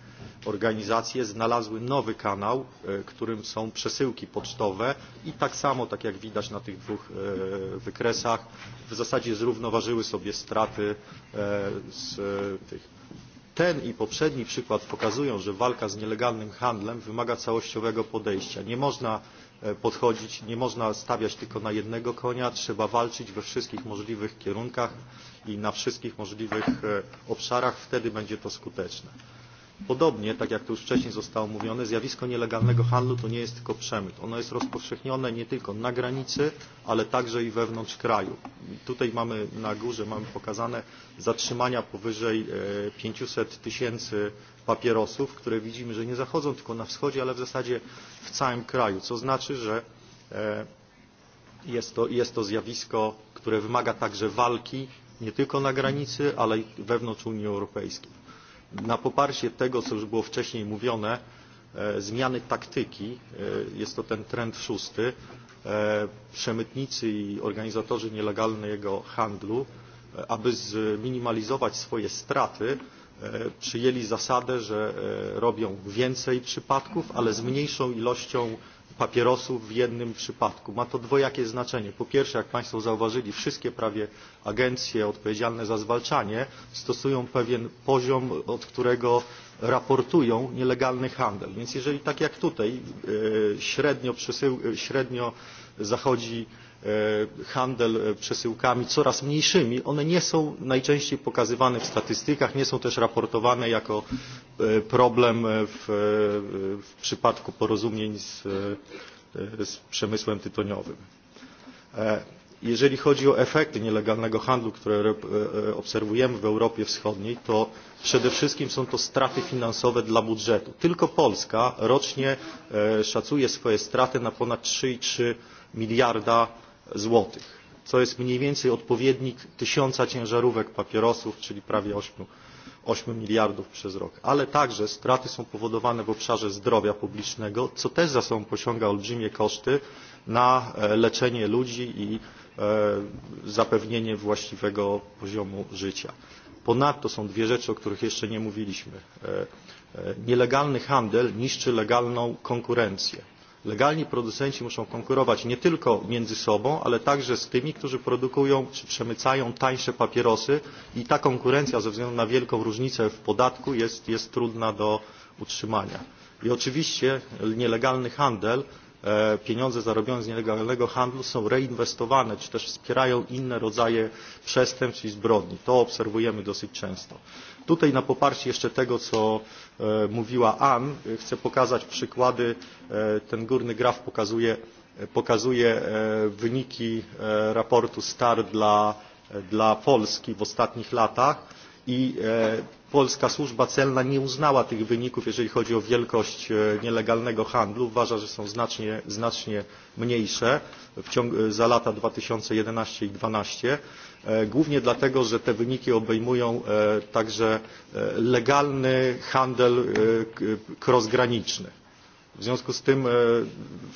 organizacje znalazły nowy kanał, e, którym są przesyłki pocztowe i tak samo, tak jak widać na tych dwóch e, wykresach, w zasadzie zrównoważyły sobie straty z tych ten i poprzedni przykład pokazują, że walka z nielegalnym handlem wymaga całościowego podejścia. Nie można podchodzić, nie można stawiać tylko na jednego konia, trzeba walczyć we wszystkich możliwych kierunkach i na wszystkich możliwych e, obszarach, wtedy będzie to skuteczne. Podobnie, tak jak to już wcześniej zostało mówione, zjawisko nielegalnego handlu to nie jest tylko przemyt. Ono jest rozpowszechnione nie tylko na granicy, ale także i wewnątrz kraju. I tutaj mamy na górze mamy pokazane zatrzymania powyżej 500 e, tysięcy papierosów, które widzimy, że nie zachodzą tylko na wschodzie, ale w zasadzie w całym kraju, co znaczy, że e, jest to, jest to zjawisko, które wymaga także walki nie tylko na granicy, ale i wewnątrz Unii Europejskiej. Na poparcie tego, co już było wcześniej mówione, e, zmiany taktyki, e, jest to ten trend szósty, e, przemytnicy i organizatorzy nielegalnego handlu, aby zminimalizować swoje straty, przyjęli zasadę, że robią więcej przypadków, ale z mniejszą ilością papierosów w jednym przypadku. Ma to dwojakie znaczenie. Po pierwsze, jak Państwo zauważyli, wszystkie prawie agencje odpowiedzialne za zwalczanie stosują pewien poziom, od którego raportują nielegalny handel. Więc jeżeli tak jak tutaj e, średnio, przesył, e, średnio zachodzi E, handel e, przesyłkami coraz mniejszymi, one nie są najczęściej pokazywane w statystykach, nie są też raportowane jako e, problem w, w przypadku porozumień z, z przemysłem tytoniowym. Jeżeli chodzi o efekty nielegalnego handlu, które obserwujemy w Europie Wschodniej, to przede wszystkim są to straty finansowe dla budżetu. Tylko Polska rocznie szacuje swoje straty na ponad 3,3 miliarda złotych, co jest mniej więcej odpowiednik tysiąca ciężarówek papierosów, czyli prawie 8, 8 miliardów przez rok. Ale także straty są powodowane w obszarze zdrowia publicznego, co też za sobą pociąga olbrzymie koszty na e, leczenie ludzi i e, zapewnienie właściwego poziomu życia. Ponadto są dwie rzeczy, o których jeszcze nie mówiliśmy. E, nielegalny handel niszczy legalną konkurencję legalni producenci muszą konkurować nie tylko między sobą, ale także z tymi, którzy produkują czy przemycają tańsze papierosy i ta konkurencja ze względu na wielką różnicę w podatku jest, jest trudna do utrzymania. I oczywiście nielegalny handel e, pieniądze zarobione z nielegalnego handlu są reinwestowane, czy też wspierają inne rodzaje przestępstw i zbrodni. To obserwujemy dosyć często. Tutaj na poparcie jeszcze tego, co e, mówiła Ann, chcę pokazać przykłady. E, ten górny graf pokazuje, pokazuje e, wyniki raportu STAR dla, dla Polski w ostatnich latach i polska służba celna nie uznała tych wyników, jeżeli chodzi o wielkość nielegalnego handlu. Uważa, że są znacznie, znacznie mniejsze w ciągu, za lata 2011 i 2012. E, głównie dlatego, że te wyniki obejmują e, także e, legalny handel crossgraniczny. W związku z tym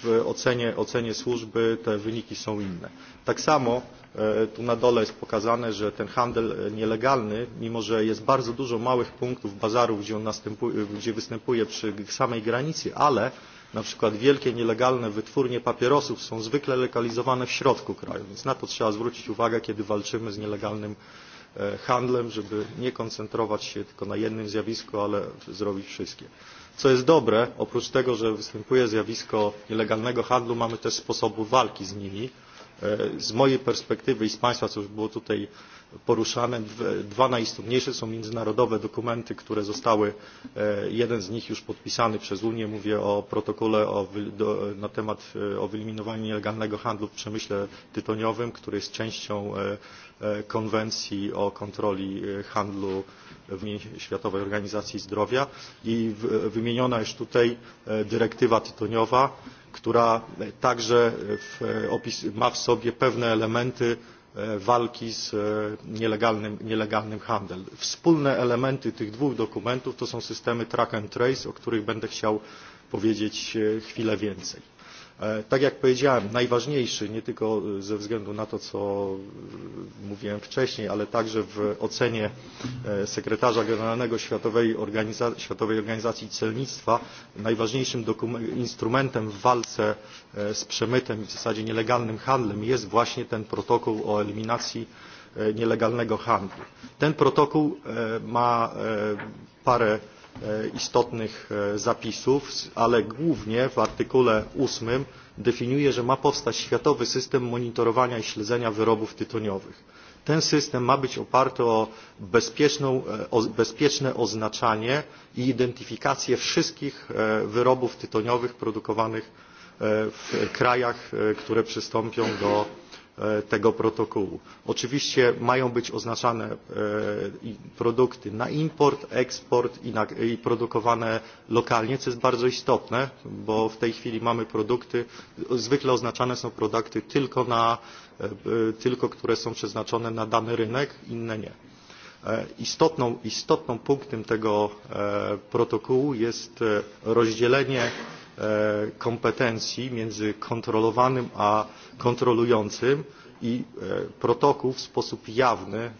w ocenie, ocenie służby te wyniki są inne. Tak samo tu na dole jest pokazane, że ten handel nielegalny, mimo że jest bardzo dużo małych punktów, bazarów, gdzie, on następuje, gdzie występuje przy samej granicy, ale Na przykład wielkie nielegalne wytwórnie papierosów są zwykle lokalizowane w środku kraju, więc na to trzeba zwrócić uwagę, kiedy walczymy z nielegalnym e, handlem, żeby nie koncentrować się tylko na jednym zjawisku, ale zrobić wszystkie. Co jest dobre, oprócz tego, że występuje zjawisko nielegalnego handlu, mamy też sposoby walki z nimi. E, z mojej perspektywy i z Państwa, co już było tutaj poruszane. Dwa najistotniejsze są międzynarodowe dokumenty, które zostały, e, jeden z nich już podpisany przez Unię, mówię o protokole o, do, na temat e, o wyeliminowaniu nielegalnego handlu w przemyśle tytoniowym, który jest częścią e, konwencji o kontroli handlu w Światowej Organizacji Zdrowia i wymieniona jest tutaj dyrektywa tytoniowa, która także w opis, ma w sobie pewne elementy E, walki z e, nielegalnym, nielegalnym handlem. Wspólne elementy tych dwóch dokumentów to są systemy track and trace, o których będę chciał powiedzieć e, chwilę więcej. E, tak jak powiedziałem, najważniejszy nie tylko e, ze względu na to, co e, mówiłem wcześniej, ale także w ocenie sekretarza generalnego Światowej, Organiza Światowej Organizacji Celnictwa, najważniejszym instrumentem w walce z przemytem i w zasadzie nielegalnym handlem jest właśnie ten protokół o eliminacji nielegalnego handlu. Ten protokół ma parę E, istotnych e, zapisów, ale głównie w artykule 8 definiuje, że ma powstać światowy system monitorowania i śledzenia wyrobów tytoniowych. Ten system ma być oparty o, bezpieczną, e, o bezpieczne oznaczanie i identyfikację wszystkich wyrobów tytoniowych produkowanych w krajach, które przystąpią do E, tego protokołu. Oczywiście mają być oznaczane e, produkty na import, eksport i, na, i produkowane lokalnie, co jest bardzo istotne, bo w tej chwili mamy produkty, zwykle oznaczane są produkty tylko, na, e, tylko które są przeznaczone na dany rynek, inne nie. Istotną, istotną punktem tego protokołu jest rozdzielenie E, kompetencji między kontrolowanym a kontrolującym i e, protokół w sposób jawny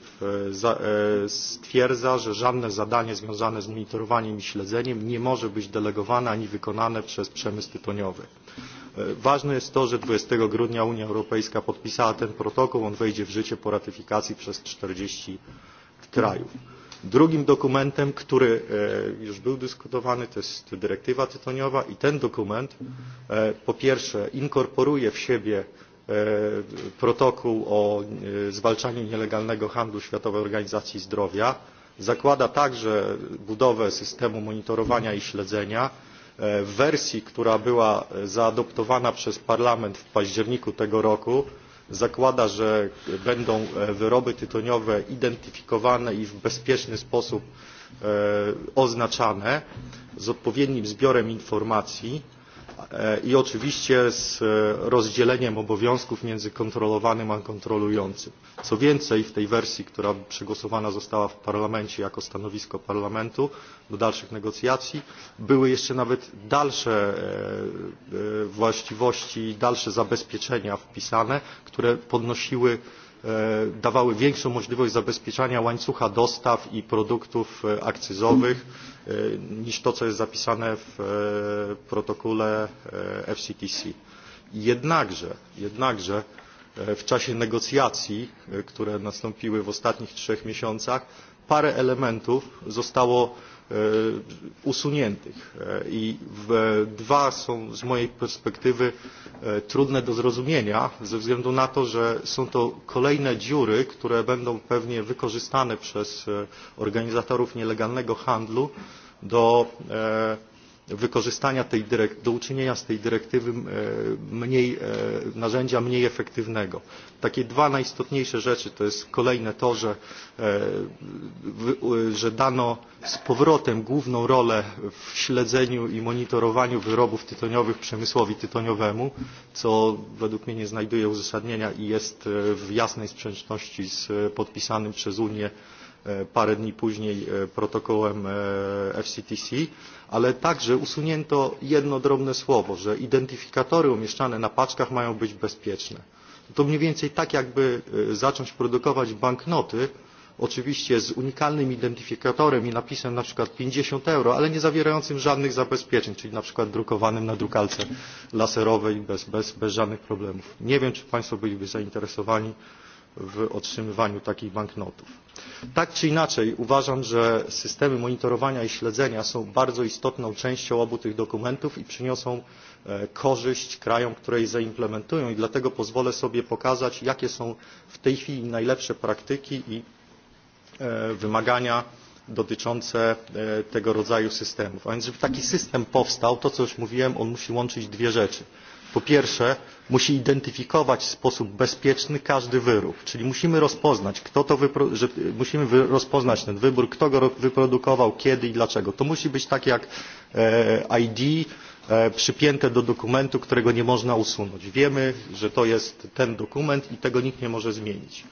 e, stwierdza, że żadne zadanie związane z monitorowaniem i śledzeniem nie może być delegowane ani wykonane przez przemysł tytoniowy. Ważne jest to, że 20 grudnia Unia Europejska podpisała ten protokół, on wejdzie w życie po ratyfikacji przez 40 krajów. Drugim dokumentem, który e, już był dyskutowany, to jest dyrektywa tytoniowa i ten dokument e, po pierwsze inkorporuje w siebie e, protokół o zwalczaniu nielegalnego handlu Światowej Organizacji Zdrowia, zakłada także budowę systemu monitorowania i śledzenia, w wersji, która była zaadoptowana przez Parlament w październiku tego roku, zakłada, że będą e, wyroby tytoniowe identyfikowane i w bezpieczny sposób e, oznaczane z odpowiednim zbiorem informacji E, i oczywiście z e, rozdzieleniem obowiązków między kontrolowanym a kontrolującym. Co więcej, w tej wersji, która przegłosowana została w parlamencie jako stanowisko parlamentu do dalszych negocjacji, były jeszcze nawet dalsze e, właściwości i dalsze zabezpieczenia wpisane, które podnosiły E, dawały większą możliwość zabezpieczania łańcucha dostaw i produktów e, akcyzowych e, niż to, co jest zapisane w protokole FCTC. Jednakże, jednakże w czasie negocjacji, które nastąpiły w ostatnich trzech miesiącach, parę elementów zostało E, usuniętych e, i w, dwa są z mojej perspektywy e, trudne do zrozumienia ze względu na to, że są to kolejne dziury, które będą pewnie wykorzystane przez organizatorów nielegalnego handlu do e, wykorzystania tej do uczynienia z tej dyrektywy e, mniej, e, narzędzia mniej efektywnego. Takie dwa najistotniejsze rzeczy to jest kolejne to, że, e, że dano z powrotem główną rolę w śledzeniu i monitorowaniu wyrobów tytoniowych przemysłowi tytoniowemu, co według mnie nie znajduje uzasadnienia i jest w jasnej sprzeczności z podpisanym przez Unię E, parę dni później e, protokołem e, FCTC, ale także usunięto jedno drobne słowo, że identyfikatory umieszczane na paczkach mają być bezpieczne. To mniej więcej tak, jakby zacząć produkować banknoty, oczywiście z unikalnym identyfikatorem i napisem na przykład 50 euro, ale nie zawierającym żadnych zabezpieczeń, czyli na przykład drukowanym na drukalce laserowej bez, bez, bez żadnych problemów. Nie wiem, czy Państwo byliby zainteresowani w otrzymywaniu takich banknotów. Tak czy inaczej uważam, że systemy monitorowania i śledzenia są bardzo istotną częścią obu tych dokumentów i przyniosą e, korzyść krajom, które je zaimplementują i dlatego pozwolę sobie pokazać, jakie są w tej chwili najlepsze praktyki i e, wymagania dotyczące e, tego rodzaju systemów. A więc, żeby taki system powstał, to co już mówiłem, on musi łączyć dwie rzeczy. Po pierwsze, musi identyfikować w sposób bezpieczny każdy wyrób. Czyli musimy rozpoznać, kto to że musimy rozpoznać ten wybór, kto go wyprodukował, kiedy i dlaczego. To musi być tak jak e, ID e, przypięte do dokumentu, którego nie można usunąć. Wiemy, że to jest ten dokument i tego nikt nie może zmienić.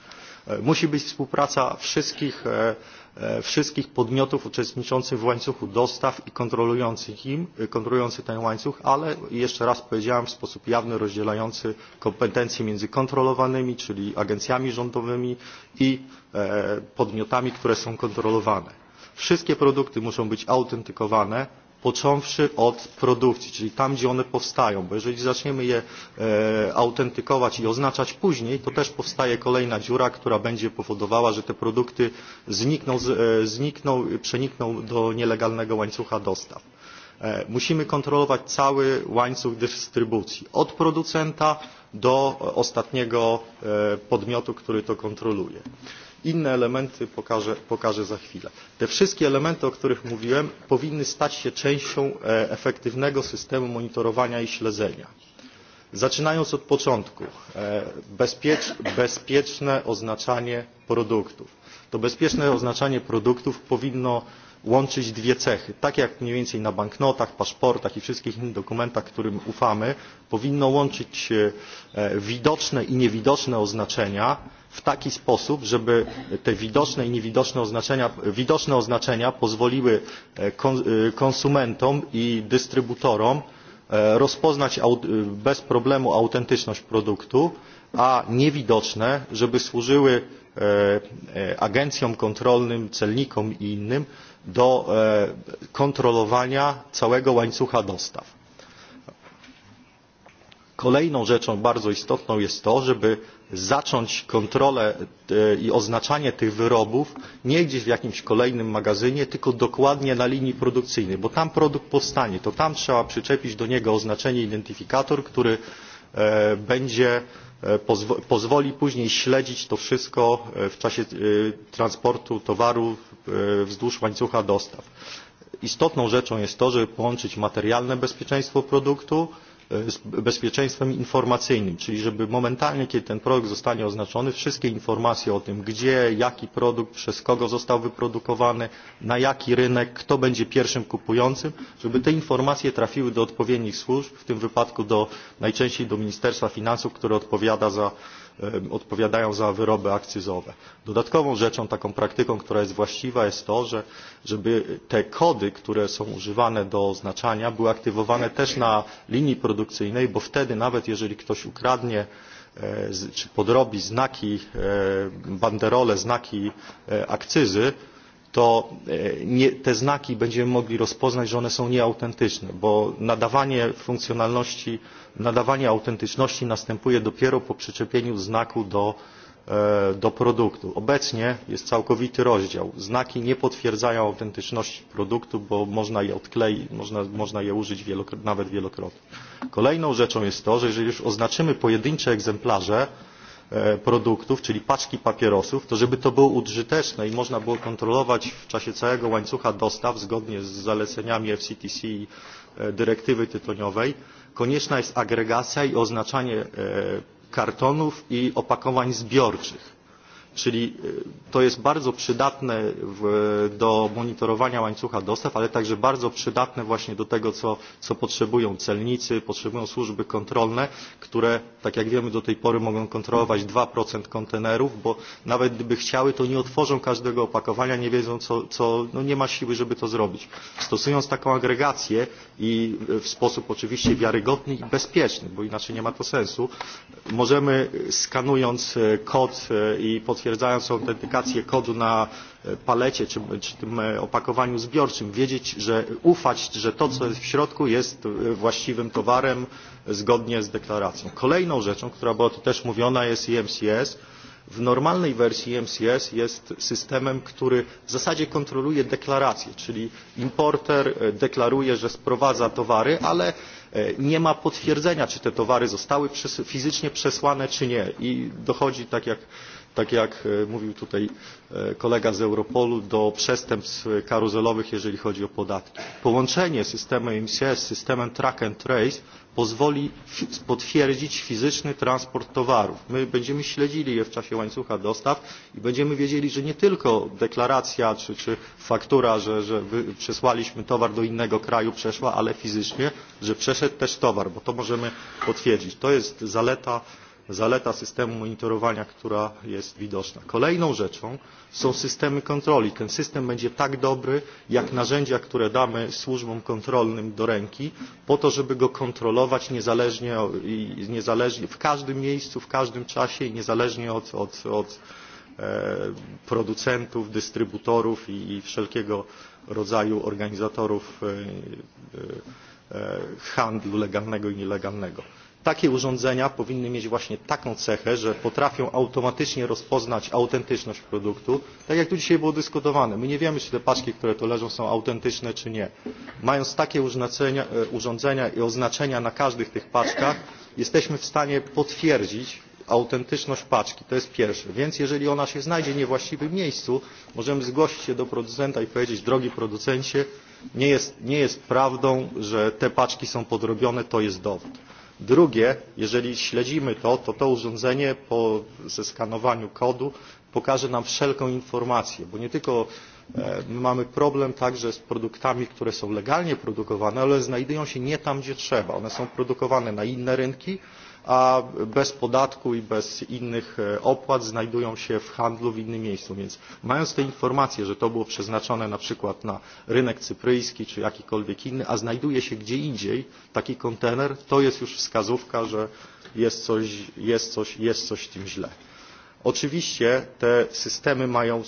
E, musi być współpraca wszystkich e, E, wszystkich podmiotów uczestniczących w łańcuchu dostaw i kontrolujących im, e, kontrolujących ten łańcuch, ale jeszcze raz powiedziałem w sposób jawny rozdzielający kompetencje między kontrolowanymi, czyli agencjami rządowymi i e, podmiotami, które są kontrolowane. Wszystkie produkty muszą być autentykowane począwszy od produkcji, czyli tam, gdzie one powstają, bo jeżeli zaczniemy je e, autentykować i oznaczać później, to też powstaje kolejna dziura, która będzie powodowała, że te produkty znikną, z, e, znikną przenikną do nielegalnego łańcucha dostaw. E, musimy kontrolować cały łańcuch dystrybucji, od producenta do ostatniego e, podmiotu, który to kontroluje. E, Inne elementy pokażę, pokażę za chwilę. Te wszystkie elementy, o których mówiłem, powinny stać się częścią e, efektywnego systemu monitorowania i śledzenia. Zaczynając od początku, e, bezpiecz, bezpieczne oznaczanie produktów. To bezpieczne oznaczanie produktów powinno łączyć dwie cechy. Tak jak mniej więcej na banknotach, paszportach i wszystkich innych dokumentach, którym ufamy, powinno łączyć e, widoczne i niewidoczne oznaczenia, w taki sposób, żeby te widoczne i niewidoczne oznaczenia, widoczne oznaczenia pozwoliły e, e, konsumentom i dystrybutorom e, rozpoznać bez problemu autentyczność produktu, a niewidoczne, żeby służyły agencjom kontrolnym, celnikom i innym do kontrolowania całego łańcucha dostaw. Kolejną rzeczą bardzo istotną jest to, żeby zacząć kontrolę e, i oznaczanie tych wyrobów nie gdzieś w jakimś kolejnym magazynie, tylko dokładnie na linii produkcyjnej, bo tam produkt powstanie, to tam trzeba przyczepić do niego oznaczenie identyfikator, który e, będzie e, pozwoli później śledzić to wszystko w czasie transportu towaru wzdłuż łańcucha dostaw. Istotną rzeczą jest to, żeby połączyć materialne bezpieczeństwo produktu bezpieczeństwem informacyjnym, czyli żeby momentalnie, kiedy ten produkt zostanie oznaczony, wszystkie informacje o tym, gdzie, jaki produkt, przez kogo został wyprodukowany, na jaki rynek, kto będzie pierwszym kupującym, żeby te informacje trafiły do odpowiednich służb, w tym wypadku do, najczęściej do Ministerstwa Finansów, które odpowiada za odpowiadają za wyroby akcyzowe. Dodatkową rzeczą, taką praktyką, która jest właściwa jest to, że, żeby te kody, które są używane do oznaczania były aktywowane też na linii produkcyjnej, bo wtedy nawet jeżeli ktoś ukradnie e, czy podrobi znaki, e, banderole, znaki e, akcyzy, to e, nie, te znaki będziemy mogli rozpoznać, że one są nieautentyczne, bo nadawanie funkcjonalności, nadawanie autentyczności następuje dopiero po przyczepieniu znaku do, e, do produktu. Obecnie jest całkowity rozdział. Znaki nie potwierdzają autentyczności produktu, bo można je odkleić, można, można je użyć wielokro, nawet wielokrotnie. Kolejną rzeczą jest to, że jeżeli już oznaczymy pojedyncze egzemplarze, E, produktów, czyli paczki papierosów, to żeby to było użyteczne i można było kontrolować w czasie całego łańcucha dostaw zgodnie z zaleceniami FCTC i e, dyrektywy tytoniowej, konieczna jest agregacja i oznaczanie e, kartonów i opakowań zbiorczych Czyli e, to jest bardzo przydatne w, do monitorowania łańcucha dostaw, ale także bardzo przydatne właśnie do tego, co, co potrzebują celnicy, potrzebują służby kontrolne, które, tak jak wiemy, do tej pory mogą kontrolować 2% kontenerów, bo nawet gdyby chciały, to nie otworzą każdego opakowania, nie wiedzą, co, co no nie ma siły, żeby to zrobić. Stosując taką agregację i w sposób oczywiście wiarygodny i bezpieczny, bo inaczej nie ma to sensu, możemy skanując e, kod e, i potwierdzając, potwierdzając autentykację kodu na e, palecie czy, czy tym e, opakowaniu zbiorczym, wiedzieć, że ufać, że to, co jest w środku, jest e, właściwym towarem zgodnie z deklaracją. Kolejną rzeczą, która była tu też mówiona, jest EMCS. W normalnej wersji MCS jest systemem, który w zasadzie kontroluje deklaracje, czyli importer deklaruje, że sprowadza towary, ale nie ma potwierdzenia, czy te towary zostały fizycznie przesłane, czy nie. I dochodzi, tak jak tak jak e, mówił tutaj e, kolega z Europolu, do przestępstw karuzelowych, jeżeli chodzi o podatki. Połączenie systemu MCS z systemem track and trace pozwoli potwierdzić fizyczny transport towarów. My będziemy śledzili je w czasie łańcucha dostaw i będziemy wiedzieli, że nie tylko deklaracja czy, czy faktura, że, że przesłaliśmy towar do innego kraju przeszła, ale fizycznie, że przeszedł też towar, bo to możemy potwierdzić. To jest zaleta zaleta systemu monitorowania, która jest widoczna. Kolejną rzeczą są systemy kontroli. Ten system będzie tak dobry, jak narzędzia, które damy służbom kontrolnym do ręki, po to, żeby go kontrolować niezależnie, niezależnie w każdym miejscu, w każdym czasie i niezależnie od, od, od e, producentów, dystrybutorów i, i wszelkiego rodzaju organizatorów e, e, handlu legalnego i nielegalnego. Takie urządzenia powinny mieć właśnie taką cechę, że potrafią automatycznie rozpoznać autentyczność produktu, tak jak tu dzisiaj było dyskutowane. My nie wiemy, czy te paczki, które tu leżą, są autentyczne, czy nie. Mając takie e, urządzenia i oznaczenia na każdych tych paczkach, jesteśmy w stanie potwierdzić autentyczność paczki. To jest pierwsze. Więc jeżeli ona się znajdzie w niewłaściwym miejscu, możemy zgłosić się do producenta i powiedzieć, drogi producencie, nie jest, nie jest prawdą, że te paczki są podrobione, to jest dowód. Drugie, jeżeli śledzimy to, to to urządzenie po zeskanowaniu kodu pokaże nam wszelką informację, bo nie tylko e, my mamy problem także z produktami, które są legalnie produkowane, ale znajdują się nie tam, gdzie trzeba. One są produkowane na inne rynki, a bez podatku i bez innych e, opłat znajdują się w handlu w innym miejscu. Więc mając te informacje, że to było przeznaczone na przykład na rynek cypryjski czy jakikolwiek inny, a znajduje się gdzie indziej taki kontener, to jest już wskazówka, że jest coś, jest coś, jest coś w tym źle. Oczywiście te systemy, mają,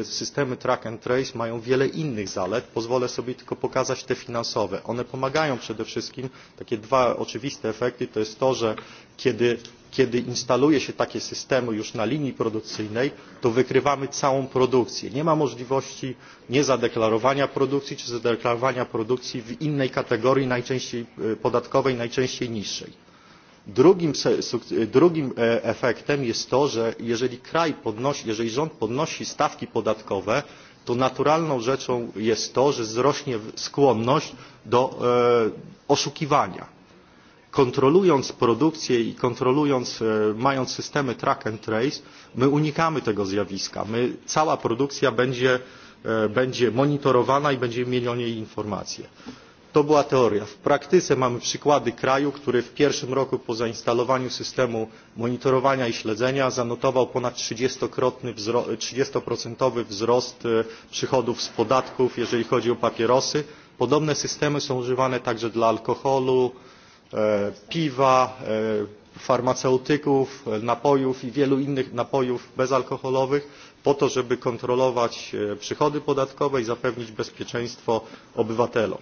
e, systemy track and trace mają wiele innych zalet. Pozwolę sobie tylko pokazać te finansowe. One pomagają przede wszystkim, takie dwa oczywiste efekty to jest to, że kiedy kiedy instaluje się takie systemy już na linii produkcyjnej, to wykrywamy całą produkcję. Nie ma możliwości niezadeklarowania produkcji czy zadeklarowania produkcji w innej kategorii, najczęściej e, podatkowej, najczęściej niższej. Drugim, drugim e, efektem jest to, że jeżeli kraj podnosi, jeżeli rząd podnosi stawki podatkowe, to naturalną rzeczą jest to, że wzrośnie skłonność do e, oszukiwania. Kontrolując produkcję i kontrolując, e, mając systemy track and trace, my unikamy tego zjawiska. My, cała produkcja będzie, e, będzie monitorowana i będziemy mieli o niej informacje. To była teoria. W praktyce mamy przykłady kraju, który w pierwszym roku po zainstalowaniu systemu monitorowania i śledzenia zanotował ponad 30-procentowy 30 wzrost e, przychodów z podatków, jeżeli chodzi o papierosy. Podobne systemy są używane także dla alkoholu, e, piwa, e, farmaceutyków, napojów i wielu innych napojów bezalkoholowych po to, żeby kontrolować przychody podatkowe i zapewnić bezpieczeństwo obywatelom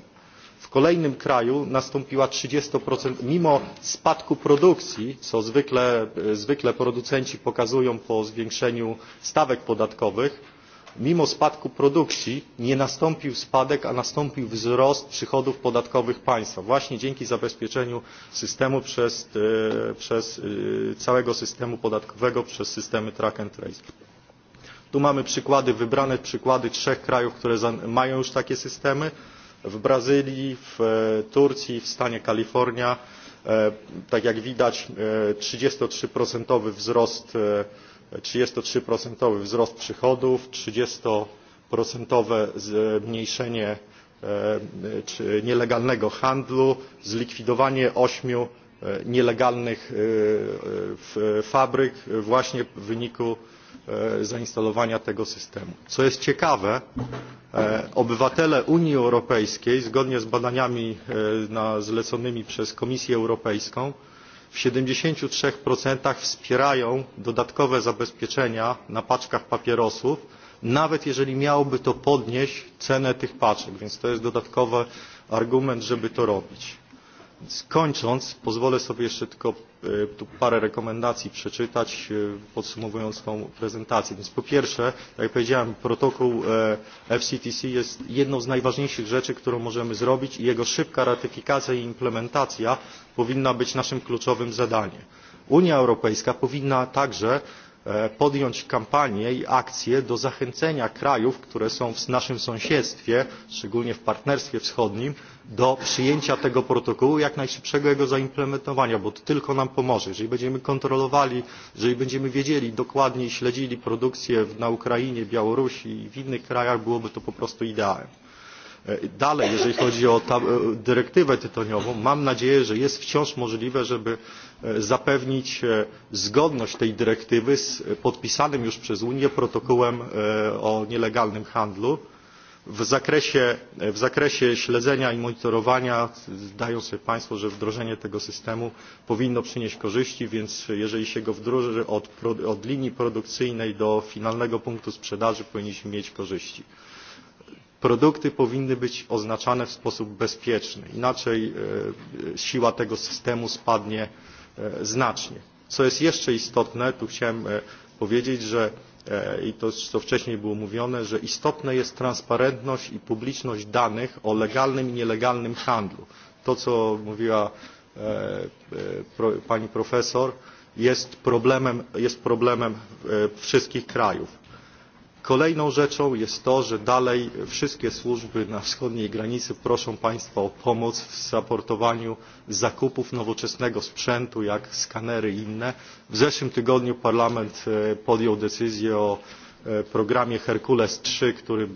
w kolejnym kraju nastąpiła trzydzieści mimo spadku produkcji, co zwykle, e, zwykle producenci pokazują po zwiększeniu stawek podatkowych, mimo spadku produkcji nie nastąpił spadek, a nastąpił wzrost przychodów podatkowych państwa, właśnie dzięki zabezpieczeniu systemu przez, e, przez e, całego systemu podatkowego, przez systemy track and trace. Tu mamy przykłady, wybrane przykłady trzech krajów, które mają już takie systemy w Brazylii, w e, Turcji, w stanie Kalifornia. E, tak jak widać 33% e, wzrost, 33 wzrost przychodów, 30% zmniejszenie nielegalnego handlu, zlikwidowanie ośmiu nielegalnych fabryk właśnie w wyniku E, zainstalowania tego systemu. Co jest ciekawe, e, obywatele Unii Europejskiej, zgodnie z badaniami e, zleconymi przez Komisję Europejską, w 73% wspierają dodatkowe zabezpieczenia na paczkach papierosów, nawet jeżeli miałoby to podnieść cenę tych paczek, więc to jest dodatkowy argument, żeby to robić. Skończąc, pozwolę sobie jeszcze tylko e, tu parę rekomendacji przeczytać, e, podsumowując tą prezentację. Więc po pierwsze, tak jak powiedziałem, protokół e, FCTC jest jedną z najważniejszych rzeczy, którą możemy zrobić i jego szybka ratyfikacja i implementacja powinna być naszym kluczowym zadaniem. Unia Europejska powinna także E, podjąć kampanię i akcję do zachęcenia krajów, które są w naszym sąsiedztwie, szczególnie w partnerstwie wschodnim, do przyjęcia tego protokołu, jak najszybszego jego zaimplementowania, bo to tylko nam pomoże. Jeżeli będziemy kontrolowali, jeżeli będziemy wiedzieli dokładnie i śledzili produkcję na Ukrainie, Białorusi i w innych krajach, byłoby to po prostu ideałem. E, dalej, jeżeli chodzi o ta e, dyrektywę tytoniową, mam nadzieję, że jest wciąż możliwe, żeby E, zapewnić e, zgodność tej dyrektywy z podpisanym już przez Unię protokołem e, o nielegalnym handlu. W zakresie, w zakresie śledzenia i monitorowania zdają sobie Państwo, że wdrożenie tego systemu powinno przynieść korzyści, więc jeżeli się go wdroży od, od linii produkcyjnej do finalnego punktu sprzedaży powinniśmy mieć korzyści produkty powinny być oznaczane w sposób bezpieczny. Inaczej siła tego systemu spadnie E, znacznie. Co jest jeszcze istotne, tu chciałem e, powiedzieć, że e, i to, co wcześniej było mówione, że istotne jest transparentność i publiczność danych o legalnym i nielegalnym handlu. To, co mówiła pani profesor, jest problemem, jest problemem wszystkich krajów Kolejną rzeczą jest to, że dalej wszystkie służby na wschodniej granicy proszą Państwa o pomoc w raportowaniu zakupów nowoczesnego sprzętu, jak skanery i inne. W zeszłym tygodniu Parlament e, podjął decyzję o e, programie Herkules 3, który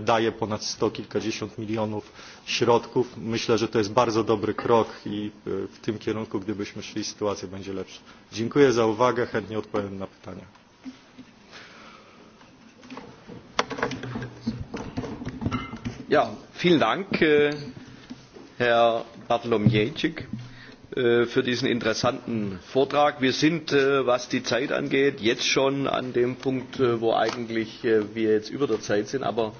daje ponad sto kilkadziesiąt milionów środków. Myślę, że to jest bardzo dobry krok i e, w tym kierunku, gdybyśmy szli, sytuacja będzie lepsza. Dziękuję za uwagę, chętnie odpowiem na pytania. Ja, vielen Dank, äh, Herr Bartolomjejczyk, äh, für diesen interessanten Vortrag. Wir sind, äh, was die Zeit angeht, jetzt schon an dem Punkt, äh, wo eigentlich äh, wir jetzt über der Zeit sind, aber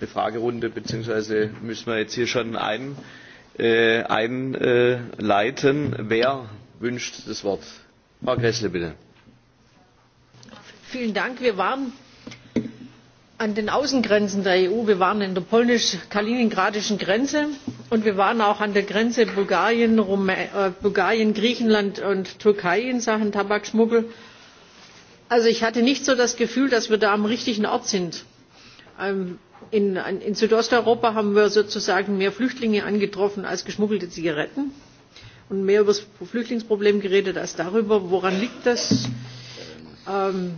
eine Fragerunde bzw. müssen wir jetzt hier schon ein, äh, einleiten. Äh, Wer wünscht das Wort? Frau Gressle, bitte. Vielen Dank. Wir waren an den Außengrenzen der EU. Wir waren in der polnisch-kaliningradischen Grenze und wir waren auch an der Grenze Bulgarien, Rumä äh, Bulgarien Griechenland und Türkei in Sachen Tabakschmuggel. Also ich hatte nicht so das Gefühl, dass wir da am richtigen Ort sind. Ähm, in, in Südosteuropa haben wir sozusagen mehr Flüchtlinge angetroffen als geschmuggelte Zigaretten und mehr über das Flüchtlingsproblem geredet als darüber, woran liegt das. Ähm,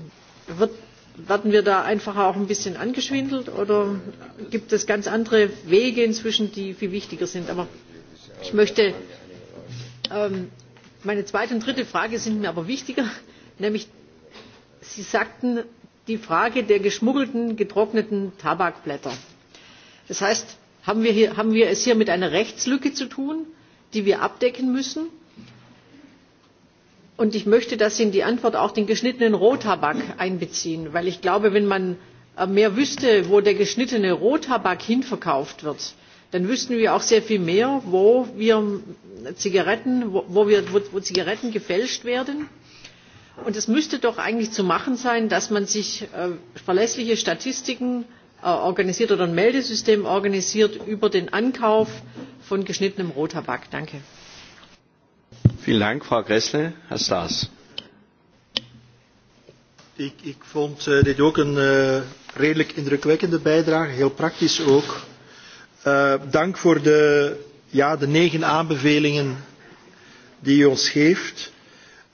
wird werden wir da einfach auch ein bisschen angeschwindelt oder gibt es ganz andere Wege inzwischen, die viel wichtiger sind? Aber ich möchte, ähm, meine zweite und dritte Frage sind mir aber wichtiger, nämlich Sie sagten die Frage der geschmuggelten, getrockneten Tabakblätter. Das heißt, haben wir, hier, haben wir es hier mit einer Rechtslücke zu tun, die wir abdecken müssen? Und ich möchte, das in die Antwort auch den geschnittenen Rohtabak einbeziehen, weil ich glaube, wenn man äh, mehr wüsste, wo der geschnittene Rohtabak hinverkauft wird, dann wüssten wir auch sehr viel mehr, wo wir äh, Zigaretten, wo, wo, wir, wo, wo Zigaretten gefälscht werden. Und es müsste doch eigentlich zu machen sein, dass man sich äh, verlässliche Statistiken äh, organisiert oder ein Meldesystem organisiert über den Ankauf von geschnittenem Rohtabak. Danke. Vielen Dank, Frau Gressle. Herr Staas. Ik, ik vond uh, dit ook een uh, redelijk indrukwekkende bijdrage, heel praktisch ook. Uh, dank voor de, ja, de negen aanbevelingen die u ons geeft.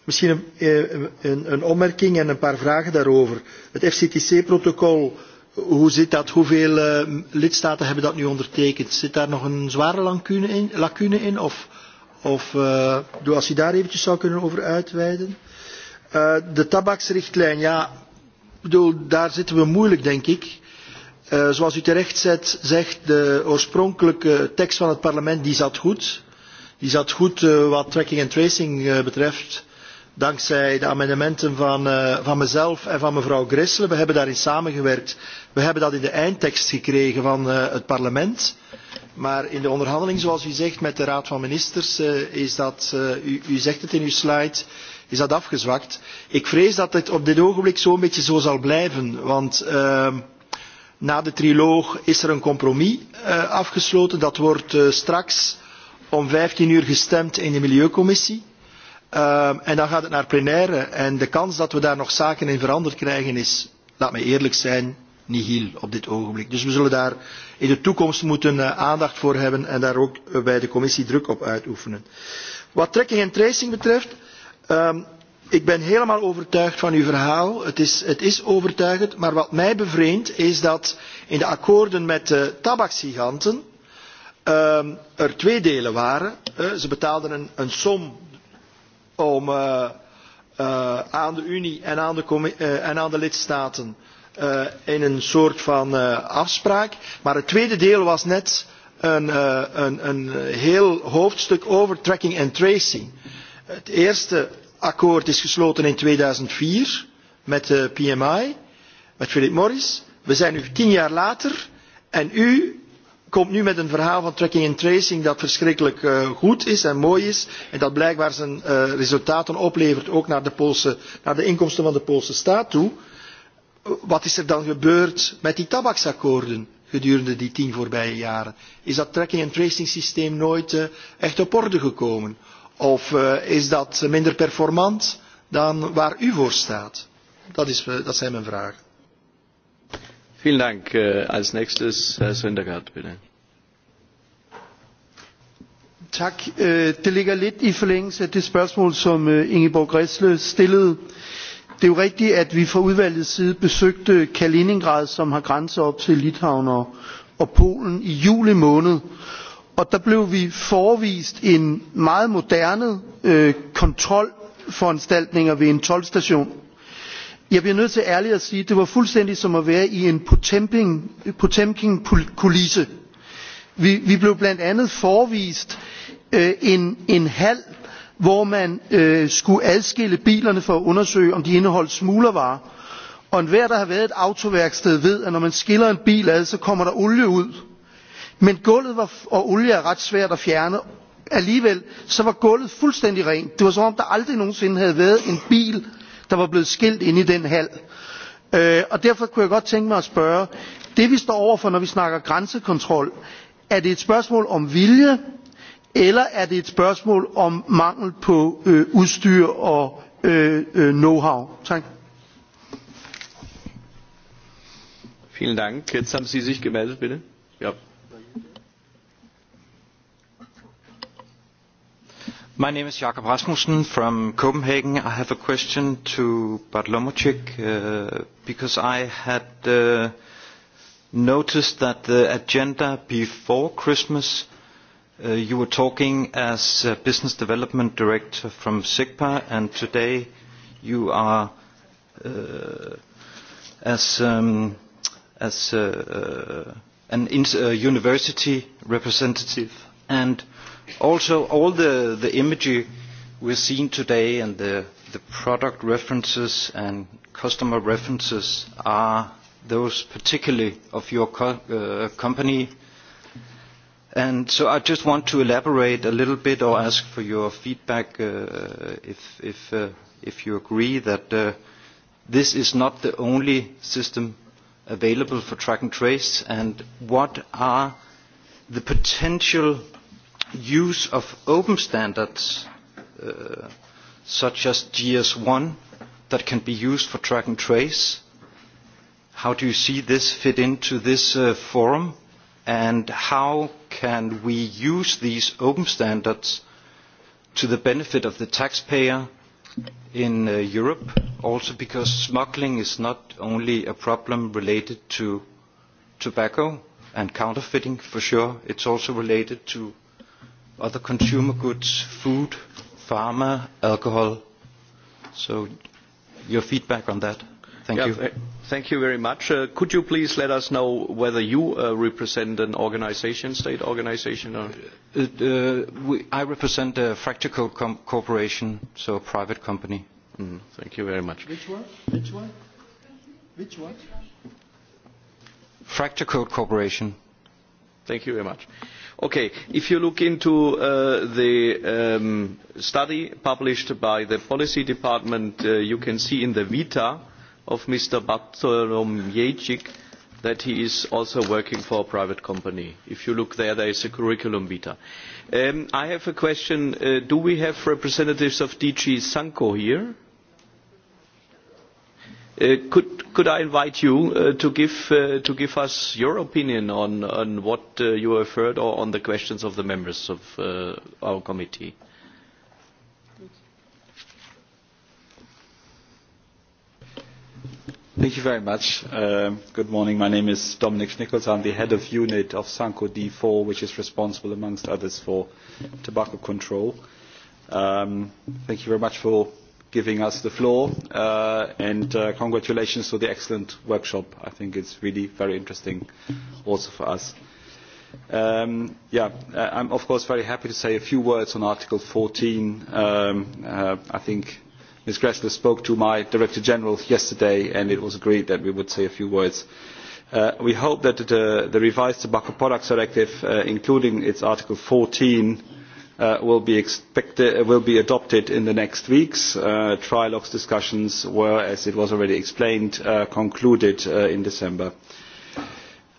Misschien een, een, een opmerking en een paar vragen daarover. Het FCTC-protocol, hoe zit dat? Hoeveel uh, lidstaten hebben dat nu ondertekend? Zit daar nog een zware lacune in, lacune in of Of uh, doe als je daar eventjes zou kunnen over uitweiden. Uh, de tabaksrichtlijn, ja, bedoel, daar zitten we moeilijk, denk ik. Uh, zoals u terecht zet, zegt, de oorspronkelijke tekst van het parlement, die zat goed. Die zat goed uh, wat tracking en tracing uh, betreft dankzij de amendementen van, uh, van mezelf en van mevrouw Grissel. We hebben daarin samengewerkt. We hebben dat in de eindtekst gekregen van uh, het parlement. Maar in de onderhandeling, zoals u zegt, met de Raad van Ministers, uh, is dat, uh, u, u zegt het in uw slide, is dat afgezwakt. Ik vrees dat het op dit ogenblik zo'n beetje zo zal blijven, want uh, na de triloog is er een compromis uh, afgesloten. Dat wordt uh, straks om 15 uur gestemd in de Milieucommissie. Um, en dan gaat het naar plenaire en de kans dat we daar nog zaken in veranderd krijgen is, laat mij eerlijk zijn, niet heel op dit ogenblik. Dus we zullen daar in de toekomst moeten uh, aandacht voor hebben en daar ook uh, bij de commissie druk op uitoefenen. Wat trekking en tracing betreft, um, ik ben helemaal overtuigd van uw verhaal. Het is, het is overtuigend, maar wat mij bevreemd is dat in de akkoorden met de tabaksgiganten um, er twee delen waren. Uh, ze betaalden een, een som om uh, eh, uh, eh, aan de Unie en aan de, uh, en aan de lidstaten uh, in een soort van uh, afspraak. Maar het tweede deel was net een, uh, een, een heel hoofdstuk over tracking en tracing. Het eerste akkoord is gesloten in 2004 met de PMI, met Philip Morris. We zijn nu tien jaar later en u komt nu met een verhaal van tracking en tracing dat verschrikkelijk uh, goed is en mooi is en dat blijkbaar zijn uh, resultaten oplevert ook naar de, Poolse, naar de inkomsten van de Poolse staat toe. Wat is er dan gebeurd met die tabaksakkoorden gedurende die tien voorbije jaren? Is dat tracking en tracing systeem nooit uh, echt op orde gekomen? Of uh, is dat minder performant dan waar u voor staat? Dat, is, uh, dat zijn mijn vragen. Vielen Dank. Äh, als nächstes Herr Söndergaard, bitte. Tak. Øh, det ligger lidt i forlængelse af det spørgsmål, som øh, Ingeborg Græsle stillede. Det er jo rigtigt, at vi fra udvalgets side besøgte Kaliningrad, som har grænser op til Litauen og, og Polen i juli måned. Og der blev vi forvist en meget moderne øh, kontrolforanstaltninger ved en tolvstation. station Jeg bliver nødt til ærligt at sige, at det var fuldstændig som at være i en Potemkin-kulisse. vi, vi blev blandt andet forvist øh, en, en hal, hvor man øh, skulle adskille bilerne for at undersøge, om de indeholdt smuglervarer. Og enhver, der har været et autoværksted, ved, at når man skiller en bil ad, så kommer der olie ud. Men gulvet var, og olie er ret svært at fjerne. Alligevel, så var gulvet fuldstændig rent. Det var som om, der aldrig nogensinde havde været en bil, der var blevet skilt inde i den hal. Øh, og derfor kunne jeg godt tænke mig at spørge, det vi står overfor, når vi snakker grænsekontrol, er det et spørgsmål om vilje, eller er det et spørgsmål om mangel på øh, udstyr og øh, øh, know-how? Tak. Vielen Dank. Jetzt haben Sie sich gemeldet, bitte. Ja, My name is Jakob Rasmussen from Copenhagen. I have a question to Bartlomochik uh, because I had uh, noticed that the agenda before Christmas uh, you were talking as a business development director from SIGPA and today you are uh, as, um, as uh, uh, an in uh, university representative and uh, Also, all the, the imagery we're seeing today and the, the product references and customer references are those particularly of your co uh, company. And so I just want to elaborate a little bit or ask for your feedback uh, if, if, uh, if you agree that uh, this is not the only system available for track and trace and what are the potential use of open standards uh, such as GS1 that can be used for track and trace? How do you see this fit into this uh, forum? And how can we use these open standards to the benefit of the taxpayer in uh, Europe? Also because smuggling is not only a problem related to tobacco and counterfeiting for sure, it's also related to other consumer goods, food, pharma, alcohol. So your feedback on that. Thank yeah, you. Th thank you very much. Uh, could you please let us know whether you uh, represent an organization, state organization? Or? Uh, uh, we, I represent a fractal com corporation, so a private company. Mm, thank you very much. Which one? Which one? Which one? Fracture code Corporation. Thank you very much. Okay, if you look into uh, the um, study published by the policy department, uh, you can see in the vita of Mr. Bartolomiejczyk that he is also working for a private company. If you look there, there is a curriculum vita. Um, I have a question. Uh, do we have representatives of DG Sanko here? Uh, could, could I invite you uh, to, give, uh, to give us your opinion on, on what uh, you have heard or on the questions of the members of uh, our committee? Thank you very much. Uh, good morning. My name is Dominic Nichols. I'm the head of unit of Sanko D4, which is responsible, amongst others, for tobacco control. Um, thank you very much for giving us the floor uh, and uh, congratulations for the excellent workshop. I think it's really very interesting also for us. Um, yeah, uh, I'm of course very happy to say a few words on Article 14. Um, uh, I think Ms. Gressler spoke to my Director General yesterday and it was agreed that we would say a few words. Uh, we hope that the, the revised Tobacco Products Directive, uh, including its Article 14, uh, will, be expected, uh, will be adopted in the next weeks. Uh, trilogues discussions were, as it was already explained, uh, concluded uh, in December.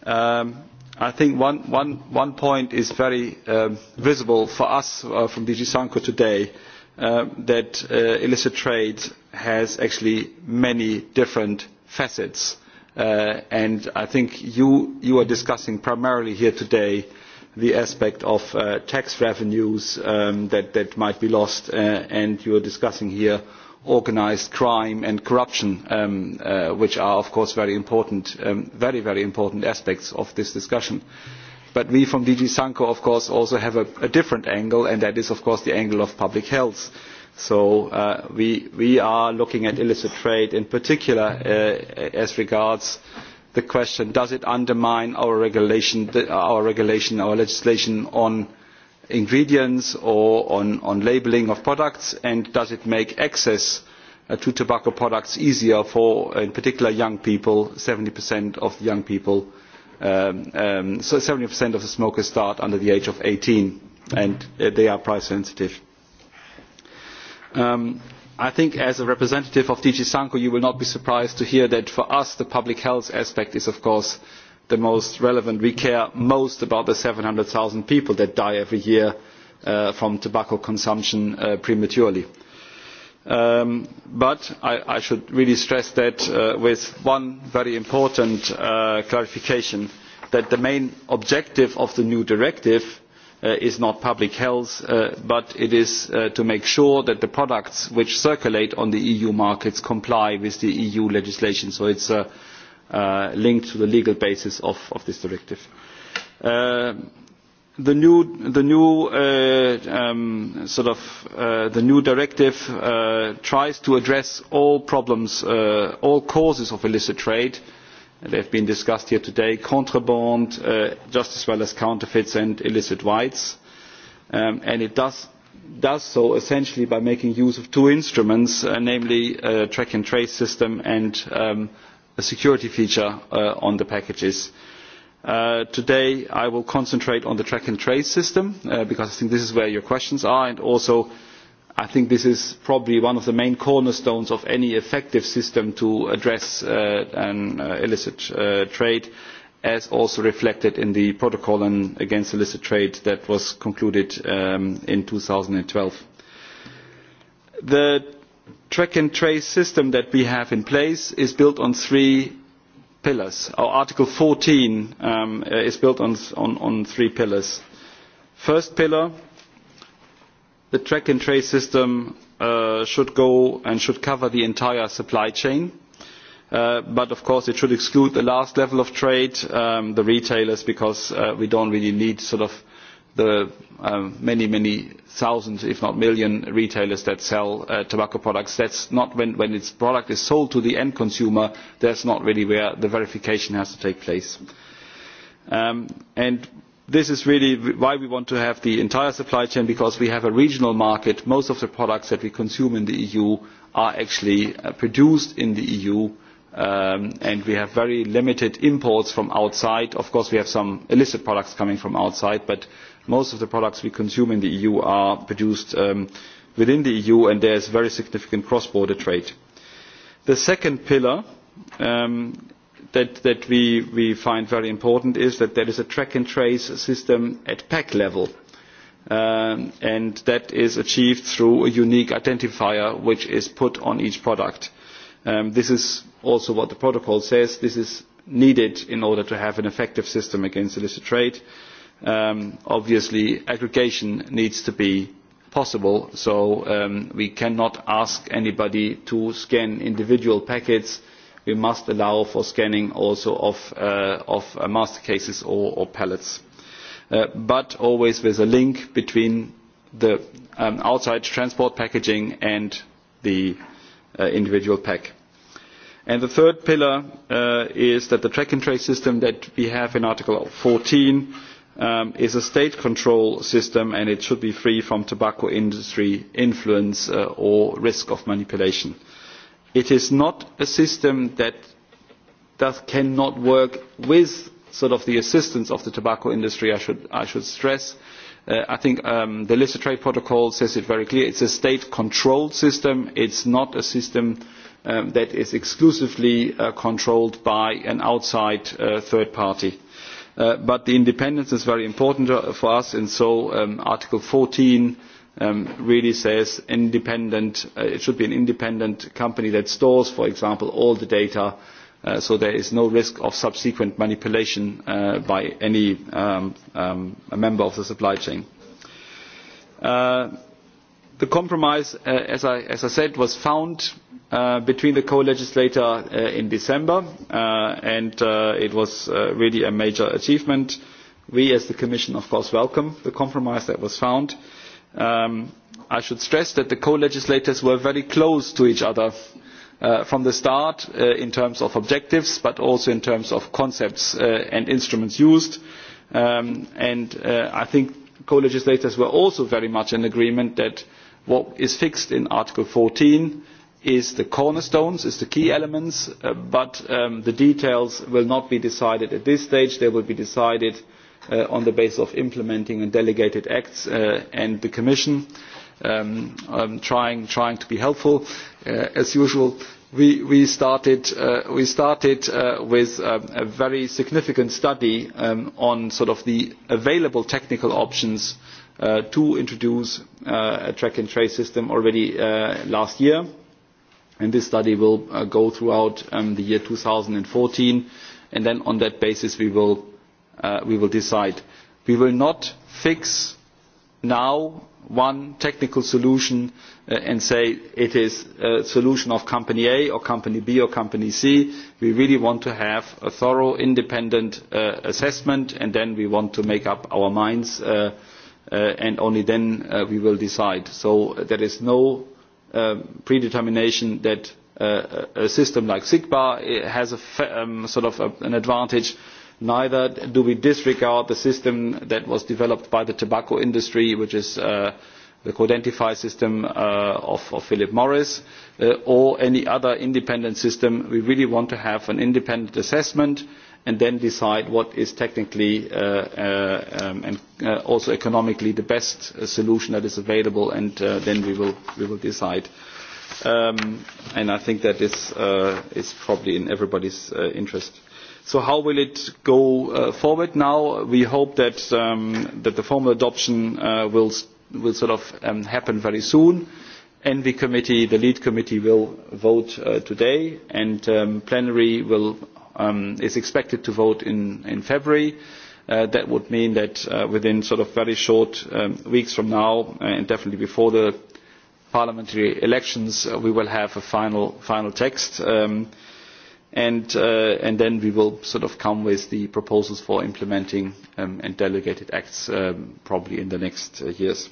Um, I think one, one, one point is very um, visible for us uh, from DG Sanko today, uh, that uh, illicit trade has actually many different facets. Uh, and I think you, you are discussing primarily here today uh, the aspect of uh, tax revenues um, that, that might be lost, uh, and you are discussing here organised crime and corruption, um, uh, which are, of course, very important, um, very, very important aspects of this discussion. But we from DG Sanko, of course, also have a, a different angle, and that is, of course, the angle of public health. So uh, we, we are looking at illicit trade in particular uh, as regards uh, the question, does it undermine our regulation, our, regulation, our legislation on ingredients or on, on labelling of products, and does it make access uh, to tobacco products easier for, in particular, young people? 70% of young people, um, um, so 70% of the smokers start under the age of 18, and uh, they are price sensitive. Um, I think as a representative of DG Sanko, you will not be surprised to hear that for us, the public health aspect is, of course, the most relevant. We care most about the seven hundred 700,000 people that die every year uh, from tobacco consumption uh, prematurely. Um, but I, I should really stress that uh, with one very important uh, clarification that the main objective of the new directive uh, is not public health, uh, but it is uh, to make sure that the products which circulate on the EU markets comply with the EU legislation. So it's uh, uh, linked to the legal basis of, of this directive. Uh, the new, the new uh, um, sort of uh, the new directive uh, tries to address all problems, uh, all causes of illicit trade. Uh, They have been discussed here today, contraband, uh, just as well as counterfeits and illicit rights. Um, and it does, does so essentially by making use of two instruments, uh, namely a track and trace system and um, a security feature uh, on the packages. Uh, today I will concentrate on the track and trace system uh, because I think this is where your questions are and also I think this is probably one of the main cornerstones of any effective system to address uh, an, uh, illicit uh, trade, as also reflected in the protocol on, against illicit trade that was concluded um, in 2012. The track and trace system that we have in place is built on three pillars. Our Article 14 um, is built on, on, on three pillars. First pillar, the track and trace system uh, should go and should cover the entire supply chain. Uh, but of course it should exclude the last level of trade, um, the retailers, because uh, we don't really need sort of the um, many, many thousands, if not million, retailers that sell uh, tobacco products. That's not when, when its product is sold to the end consumer, that's not really where the verification has to take place. Um, and this is really why we want to have the entire supply chain because we have a regional market. Most of the products that we consume in the EU are actually uh, produced in the EU um, and we have very limited imports from outside. Of course, we have some illicit products coming from outside, but most of the products we consume in the EU are produced um, within the EU and there is very significant cross-border trade. The second pillar um, that, that we, we find very important is that there is a track and trace system at pack level. Um, and that is achieved through a unique identifier which is put on each product. Um, this is also what the protocol says. This is needed in order to have an effective system against illicit trade. Um, obviously, aggregation needs to be possible, so um, we cannot ask anybody to scan individual packets we must allow for scanning also of, uh, of uh, master cases or, or pellets. Uh, but always with a link between the um, outside transport packaging and the uh, individual pack. And the third pillar uh, is that the track and trace system that we have in Article 14 um, is a state control system and it should be free from tobacco industry influence uh, or risk of manipulation it is not a system that, that cannot work with sort of the assistance of the tobacco industry, I should, I should stress. Uh, I think um, the Illicit Trade Protocol says it very clearly. It's a state-controlled system. It's not a system um, that is exclusively uh, controlled by an outside uh, third party. Uh, but the independence is very important uh, for us, and so um, Article 14 um, really says independent, uh, it should be an independent company that stores, for example, all the data, uh, so there is no risk of subsequent manipulation uh, by any um, um, a member of the supply chain. Uh, the compromise, uh, as, I, as I said, was found uh, between the co-legislator uh, in December, uh, and uh, it was uh, really a major achievement. We, as the Commission, of course, welcome the compromise that was found. Uh, Um, I should stress that the co-legislators were very close to each other uh, from the start uh, in terms of objectives, but also in terms of concepts uh, and instruments used. Um, and uh, I think co-legislators were also very much in agreement that what is fixed in Article fourteen is the cornerstones, is the key elements, uh, but um, the details will not be decided at this stage. They will be decided uh, on the basis of implementing and delegated acts uh, and the Commission um, um, trying, trying to be helpful uh, as usual. We, we started, uh, we started uh, with um, a very significant study um, on sort of the available technical options uh, to introduce uh, a track and trace system already uh, last year. And this study will uh, go throughout um, the year 2014. And then on that basis, we will uh, we will decide. We will not fix now one technical solution uh, and say it is a solution of company A or company B or company C. We really want to have a thorough independent uh, assessment and then we want to make up our minds uh, uh, and only then uh, we will decide. So uh, there is no um, predetermination that uh, a system like SIGBA uh, has a um, sort of a, an advantage Neither do we disregard the system that was developed by the tobacco industry, which is uh, the codentify system uh, of, of Philip Morris uh, or any other independent system. We really want to have an independent assessment and then decide what is technically uh, uh, um, and uh, also economically the best uh, solution that is available and uh, then we will, we will decide. Um, and I think that is, uh, is probably in everybody's uh, interest. So how will it go uh, forward now? We hope that, um, that the formal adoption uh, will, will sort of um, happen very soon. Envy committee, the lead committee, will vote uh, today, and um, plenary will, um, is expected to vote in, in February. Uh, that would mean that uh, within sort of very short um, weeks from now, uh, and definitely before the parliamentary elections, uh, we will have a final, final text. Um, and, uh, and then we will sort of come with the proposals for implementing um, and delegated acts um, probably in the next uh, years.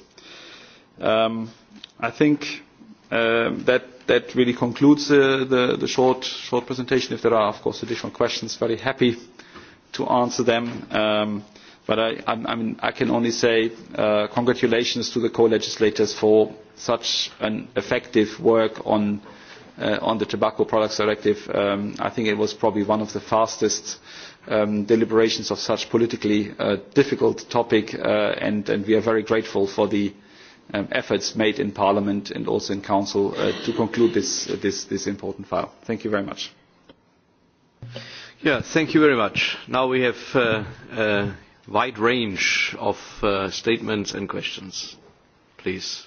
Um, I think um, that, that really concludes uh, the, the short, short presentation. If there are, of course, additional questions, very happy to answer them. Um, but I, I, I, mean, I can only say uh, congratulations to the co-legislators for such an effective work on uh, on the Tobacco Products Directive. Um, I think it was probably one of the fastest um, deliberations of such politically uh, difficult topic, uh, and, and we are very grateful for the um, efforts made in Parliament and also in Council uh, to conclude this, uh, this, this important file. Thank you very much. Yeah, thank you very much. Now we have uh, a uh, wide range of uh, statements and questions. Please.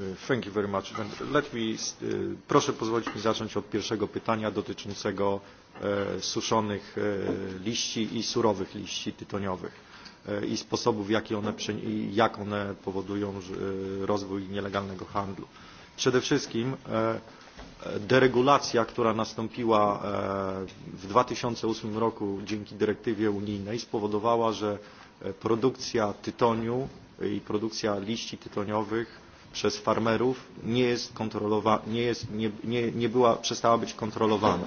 E, thank you very much. And let me, e, proszę pozwolić mi zacząć od pierwszego pytania dotyczącego e, suszonych liści i surowych liści tytoniowych i sposobów, jak one, jak one powodują rozwój nielegalnego handlu. Przede wszystkim deregulacja, która nastąpiła w 2008 roku dzięki dyrektywie unijnej spowodowała, że produkcja tytoniu i produkcja liści tytoniowych przez farmerów nie, jest kontrolowa nie, jest, nie, nie, nie była, przestała być kontrolowana.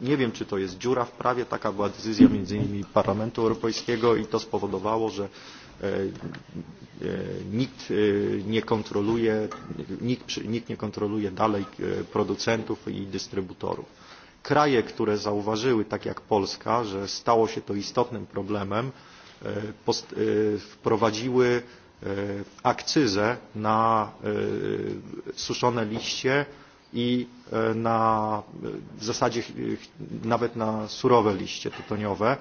Nie wiem, czy to jest dziura w prawie, taka była decyzja między innymi Parlamentu Europejskiego i to spowodowało, że e, e, nikt e, nie kontroluje, nikt, nikt nie kontroluje dalej e, producentów i dystrybutorów. Kraje, które zauważyły, tak jak Polska, że stało się to istotnym problemem, e, post, e, wprowadziły E, akcyzę na e, suszone liście i e, na w zasadzie nawet na surowe liście tytoniowe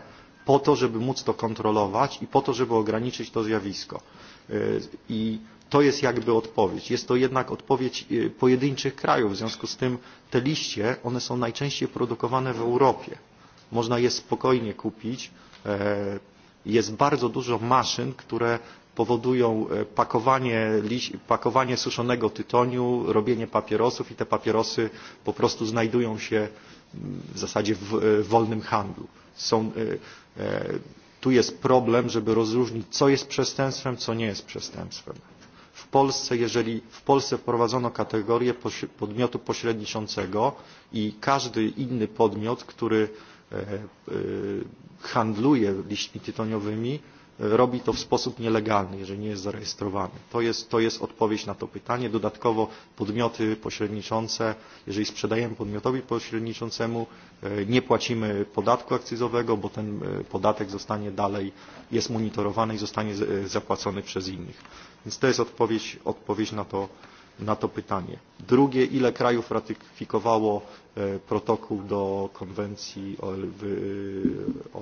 po to, żeby móc to kontrolować i po to, żeby ograniczyć to zjawisko. I to jest jakby odpowiedź. Jest to jednak odpowiedź pojedynczych krajów. W związku z tym te liście, one są najczęściej produkowane w Europie. Można je spokojnie kupić. Jest bardzo dużo maszyn, które powodują e, pakowanie, pakowanie suszonego tytoniu, robienie papierosów i te papierosy po prostu znajdują się mm, w zasadzie e, w wolnym handlu. Są, e, tu jest problem, żeby rozróżnić, co jest przestępstwem, co nie jest przestępstwem. W Polsce, jeżeli w Polsce wprowadzono kategorię podmiotu pośredniczącego i każdy inny podmiot, który handluje liśćmi tytoniowymi, robi to w sposób nielegalny, jeżeli nie jest zarejestrowany. To jest, to jest odpowiedź na to pytanie. Dodatkowo podmioty pośredniczące, jeżeli sprzedajemy podmiotowi pośredniczącemu, e, nie płacimy podatku akcyzowego, bo ten e, podatek zostanie dalej, jest monitorowany i zostanie e, zapłacony przez innych. Więc to jest odpowiedź, odpowiedź na to na to pytanie. Drugie, ile krajów ratyfikowało protokół do konwencji o,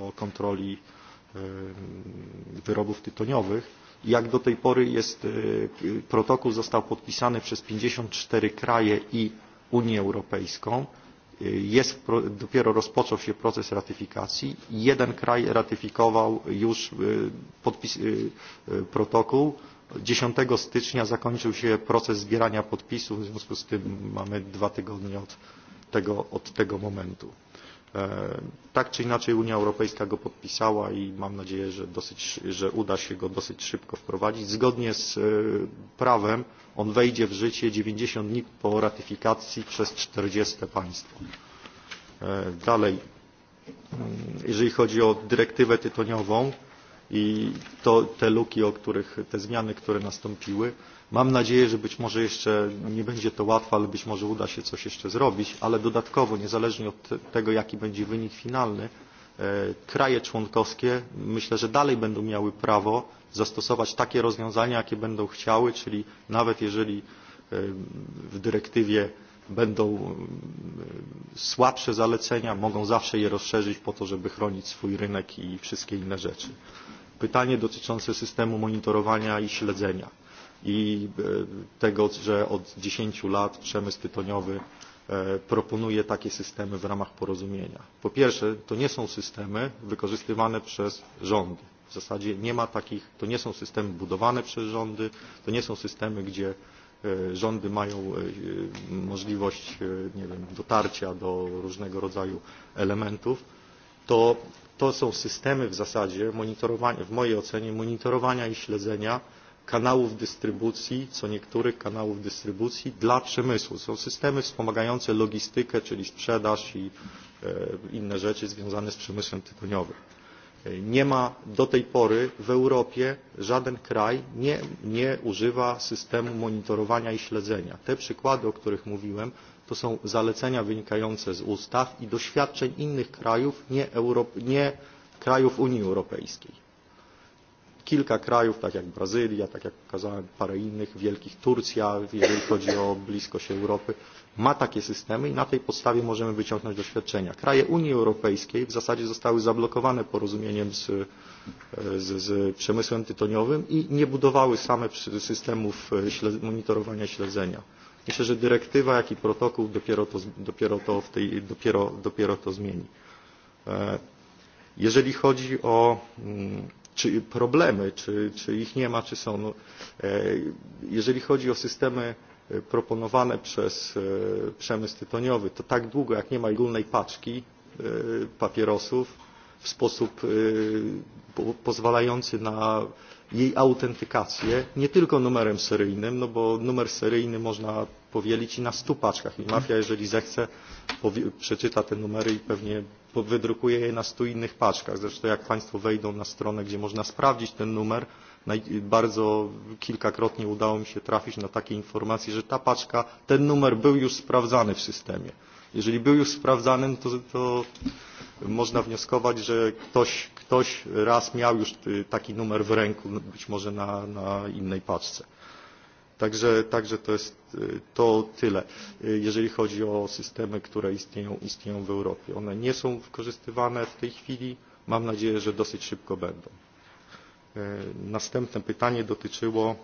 o kontroli wyrobów tytoniowych. Jak do tej pory jest, e, protokół został podpisany przez 54 kraje i Unię Europejską. E, jest, dopiero rozpoczął się proces ratyfikacji. Jeden kraj ratyfikował już e, podpis, protokół. 10 stycznia zakończył się proces zbierania podpisów, w związku z tym mamy dwa tygodnie od tego, od tego momentu. E, tak czy inaczej Unia Europejska go podpisała i mam nadzieję, że, dosyć, że uda się go dosyć szybko wprowadzić. Zgodnie z e, prawem on wejdzie w życie 90 dni po ratyfikacji przez 40 państwo. E, dalej, mm, jeżeli chodzi o dyrektywę tytoniową, i to, te luki, o których, te zmiany, które nastąpiły. Mam nadzieję, że być może jeszcze nie będzie to łatwe, ale być może uda się coś jeszcze zrobić, ale dodatkowo, niezależnie od tego, jaki będzie wynik finalny, e, kraje członkowskie myślę, że dalej będą miały prawo zastosować takie rozwiązania, jakie będą chciały, czyli nawet jeżeli e, w dyrektywie będą e, słabsze zalecenia, mogą zawsze je rozszerzyć po to, żeby chronić swój rynek i wszystkie inne rzeczy. Pytanie dotyczące systemu monitorowania i śledzenia i e, tego, że od 10 lat przemysł tytoniowy e, proponuje takie systemy w ramach porozumienia. Po pierwsze, to nie są systemy wykorzystywane przez rządy. W zasadzie nie ma takich, to nie są systemy budowane przez rządy, to nie są systemy, gdzie E, rządy mają e, możliwość e, nie wiem, dotarcia do różnego rodzaju elementów, to, to są systemy w zasadzie monitorowania, w mojej ocenie monitorowania i śledzenia kanałów dystrybucji, co niektórych kanałów dystrybucji dla przemysłu. Są systemy wspomagające logistykę, czyli sprzedaż i inne rzeczy związane z przemysłem tytoniowym. Nie ma do tej pory w Europie żaden kraj nie, nie używa systemu monitorowania i śledzenia. Te przykłady, o których mówiłem, to są zalecenia wynikające z ustaw i doświadczeń innych krajów, nie, Europ nie krajów Unii Europejskiej kilka krajów, tak jak Brazylia, tak jak pokazałem, parę innych wielkich, Turcja, jeżeli chodzi o bliskość Europy, ma takie systemy i na tej podstawie możemy wyciągnąć doświadczenia. Kraje Unii Europejskiej w zasadzie zostały zablokowane porozumieniem z, z, z przemysłem tytoniowym i nie budowały same systemów e, śled, monitorowania śledzenia. Myślę, że dyrektywa, jak i protokół dopiero to, dopiero to, w tej, dopiero, dopiero to zmieni. E, jeżeli chodzi o mm, czy problemy, czy, czy ich nie ma, czy są. No, e, jeżeli chodzi o systemy e, proponowane przez e, przemysł tytoniowy, to tak długo jak nie ma ogólnej paczki papierosów w sposób pozwalający na jej autentykację nie tylko numerem seryjnym, no bo numer seryjny można powielić i na stu paczkach i mafia, jeżeli zechce, przeczyta te numery i pewnie wydrukuje je na stu innych paczkach. Zresztą jak Państwo wejdą na stronę, gdzie można sprawdzić ten numer, bardzo kilkakrotnie udało mi się trafić na takie informacje, że ta paczka, ten numer był już sprawdzany w systemie. Jeżeli był już sprawdzanym, to, to można wnioskować, że ktoś, ktoś raz miał już taki numer w ręku, być może na, na innej paczce. Także, także to jest to tyle, jeżeli chodzi o systemy, które istnieją, istnieją w Europie. One nie są wykorzystywane w tej chwili. Mam nadzieję, że dosyć szybko będą. Następne pytanie dotyczyło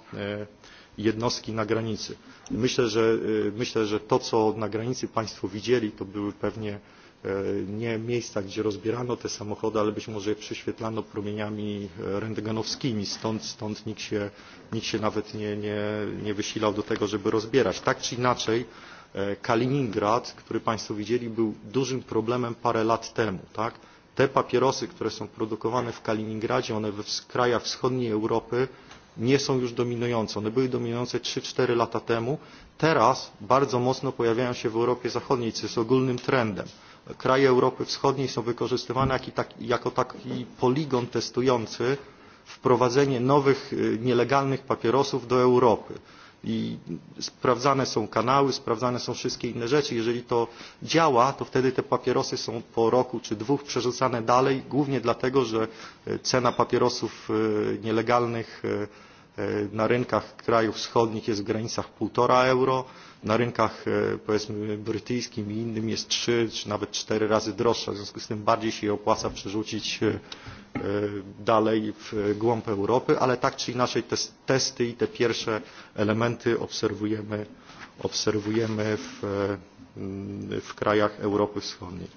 jednostki na granicy. Myślę, że, myślę, że to, co na granicy Państwo widzieli, to były pewnie e, nie miejsca, gdzie rozbierano te samochody, ale być może je prześwietlano promieniami e, rentgenowskimi, stąd, stąd nikt, się, nikt się nawet nie, nie, nie wysilał do tego, żeby rozbierać. Tak czy inaczej, e, Kaliningrad, który Państwo widzieli, był dużym problemem parę lat temu. Tak? Te papierosy, które są produkowane w Kaliningradzie, one w krajach wschodniej Europy nie są już dominujące. One były dominujące 3-4 lata temu. Teraz bardzo mocno pojawiają się w Europie Zachodniej, co jest ogólnym trendem. Kraje Europy Wschodniej są wykorzystywane jak tak, jako taki poligon testujący wprowadzenie nowych nielegalnych papierosów do Europy i sprawdzane są kanały, sprawdzane są wszystkie inne rzeczy. Jeżeli to działa, to wtedy te papierosy są po roku czy dwóch przerzucane dalej, głównie dlatego, że e, cena papierosów e, nielegalnych e, E, na rynkach krajów wschodnich jest w granicach 1,5 euro, na rynkach e, powiedzmy brytyjskim i innym jest 3 czy nawet 4 razy droższa, w związku z tym bardziej się opłaca przerzucić e, dalej w głąb Europy, ale tak czy inaczej te testy i te pierwsze elementy obserwujemy, obserwujemy w, mm, w krajach Europy Wschodniej.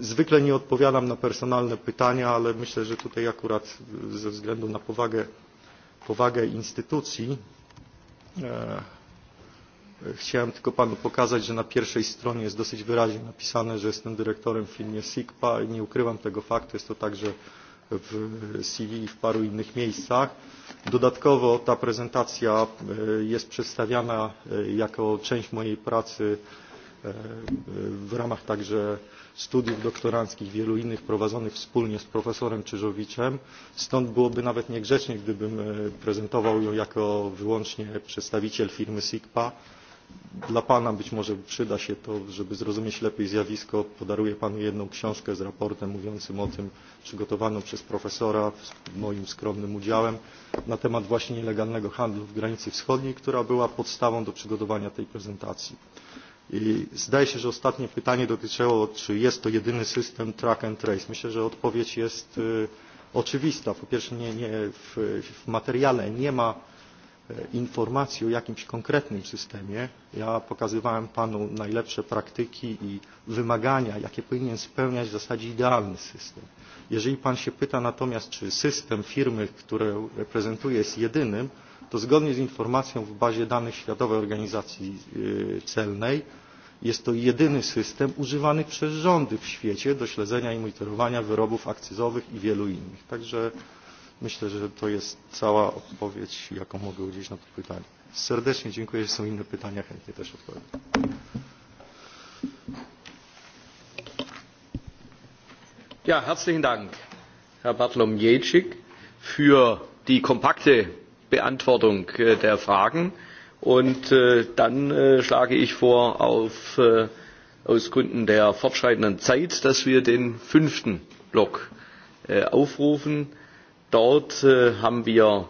Zwykle nie odpowiadam na personalne pytania, ale myślę, że tutaj akurat ze względu na powagę powagę instytucji, e, Chciałem tylko panu pokazać, że na pierwszej stronie jest dosyć wyraźnie napisane, że jestem dyrektorem w filmie SIGPA i nie ukrywam tego faktu. Jest to także w CV i w paru innych miejscach. Dodatkowo ta prezentacja e, jest przedstawiana e, jako część mojej pracy w ramach także studiów doktoranckich, wielu innych prowadzonych wspólnie z profesorem Czyżowiczem. Stąd byłoby nawet niegrzecznie, gdybym e, prezentował ją jako wyłącznie przedstawiciel firmy SIGPA. Dla Pana być może przyda się to, żeby zrozumieć lepiej zjawisko. Podaruję Panu jedną książkę z raportem mówiącym o tym, przygotowaną przez profesora z moim skromnym udziałem na temat właśnie nielegalnego handlu w granicy wschodniej, która była podstawą do przygotowania tej prezentacji. I zdaje się, że ostatnie pytanie dotyczyło, czy jest to jedyny system track and trace. Myślę, że odpowiedź jest y, oczywista. Po pierwsze, nie, nie, w, w materiale nie ma e, informacji o jakimś konkretnym systemie. Ja pokazywałem Panu najlepsze praktyki i wymagania, jakie powinien spełniać w zasadzie idealny system. Jeżeli Pan się pyta natomiast, czy system firmy, które reprezentuje jest jedynym, to zgodnie z informacją w bazie danych Światowej Organizacji Celnej jest to jedyny system używany przez rządy w świecie do śledzenia i monitorowania wyrobów akcyzowych i wielu innych. Także myślę, że to jest cała odpowiedź, jaką mogę udzielić na to pytanie. Serdecznie dziękuję, że są inne pytania, chętnie też odpowiem. Ja, herzlichen Dank, Herr Bartlom-Jejczyk, für die kompakte Beantwortung äh, der Fragen. Und äh, dann äh, schlage ich vor, auf, aus Gründen der fortschreitenden Zeit, dass wir den fünften Block aufrufen. Dort haben wir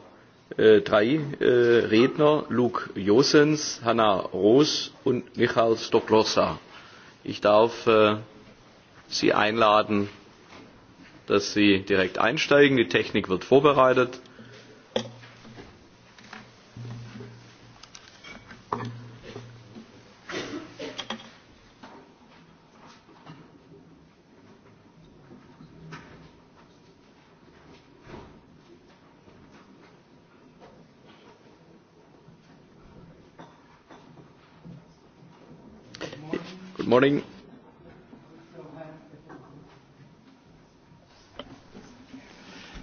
drei Redner, Luke Josens, Hanna Roos und Michael Stoklosa. Ich darf Sie einladen, dass Sie direkt einsteigen. Die Technik wird vorbereitet. morning.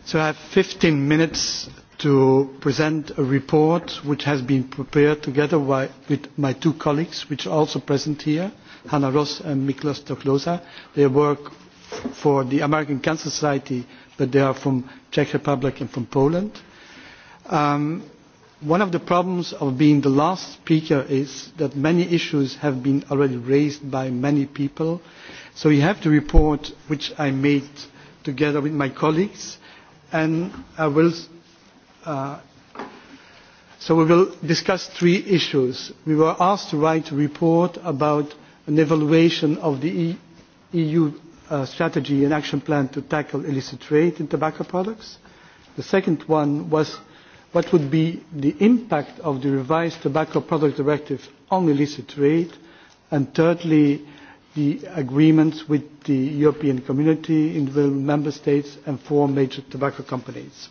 So I have 15 minutes to present a report which has been prepared together by, with my two colleagues, which are also present here, Hannah Ross and Miklos Toklosa. They work for the American Cancer Society, but they are from Czech Republic and from Poland. Um, One of the problems of being the last speaker is that many issues have been already raised by many people. So you have the report which I made together with my colleagues and I will, uh, so we will discuss three issues. We were asked to write a report about an evaluation of the e EU uh, strategy and action plan to tackle illicit trade in tobacco products. The second one was what would be the impact of the revised tobacco product directive on illicit trade, and thirdly, the agreements with the European community, individual member states, and four major tobacco companies.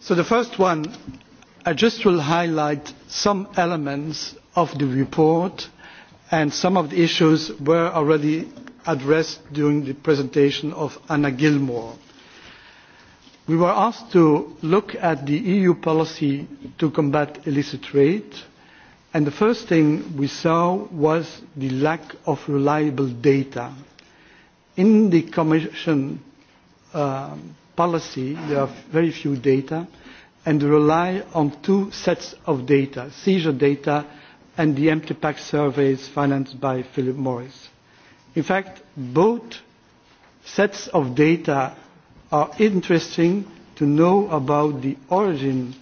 So the first one I just will highlight some elements of the report and some of the issues were already addressed during the presentation of Anna Gilmore. We were asked to look at the EU policy to combat illicit trade, and the first thing we saw was the lack of reliable data. In the Commission uh, policy, there are very few data, and rely on two sets of data, seizure data and the empty pack surveys financed by Philip Morris. In fact, both sets of data are interesting to know about the origin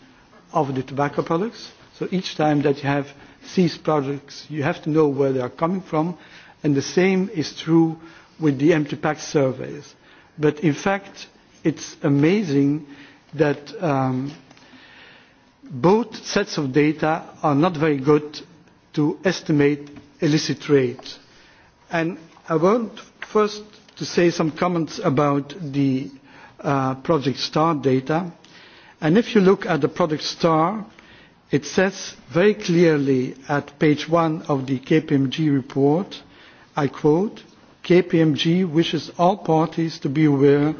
of the tobacco products. So each time that you have seized products, you have to know where they are coming from. And the same is true with the empty pack surveys. But in fact, it's amazing that um, both sets of data are not very good to estimate illicit trade. And I want first to say some comments about the uh, Project STAR data. And if you look at the Project STAR, it says very clearly at page one of the KPMG report, I quote, KPMG wishes all parties to be aware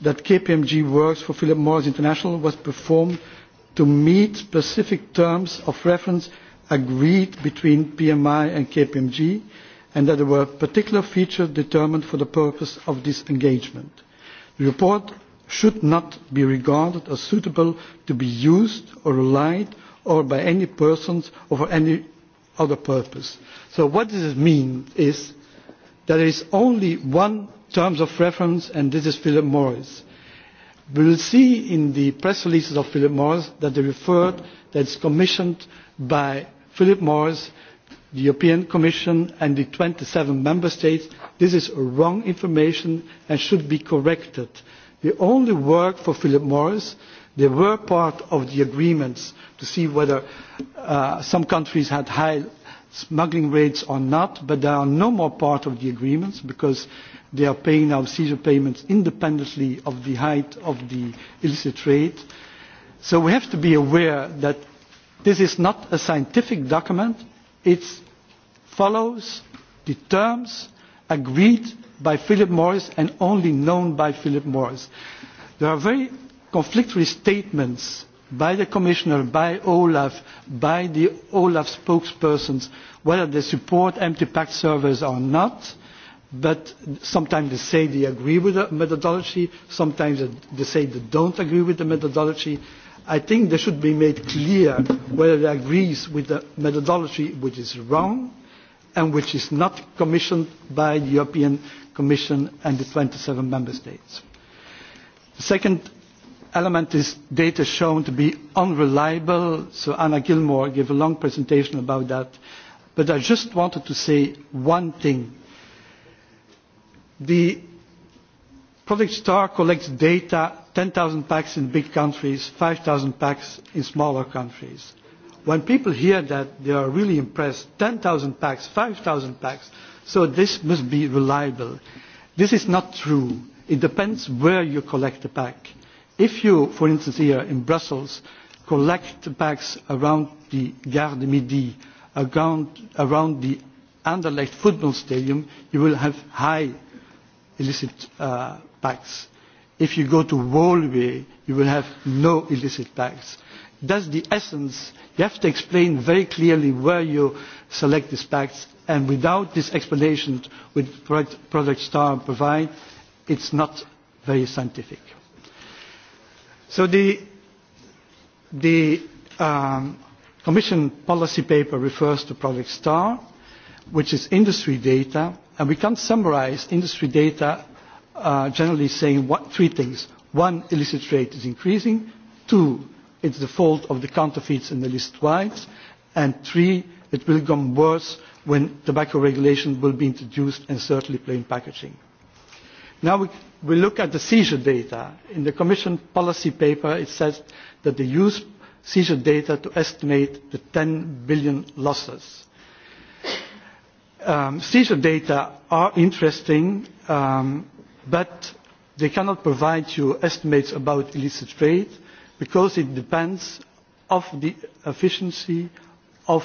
that KPMG works for Philip Morris International was performed to meet specific terms of reference agreed between PMI and KPMG and that there were particular features determined for the purpose of this engagement. The report should not be regarded as suitable to be used or relied or by any persons or for any other purpose. So what does it mean is that there is only one terms of reference and this is Philip Morris. We will see in the press releases of Philip Morris that they referred that it's commissioned by Philip Morris, the European Commission and the 27 member states. This is wrong information and should be corrected. They only work for Philip Morris. They were part of the agreements to see whether uh, some countries had high smuggling rates or not, but they are no more part of the agreements because They are paying now seizure payments independently of the height of the illicit trade. So we have to be aware that this is not a scientific document. It follows the terms agreed by Philip Morris and only known by Philip Morris. There are very conflictory statements by the Commissioner, by Olaf, by the Olaf spokespersons, whether they support empty pact servers or not but sometimes they say they agree with the methodology, sometimes they say they don't agree with the methodology. I think they should be made clear whether they agree with the methodology which is wrong and which is not commissioned by the European Commission and the 27 member states. The second element is data shown to be unreliable, so Anna Gilmore gave a long presentation about that. But I just wanted to say one thing The Project STAR collects data, 10,000 packs in big countries, 5,000 packs in smaller countries. When people hear that, they are really impressed. 10,000 packs, 5,000 packs. So this must be reliable. This is not true. It depends where you collect the pack. If you, for instance, here in Brussels, collect the packs around the Gare de Midi, around, around the Anderlecht football stadium, you will have high illicit uh, pacts. If you go to Walway, you will have no illicit pacts. That's the essence. You have to explain very clearly where you select these pacts, and without this explanation which product, product Star provide, it's not very scientific. So the, the um, Commission policy paper refers to Project STAR, which is industry data And we can summarize industry data uh, generally saying what, three things. One, illicit trade is increasing. Two, it's the fault of the counterfeits and the illicit wines. And three, it will become worse when tobacco regulation will be introduced and certainly plain packaging. Now we, we look at the seizure data. In the Commission policy paper, it says that they use seizure data to estimate the 10 billion losses. Um, seizure data are interesting, um, but they cannot provide you estimates about illicit trade because it depends of the efficiency of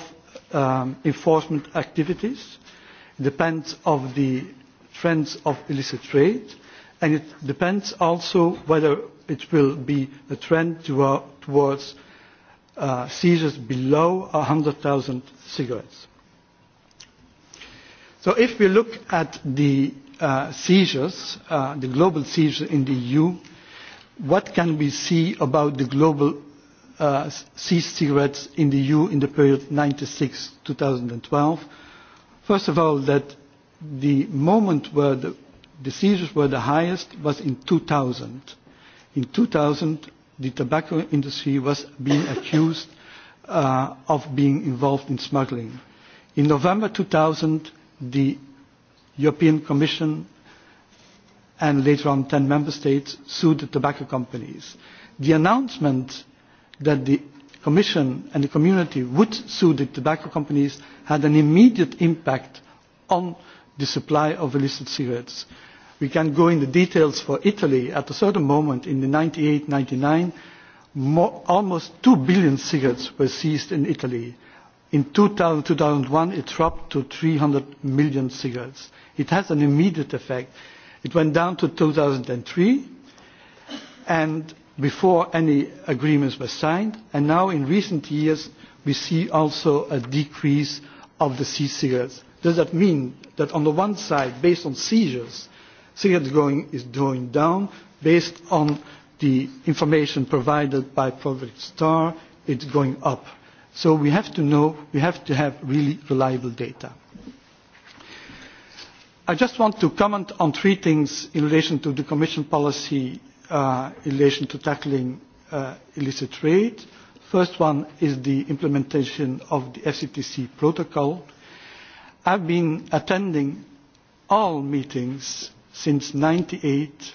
um, enforcement activities, it depends of the trends of illicit trade, and it depends also whether it will be a trend to, uh, towards uh, seizures below 100,000 cigarettes. So if we look at the uh, seizures, uh, the global seizures in the EU, what can we see about the global uh, seized cigarettes in the EU in the period 96-2012? First of all, that the moment where the, the seizures were the highest was in 2000. In 2000, the tobacco industry was being accused uh, of being involved in smuggling. In November 2000, the European Commission and later on 10 member states sued the tobacco companies. The announcement that the Commission and the community would sue the tobacco companies had an immediate impact on the supply of illicit cigarettes. We can go into details for Italy. At a certain moment in the 98-99, almost 2 billion cigarettes were seized in Italy. In 2000, 2001, it dropped to 300 million cigarettes. It has an immediate effect. It went down to 2003, and before any agreements were signed, and now in recent years, we see also a decrease of the sea cigarettes Does that mean that on the one side, based on seizures, cigarettes going is going down, based on the information provided by Project Star, it's going up? So we have to know, we have to have really reliable data. I just want to comment on three things in relation to the Commission policy uh, in relation to tackling uh, illicit trade. First one is the implementation of the FCTC protocol. I've been attending all meetings since 1998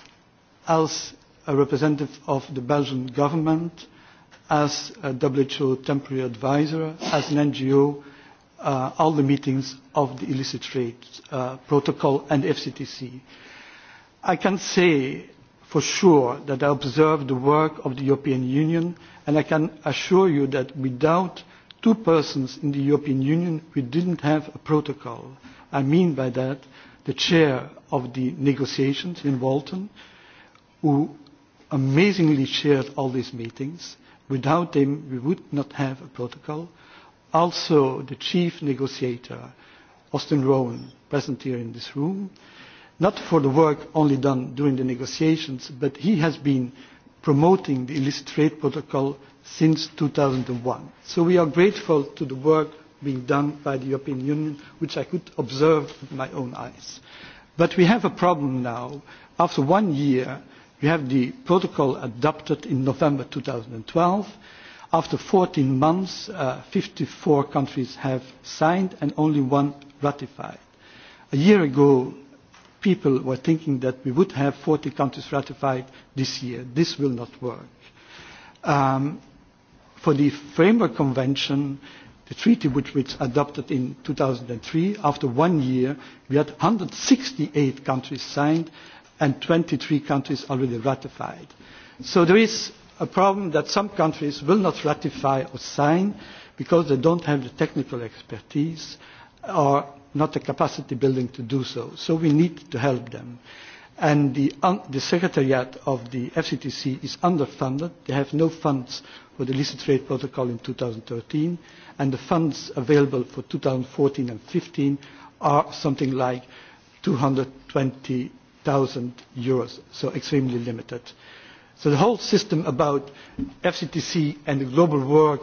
as a representative of the Belgian government as a WHO temporary advisor, as an NGO, uh, all the meetings of the illicit trade uh, protocol and FCTC. I can say for sure that I observe the work of the European Union and I can assure you that without two persons in the European Union we didn't have a protocol. I mean by that the chair of the negotiations in Walton who amazingly chaired all these meetings Without them, we would not have a protocol. Also, the chief negotiator, Austin Rowan, present here in this room, not for the work only done during the negotiations, but he has been promoting the illicit trade protocol since 2001. So we are grateful to the work being done by the European Union, which I could observe with my own eyes. But we have a problem now. After one year, We have the protocol adopted in November 2012. After 14 months, uh, 54 countries have signed and only one ratified. A year ago, people were thinking that we would have 40 countries ratified this year. This will not work. Um, for the Framework Convention, the treaty which was adopted in 2003, after one year, we had 168 countries signed and 23 countries already ratified. So there is a problem that some countries will not ratify or sign because they don't have the technical expertise or not the capacity building to do so. So we need to help them. And the, un the Secretariat of the FCTC is underfunded. They have no funds for the illicit trade protocol in 2013, and the funds available for 2014 and 15 are something like 220 thousand euros, so extremely limited. So the whole system about FCTC and the global work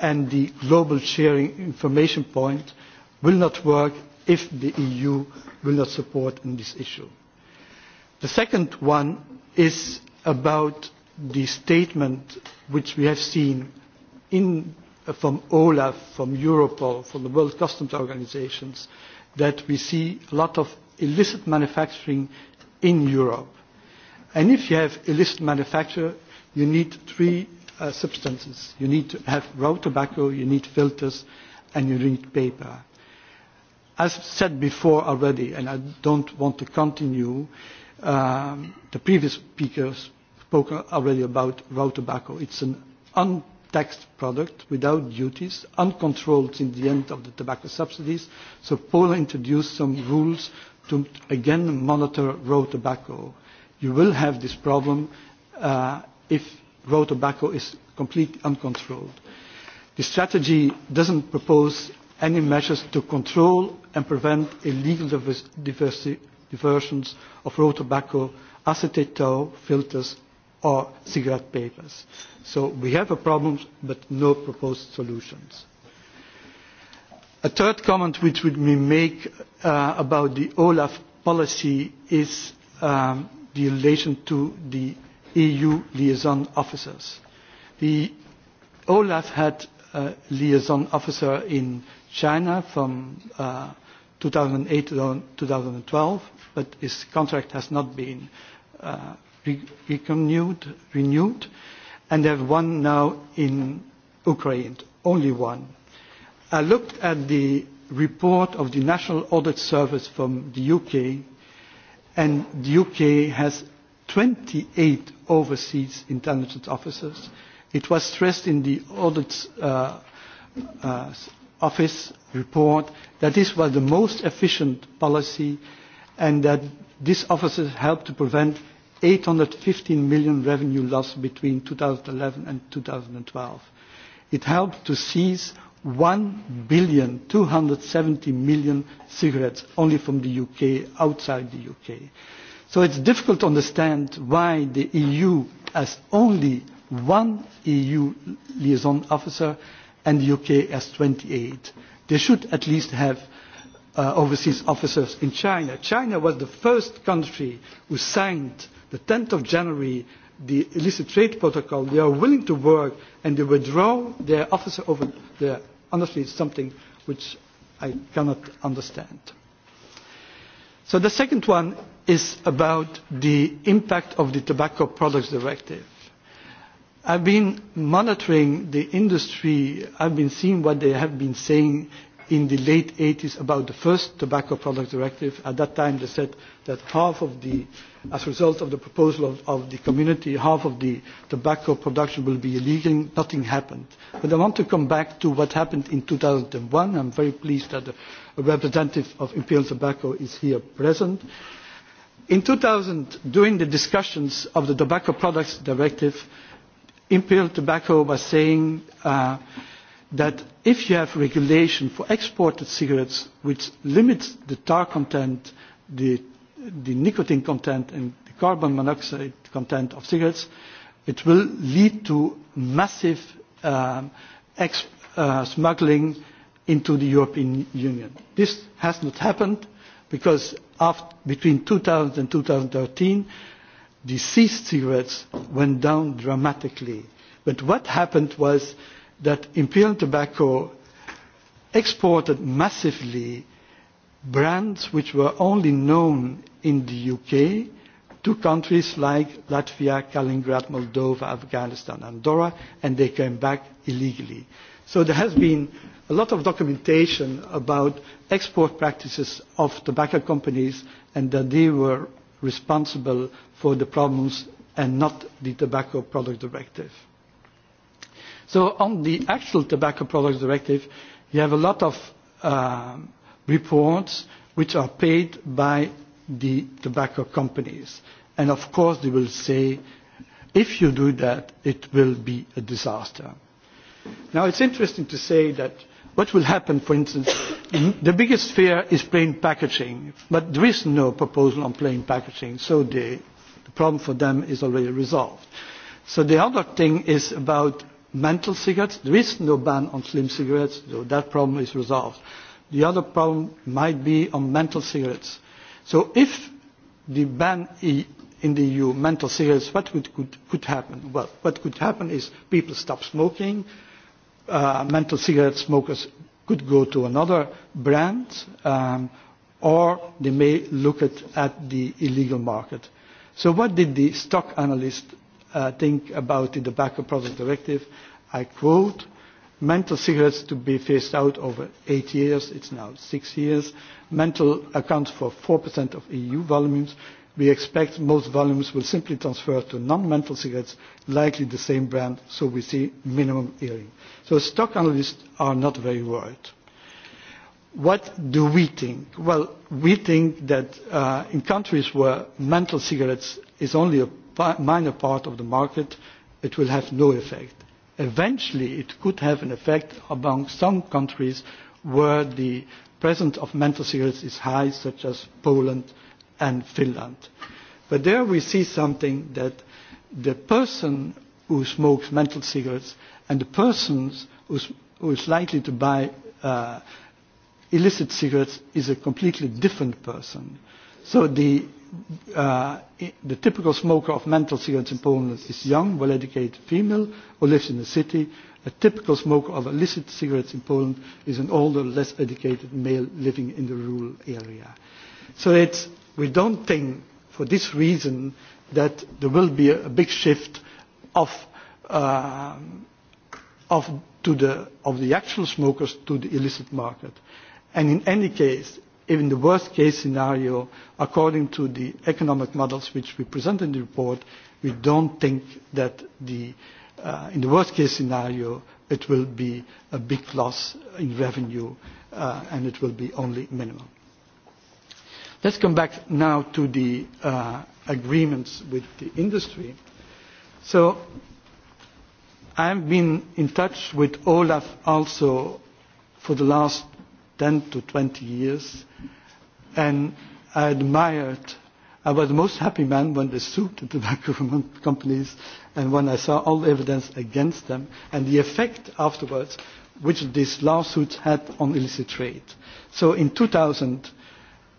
and the global sharing information point will not work if the EU will not support on this issue. The second one is about the statement which we have seen in, from OLAF, from Europol, from the World Customs Organizations, that we see a lot of illicit manufacturing in Europe. And if you have a list manufacturer, you need three uh, substances. You need to have raw tobacco, you need filters, and you need paper. As said before already, and I don't want to continue, um, the previous speaker spoke already about raw tobacco. It's an untaxed product without duties, uncontrolled in the end of the tobacco subsidies. So Poland introduced some rules to again monitor raw tobacco. You will have this problem uh, if raw tobacco is completely uncontrolled. The strategy doesn't propose any measures to control and prevent illegal diversions of raw tobacco, acetate tow, filters, or cigarette papers. So we have a problem, but no proposed solutions. A third comment which we make uh, about the OLAF policy is um, the relation to the EU liaison officers. The OLAF had a liaison officer in China from uh, 2008 to 2012, but his contract has not been uh, renewed, renewed, and they have one now in Ukraine, only one. I looked at the report of the National Audit Service from the UK, and the UK has 28 overseas intelligence officers. It was stressed in the audit uh, uh, office report that this was the most efficient policy and that these officers helped to prevent 815 million revenue loss between 2011 and 2012. It helped to seize 1 billion 270 million cigarettes only from the UK outside the UK so it's difficult to understand why the EU has only one EU liaison officer and the UK has 28 they should at least have uh, overseas officers in China China was the first country who signed the 10th of January the illicit trade protocol, they are willing to work and they withdraw their officer over there. Honestly, it's something which I cannot understand. So the second one is about the impact of the Tobacco Products Directive. I've been monitoring the industry, I've been seeing what they have been saying in the late 80s about the first tobacco product directive. At that time, they said that half of the, as a result of the proposal of, of the community, half of the tobacco production will be illegal. Nothing happened. But I want to come back to what happened in 2001. I'm very pleased that a representative of Imperial Tobacco is here present. In 2000, during the discussions of the Tobacco Products Directive, Imperial Tobacco was saying uh, that if you have regulation for exported cigarettes which limits the tar content, the, the nicotine content and the carbon monoxide content of cigarettes, it will lead to massive um, ex uh, smuggling into the European Union. This has not happened because after, between 2000 and 2013, the seized cigarettes went down dramatically. But what happened was that Imperial Tobacco exported massively brands which were only known in the UK to countries like Latvia, Kaliningrad, Moldova, Afghanistan, Andorra, and they came back illegally. So there has been a lot of documentation about export practices of tobacco companies and that they were responsible for the problems and not the Tobacco Product Directive. So on the actual Tobacco Products Directive, you have a lot of um, reports which are paid by the tobacco companies. And of course they will say, if you do that, it will be a disaster. Now it's interesting to say that what will happen, for instance, the biggest fear is plain packaging, but there is no proposal on plain packaging, so the, the problem for them is already resolved. So the other thing is about mental cigarettes. There is no ban on slim cigarettes, so that problem is resolved. The other problem might be on mental cigarettes. So if the ban e in the EU, mental cigarettes, what would, could, could happen? Well, what could happen is people stop smoking, uh, mental cigarette smokers could go to another brand, um, or they may look at, at the illegal market. So what did the stock analyst uh, think about the tobacco product directive. I quote, mental cigarettes to be phased out over eight years, it's now six years. Mental accounts for 4% of EU volumes. We expect most volumes will simply transfer to non-mental cigarettes, likely the same brand, so we see minimum earring. So stock analysts are not very worried. What do we think? Well, we think that uh, in countries where mental cigarettes is only a minor part of the market, it will have no effect. Eventually, it could have an effect among some countries where the presence of mental cigarettes is high, such as Poland and Finland. But there we see something that the person who smokes mental cigarettes and the person who is likely to buy uh, illicit cigarettes is a completely different person. So the, uh, the typical smoker of mental cigarettes in Poland is young, well-educated female who lives in the city. A typical smoker of illicit cigarettes in Poland is an older, less educated male living in the rural area. So it's, we don't think for this reason that there will be a, a big shift of, uh, of, to the, of the actual smokers to the illicit market. And in any case, even the worst case scenario, according to the economic models which we present in the report, we don't think that the, uh, in the worst case scenario, it will be a big loss in revenue uh, and it will be only minimal. Let's come back now to the uh, agreements with the industry. So I've been in touch with Olaf also for the last 10 to 20 years, and I admired, I was the most happy man when they sued the tobacco companies and when I saw all the evidence against them and the effect afterwards which these lawsuits had on illicit trade. So in 2000,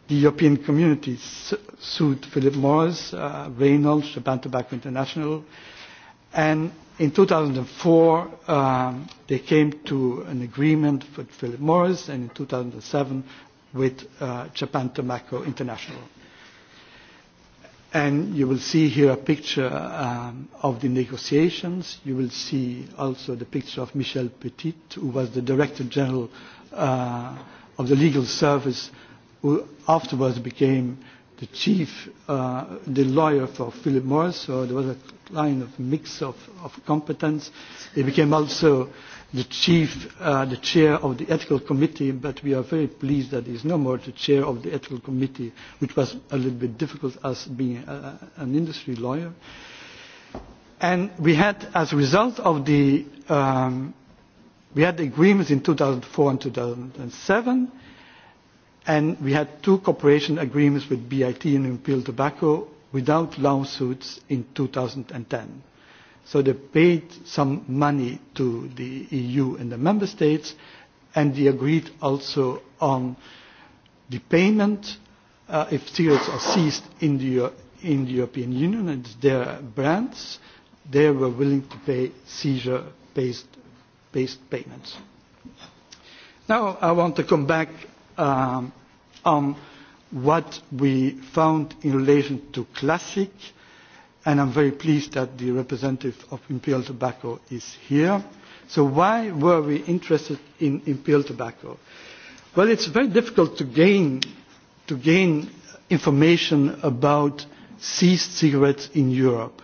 the European community sued Philip Morris, uh, Reynolds, Japan Tobacco International, and In 2004, um, uh, they came to an agreement with Philip Morris, and in 2007 with uh, Japan Tobacco International. And you will see here a picture um, of the negotiations. You will see also the picture of Michel Petit, who was the Director General uh, of the Legal Service, who afterwards became the chief, uh, the lawyer for Philip Morris. So there was a line of mix of, of competence. He became also the chief, uh, the chair of the ethical committee, but we are very pleased that he's no more the chair of the ethical committee, which was a little bit difficult as being a, an industry lawyer. And we had, as a result of the, um, we had agreements in 2004 and 2007, and we had two cooperation agreements with BIT and Imperial Tobacco, without lawsuits in 2010. So they paid some money to the EU and the member states and they agreed also on the payment uh, if cigarettes are seized in the, in the European Union and their brands, they were willing to pay seizure-based based payments. Now I want to come back um, on what we found in relation to classic, and I'm very pleased that the representative of Imperial Tobacco is here. So why were we interested in Imperial Tobacco? Well, it's very difficult to gain, to gain information about seized cigarettes in Europe.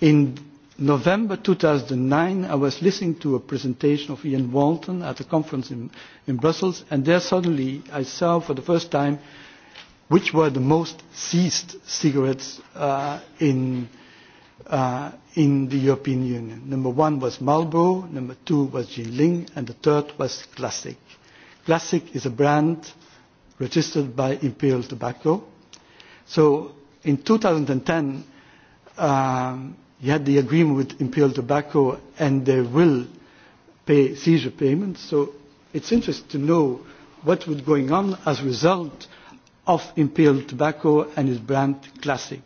In November 2009, I was listening to a presentation of Ian Walton at a conference in, in Brussels, and there suddenly I saw for the first time which were the most seized cigarettes uh, in, uh, in the European Union. Number one was Marlboro, number two was Jinling, and the third was Classic. Classic is a brand registered by Imperial Tobacco. So in 2010, um, you had the agreement with Imperial Tobacco and they will pay seizure payments. So it's interesting to know what was going on as a result of impaled tobacco and its brand Classic.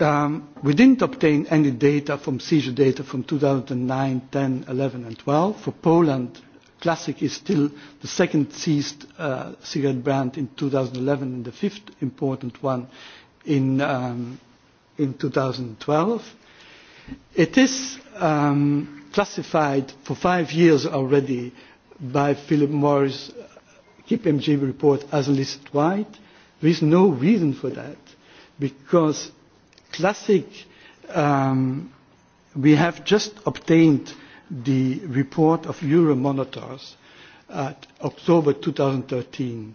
Um, we didn't obtain any data from seizure data from 2009, 10, 11 and 12. For Poland, Classic is still the second seized uh, cigarette brand in 2011 and the fifth important one in, um, in 2012. It is um, classified for five years already by Philip Morris Keep report as list wide. There is no reason for that because classic, um, we have just obtained the report of Euromonitors at October 2013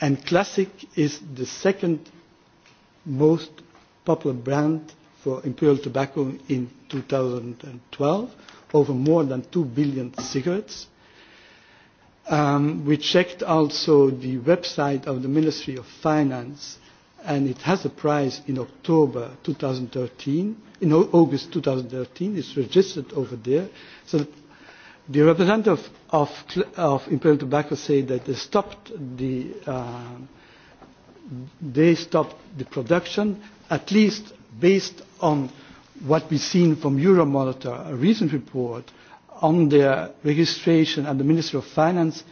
and classic is the second most popular brand for Imperial Tobacco in 2012 over more than 2 billion cigarettes Um, we checked also the website of the Ministry of Finance and it has a prize in October 2013, in August 2013, it's registered over there. So the representative of, of Imperial Tobacco said that they stopped the, uh, they stopped the production, at least based on what we've seen from Euromonitor, a recent report, on the registration at the Ministry of Finance,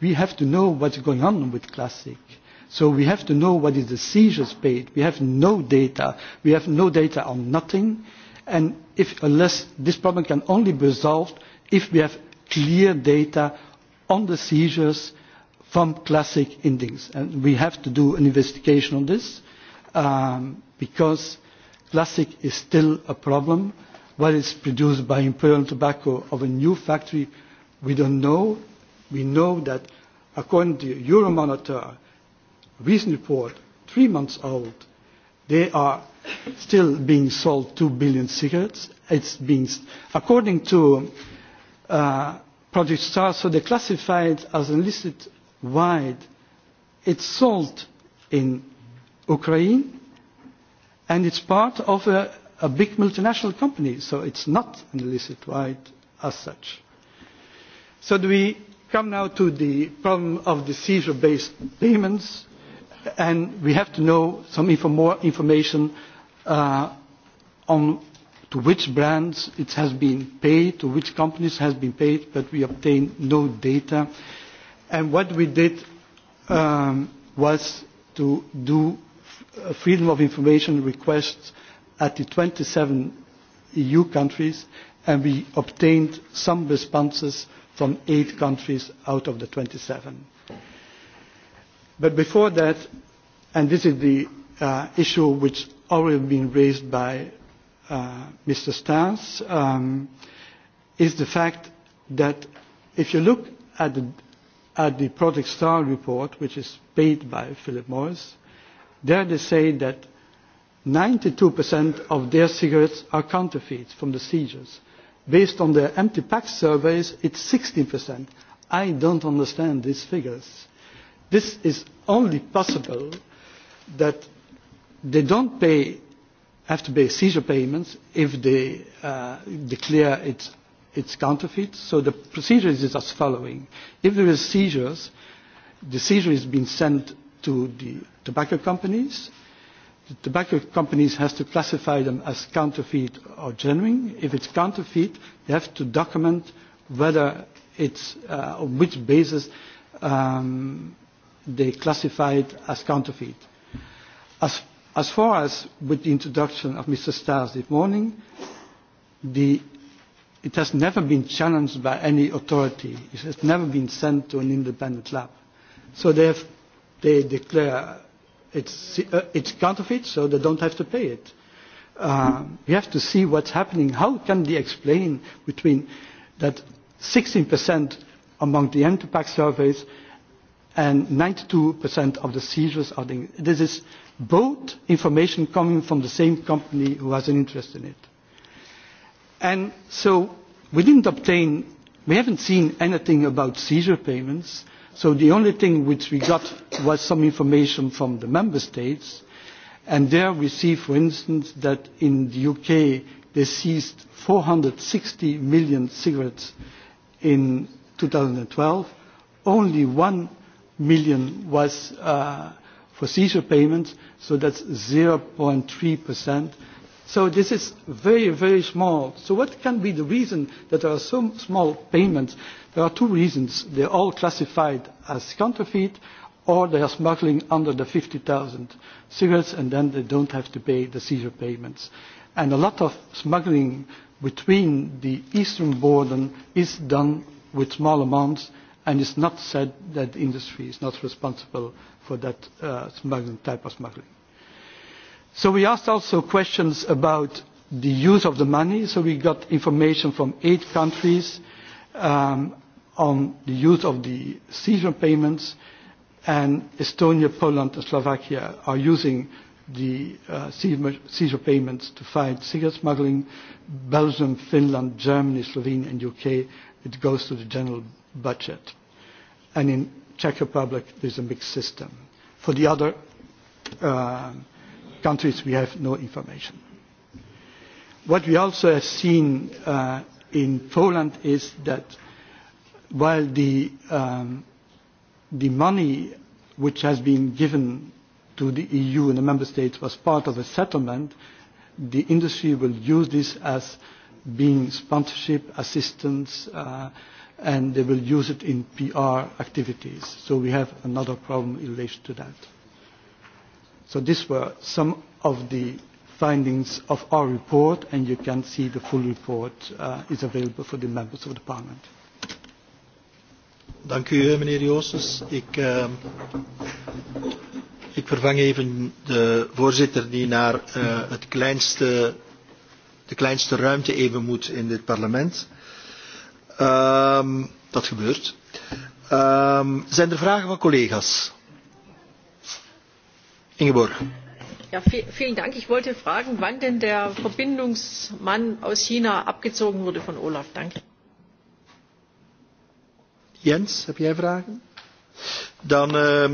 we have to know what's going on with Classic. So we have to know what is the seizures paid. We have no data. We have no data on nothing. And if, unless this problem can only be resolved if we have clear data on the seizures from classic Indings. And we have to do an investigation on this um, because classic is still a problem What is produced by Imperial Tobacco of a new factory, we don't know. We know that according to Euromonitor, recent report, three months old, they are still being sold 2 billion cigarettes. It's being, according to uh, Project Star, so they classify it as illicit wide. It's sold in Ukraine and it's part of a a big multinational company, so it's not an illicit right as such. So do we come now to the problem of the seizure-based payments, and we have to know some inf more information uh, on to which brands it has been paid, to which companies has been paid, but we obtained no data. And what we did um, was to do a freedom of information requests at the 27 EU countries and we obtained some responses from eight countries out of the 27. But before that, and this is the uh, issue which already been raised by uh, Mr. Stans, um, is the fact that if you look at the, at the Project STAR report, which is paid by Philip Morris, there they say that 92% of their cigarettes are counterfeits from the seizures. Based on their empty pack surveys, it's 16%. I don't understand these figures. This is only possible that they don't pay, have to pay seizure payments if they uh, declare it's, it's counterfeit. So the procedure is as following. If there is seizures, the seizure is being sent to the tobacco companies the tobacco companies have to classify them as counterfeit or genuine. If it's counterfeit, they have to document whether it's, uh, on which basis um, they classify it as counterfeit. As, as far as with the introduction of Mr. Stars this morning, the, it has never been challenged by any authority. It has never been sent to an independent lab. So they, have, they declare It's, uh, it's counterfeit, so they don't have to pay it. Uh, we have to see what's happening. How can they explain between that 16% among the pack surveys and 92% of the seizures are the, this is both information coming from the same company who has an interest in it. And so we didn't obtain, we haven't seen anything about seizure payments So the only thing which we got was some information from the member states, and there we see, for instance, that in the UK they seized 460 million cigarettes in 2012. Only one million was uh, for seizure payments, so that's 0.3%. So this is very, very small. So what can be the reason that there are so small payments? There are two reasons. They are all classified as counterfeit or they are smuggling under the 50,000 cigarettes and then they don't have to pay the seizure payments. And a lot of smuggling between the eastern border is done with small amounts and it's not said that the industry is not responsible for that uh, smuggling type of smuggling. So we asked also questions about the use of the money. So we got information from eight countries um, on the use of the seizure payments and Estonia, Poland and Slovakia are using the uh, seizure payments to fight cigarette smuggling. Belgium, Finland, Germany, Slovenia and UK, it goes to the general budget. And in Czech Republic, there's a mixed system. For the other uh, countries, we have no information. What we also have seen uh, in Poland is that while the, um, the money which has been given to the EU and the member states was part of a settlement, the industry will use this as being sponsorship, assistance, uh, and they will use it in PR activities. So we have another problem in relation to that. So these were some of the findings of our report, and you can see the full report uh, is available for the members of the Parliament. Dank u, eh, meneer Joosses. Ik, uh, ik vervang even de voorzitter die naar uh, het kleinste, de kleinste ruimte even moet in dit parlement. Um, dat gebeurt. Um, zijn er vragen van collega's? Ingeborg. Ja, vielen Dank. Ich wollte fragen, wann denn der Verbindungsmann aus China abgezogen wurde von Olaf. Danke. Jens, heb jij vragen? Dan, uh,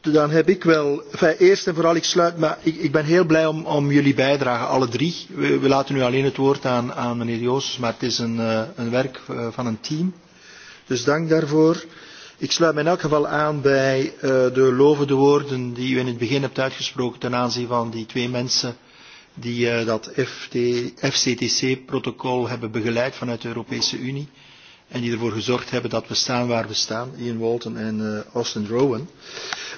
dan heb ik wel... Enfin, eerst en vooral, ik sluit... Maar ik, ik ben heel blij om, om jullie bijdrage, alle drie. We, we laten nu alleen het woord aan, aan meneer Joos, maar het is een, uh, een werk eh, van een team. Dus dank daarvoor. Ik sluit me in elk geval aan bij uh, de lovende woorden die u in het begin hebt uitgesproken ten aanzien van die twee mensen die uh, dat FCTC-protocol hebben begeleid vanuit de Europese Unie. Uh, en die ervoor gezorgd hebben dat we staan waar we staan, Ian Walton en uh, Austin Rowan.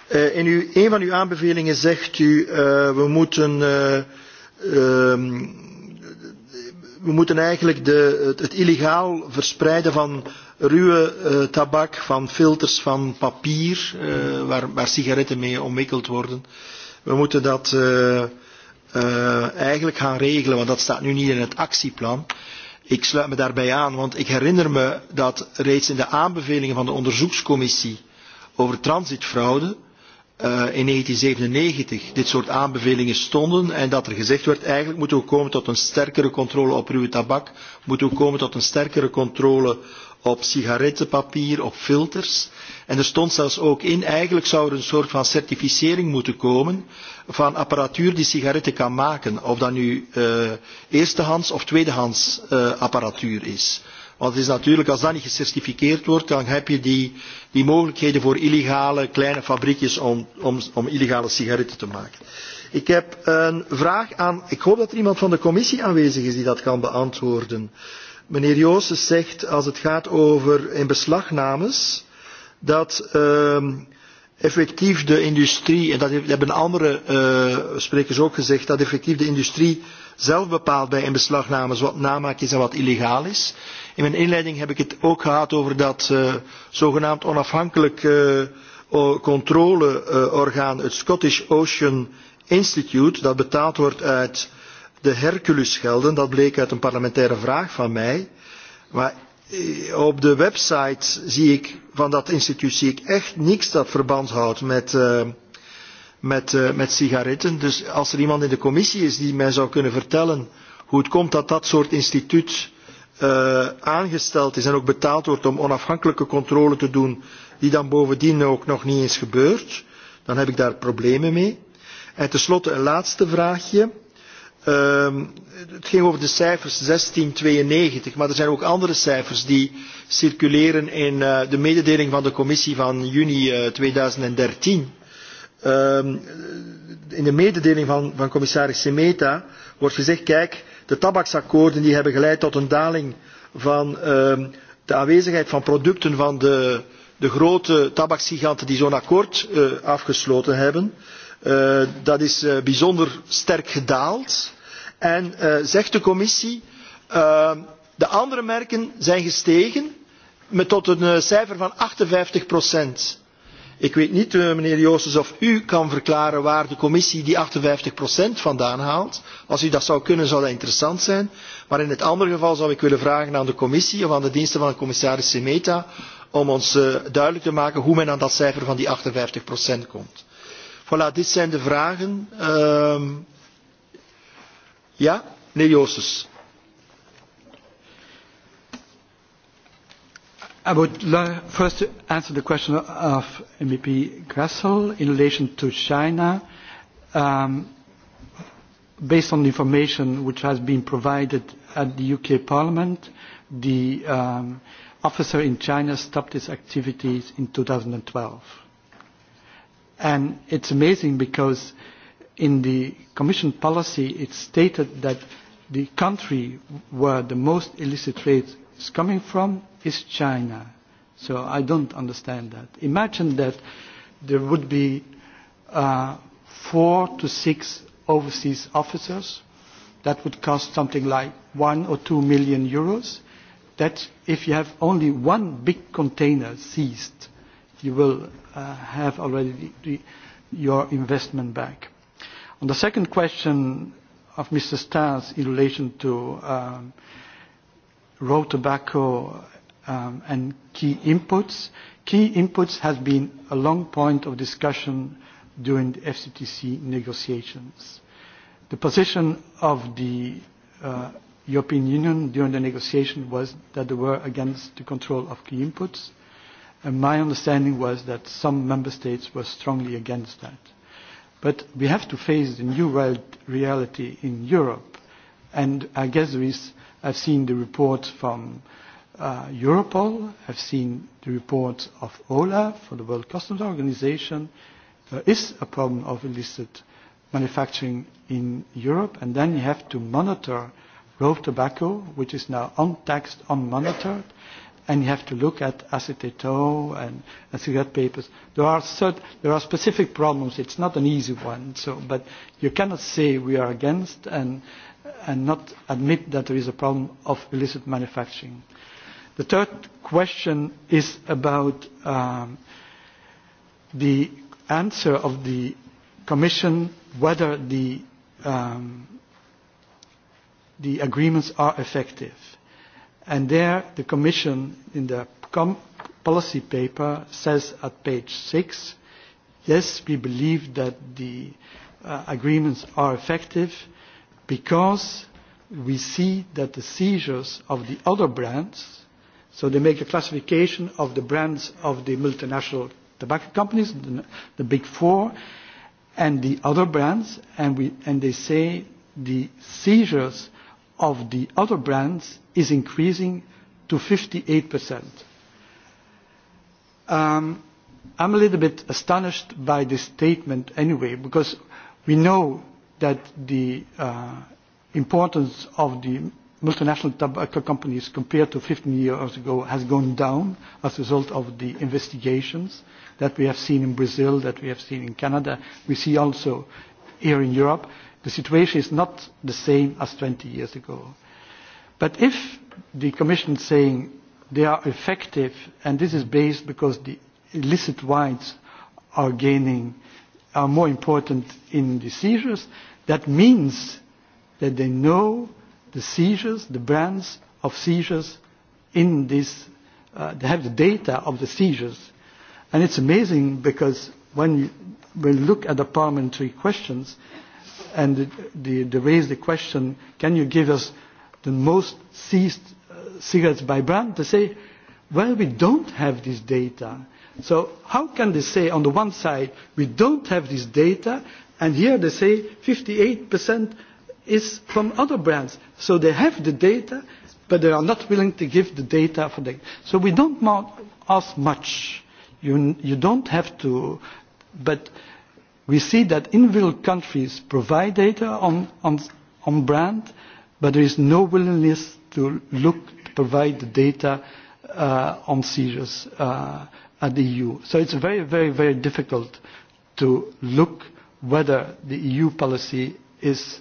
Uh, in uw, een van uw aanbevelingen zegt u, uh, we moeten... Uh, um, we moeten eigenlijk de, het, het illegaal verspreiden van ruwe uh, tabak, van filters, van papier, uh, waar, waar sigaretten mee omwikkeld worden. We moeten dat uh, uh, eigenlijk gaan regelen, want dat staat nu niet in het actieplan. Uh, Ik sluit me daarbij aan, want ik herinner me dat reeds in de aanbevelingen van de onderzoekscommissie over transitfraude uh, in 1997 dit soort aanbevelingen stonden en dat er gezegd werd eigenlijk moeten we komen tot een sterkere controle op ruwe tabak, moeten we komen tot een sterkere controle op sigarettenpapier, op filters. En er stond zelfs ook in, eigenlijk zou er een soort van certificering moeten komen van apparatuur die sigaretten kan maken. Of dat nu uh, eerstehands of tweedehands uh, apparatuur is. Want het is natuurlijk, als dat niet gecertificeerd wordt, dan heb je die, die mogelijkheden voor illegale kleine fabriekjes om, om, om illegale sigaretten te maken. Ik heb een vraag aan, ik hoop dat er iemand van de commissie aanwezig is die dat kan beantwoorden. Uh, Meneer Joosses zegt als het gaat over inbeslagnames dat uh, effectief de industrie, en dat hebben andere uh, sprekers ook gezegd, dat effectief de industrie zelf bepaalt bij inbeslagnames wat namaak is en wat illegaal is. In mijn inleiding heb ik het ook gehad over dat uh, zogenaamd onafhankelijk uh, controleorgaan, uh, het Scottish Ocean Institute, dat betaald wordt uit de Hercules-gelden. Dat bleek uit een parlementaire vraag van mij. Maar eh, op de website zie ik, van dat instituut zie ik echt niks dat verband houdt met, uh, met, uh, met sigaretten. Dus als er iemand in de commissie is die mij zou kunnen vertellen hoe het komt dat dat soort instituut uh, aangesteld is en ook betaald wordt om onafhankelijke controle te doen, die dan bovendien ook nog niet eens gebeurt, dan heb ik daar problemen mee. En tenslotte een laatste vraagje. Um, het ging over de cijfers 1692, maar er zijn ook andere cijfers die circuleren in uh, de mededeling van de commissie van juni uh, 2013. Um, in de mededeling van, van commissaris Semeta wordt gezegd, kijk, de tabaksakkoorden die hebben geleid tot een daling van um, de aanwezigheid van producten van de, de grote tabaksgiganten die zo'n akkoord uh, afgesloten hebben. Uh, Uh, dat is uh, bijzonder sterk gedaald. En uh, zegt de commissie, uh, de andere merken zijn gestegen met tot een uh, cijfer van 58 procent. Ik weet niet, uh, meneer Joostes, of u kan verklaren waar de commissie die 58 procent vandaan haalt. Als u dat zou kunnen, zou dat interessant zijn. Maar in het andere geval zou ik willen vragen aan de commissie of aan de diensten van de commissaris Semeta om ons uh, duidelijk te maken hoe men aan dat cijfer van die 58 procent komt. Voilà, dit zijn de vragen. Um, ja, meneer Joostes. I would first answer the question of MEP Gressel in relation to China. Um, based on the information which has been provided at the UK Parliament, the um, officer in China stopped his activities in 2012 And it's amazing because in the Commission policy it's stated that the country where the most illicit trade is coming from is China. So I don't understand that. Imagine that there would be uh, four to six overseas officers. That would cost something like one or two million euros. That if you have only one big container seized, you will uh, have already the, your investment back. On the second question of Mr. Stas in relation to um, raw tobacco um, and key inputs, key inputs has been a long point of discussion during the FCTC negotiations. The position of the uh, European Union during the negotiation was that they were against the control of key inputs And my understanding was that some member states were strongly against that. But we have to face the new world reality in Europe. And I guess there is, I've seen the report from uh, Europol, I've seen the report of OLAF, for the World Customs Organization. There is a problem of illicit manufacturing in Europe, and then you have to monitor raw tobacco, which is now untaxed, unmonitored, and you have to look at acetate-O and, and cigarette papers. There are, cert, there are specific problems. It's not an easy one, so, but you cannot say we are against and, and not admit that there is a problem of illicit manufacturing. The third question is about um, the answer of the Commission whether the, um, the agreements are effective. And there the Commission in the com policy paper says at page six, yes, we believe that the uh, agreements are effective because we see that the seizures of the other brands, so they make a classification of the brands of the multinational tobacco companies, the, the big four, and the other brands, and, we, and they say the seizures of the other brands is increasing to 58%. Um, I'm a little bit astonished by this statement anyway, because we know that the uh, importance of the multinational tobacco companies compared to 15 years ago has gone down as a result of the investigations that we have seen in Brazil, that we have seen in Canada, we see also here in Europe. The situation is not the same as 20 years ago. But if the Commission is saying they are effective, and this is based because the illicit wines are gaining, are more important in the seizures, that means that they know the seizures, the brands of seizures in this, uh, they have the data of the seizures. And it's amazing because when we when you look at the parliamentary questions, and the, the, the raise the question, can you give us the most seized uh, cigarettes by brand? They say, well, we don't have this data. So how can they say on the one side, we don't have this data, and here they say 58% is from other brands. So they have the data, but they are not willing to give the data for that. So we don't ask much. You, you don't have to, but we see that individual countries provide data on, on, on brand, but there is no willingness to look, to provide the data uh, on seizures uh, at the EU. So it's very, very, very difficult to look whether the EU policy is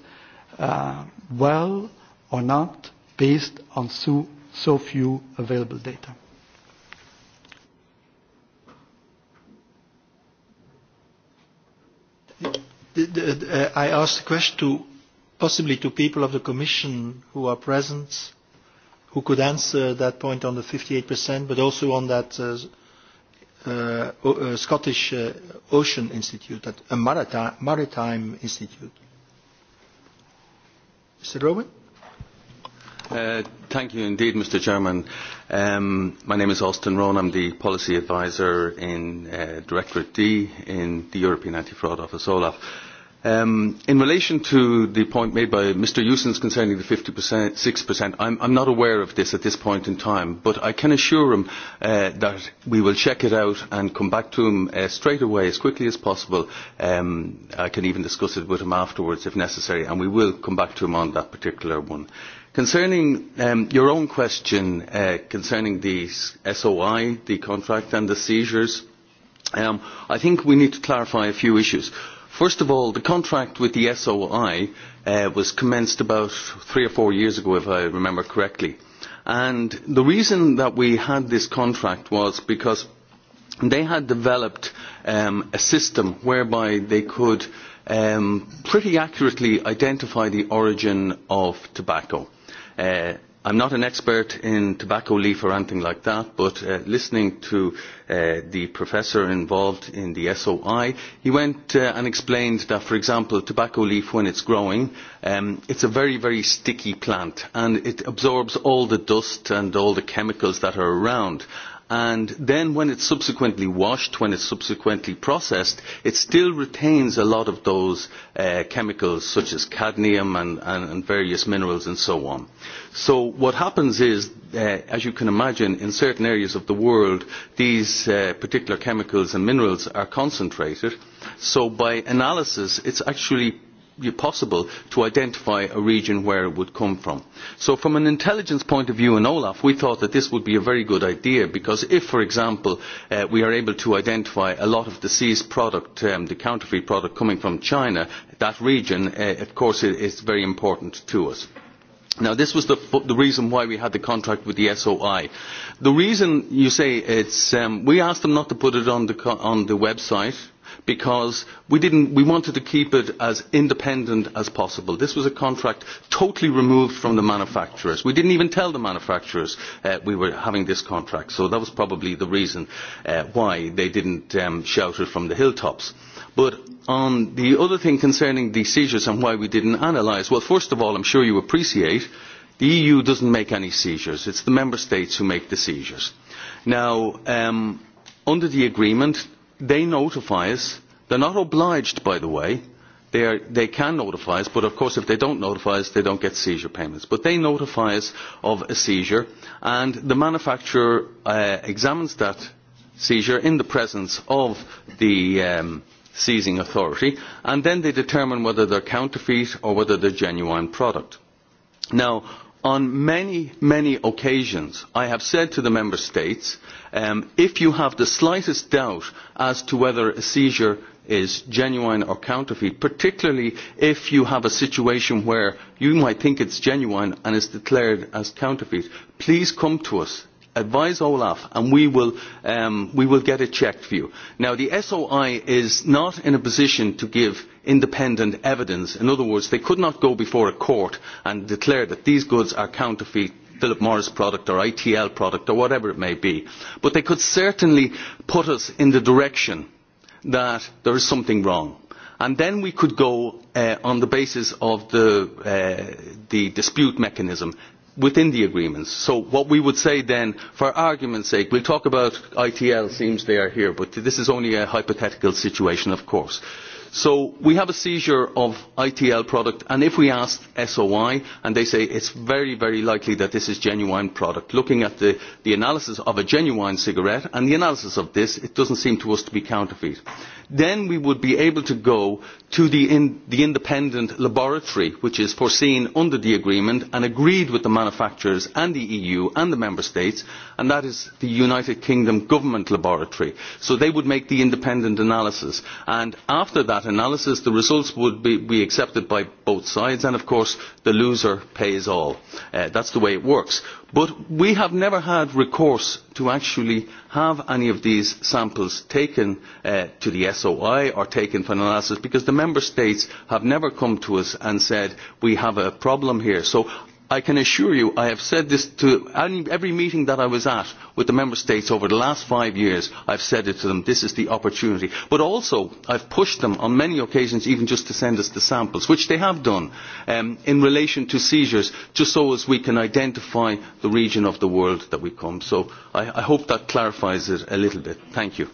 uh, well or not based on so, so few available data. the, the, uh, I asked the question to possibly to people of the Commission who are present who could answer that point on the 58%, but also on that uh, uh, uh, Scottish uh, Ocean Institute, that, a maritime, maritime institute. Mr. Rowan? Uh, thank you indeed, Mr. Chairman. Um, my name is Austin Rohn. I'm the policy advisor in uh, Directorate D in the European Anti-Fraud Office, OLAF. Um, in relation to the point made by Mr. Eusens concerning the 50%, 6%, I'm, I'm not aware of this at this point in time, but I can assure him uh, that we will check it out and come back to him uh, straight away as quickly as possible. Um, I can even discuss it with him afterwards if necessary, and we will come back to him on that particular one. Uh, Concerning um, your own question uh, concerning the SOI, the contract and the seizures, um, I think we need to clarify a few issues. First of all, the contract with the SOI uh, was commenced about three or four years ago, if I remember correctly. And the reason that we had this contract was because they had developed um, a system whereby they could um, pretty accurately identify the origin of tobacco. Uh, I'm not an expert in tobacco leaf or anything like that, but uh, listening to uh, the professor involved in the SOI, he went uh, and explained that, for example, tobacco leaf, when it's growing, um, it's a very, very sticky plant, and it absorbs all the dust and all the chemicals that are around and then when it's subsequently washed, when it's subsequently processed, it still retains a lot of those uh, chemicals such as cadmium and, and, and various minerals and so on. So what happens is, uh, as you can imagine, in certain areas of the world, these uh, particular chemicals and minerals are concentrated. So by analysis, it's actually possible to identify a region where it would come from. So from an intelligence point of view in Olaf, we thought that this would be a very good idea because if, for example, uh, we are able to identify a lot of the seized product, um, the counterfeit product coming from China, that region, uh, of course, is very important to us. Now, this was the, the reason why we had the contract with the SOI. The reason you say it's, um, we asked them not to put it on the, on the website because we, didn't, we wanted to keep it as independent as possible. This was a contract totally removed from the manufacturers. We didn't even tell the manufacturers uh, we were having this contract, so that was probably the reason uh, why they didn't um, shout it from the hilltops. But on the other thing concerning the seizures and why we didn't analyse, well, first of all, I'm sure you appreciate the EU doesn't make any seizures. It's the member states who make the seizures. Now, um, under the agreement, they notify us. They're not obliged, by the way. They, are, they can notify us, but of course if they don't notify us, they don't get seizure payments. But they notify us of a seizure, and the manufacturer uh, examines that seizure in the presence of the um, seizing authority, and then they determine whether they're counterfeit or whether they're genuine product. Now, on many, many occasions, I have said to the Member States, um, if you have the slightest doubt as to whether a seizure is genuine or counterfeit, particularly if you have a situation where you might think it's genuine and is declared as counterfeit, please come to us. Advise Olaf and we will, um, we will get it checked for you. Now, the SOI is not in a position to give independent evidence. In other words, they could not go before a court and declare that these goods are counterfeit Philip Morris product or ITL product or whatever it may be. But they could certainly put us in the direction that there is something wrong. And then we could go uh, on the basis of the, uh, the dispute mechanism within the agreements. So what we would say then, for argument's sake, we'll talk about ITL, seems they are here, but this is only a hypothetical situation, of course. Uh, So we have a seizure of ITL product, and if we ask SOI, and they say it's very, very likely that this is genuine product, looking at the, the analysis of a genuine cigarette and the analysis of this, it doesn't seem to us to be counterfeit then we would be able to go to the, in, the independent laboratory which is foreseen under the agreement and agreed with the manufacturers and the EU and the member states and that is the United Kingdom government laboratory so they would make the independent analysis and after that analysis the results would be, be accepted by both sides and of course the loser pays all uh, that's the way it works But we have never had recourse to actually have any of these samples taken uh, to the SOI or taken for analysis because the member states have never come to us and said we have a problem here. So I can assure you, I have said this to every meeting that I was at with the Member States over the last five years, I have said it to them, this is the opportunity. But also, I've pushed them on many occasions even just to send us the samples, which they have done, um, in relation to seizures, just so as we can identify the region of the world that we come. So I, I hope that clarifies it a little bit. Thank you.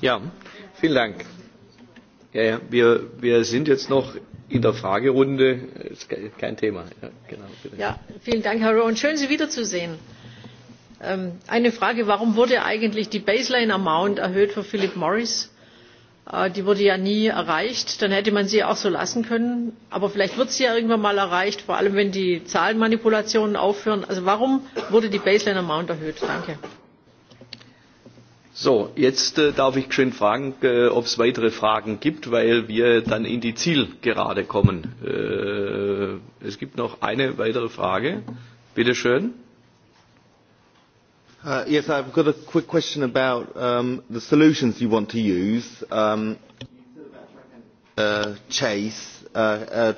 Ja, vielen Dank. Ja, ja, wir, wir sind jetzt noch in der Fragerunde ist kein Thema. Ja, genau, ja vielen Dank, Herr Rowan. Schön, Sie wiederzusehen. Ähm, eine Frage, warum wurde eigentlich die Baseline Amount erhöht für Philip Morris? Äh, die wurde ja nie erreicht, dann hätte man sie auch so lassen können. Aber vielleicht wird sie ja irgendwann mal erreicht, vor allem wenn die Zahlenmanipulationen aufhören. Also warum wurde die Baseline Amount erhöht? Danke. So, jetzt äh, darf ich schon fragen, äh, ob es weitere Fragen gibt, weil wir dann in die Zielgerade kommen. Äh, es gibt noch eine weitere Frage. Bitte schön. Uh, yes, I've got a quick question about um, the solutions you want to use. Um, uh, chase, uh, uh,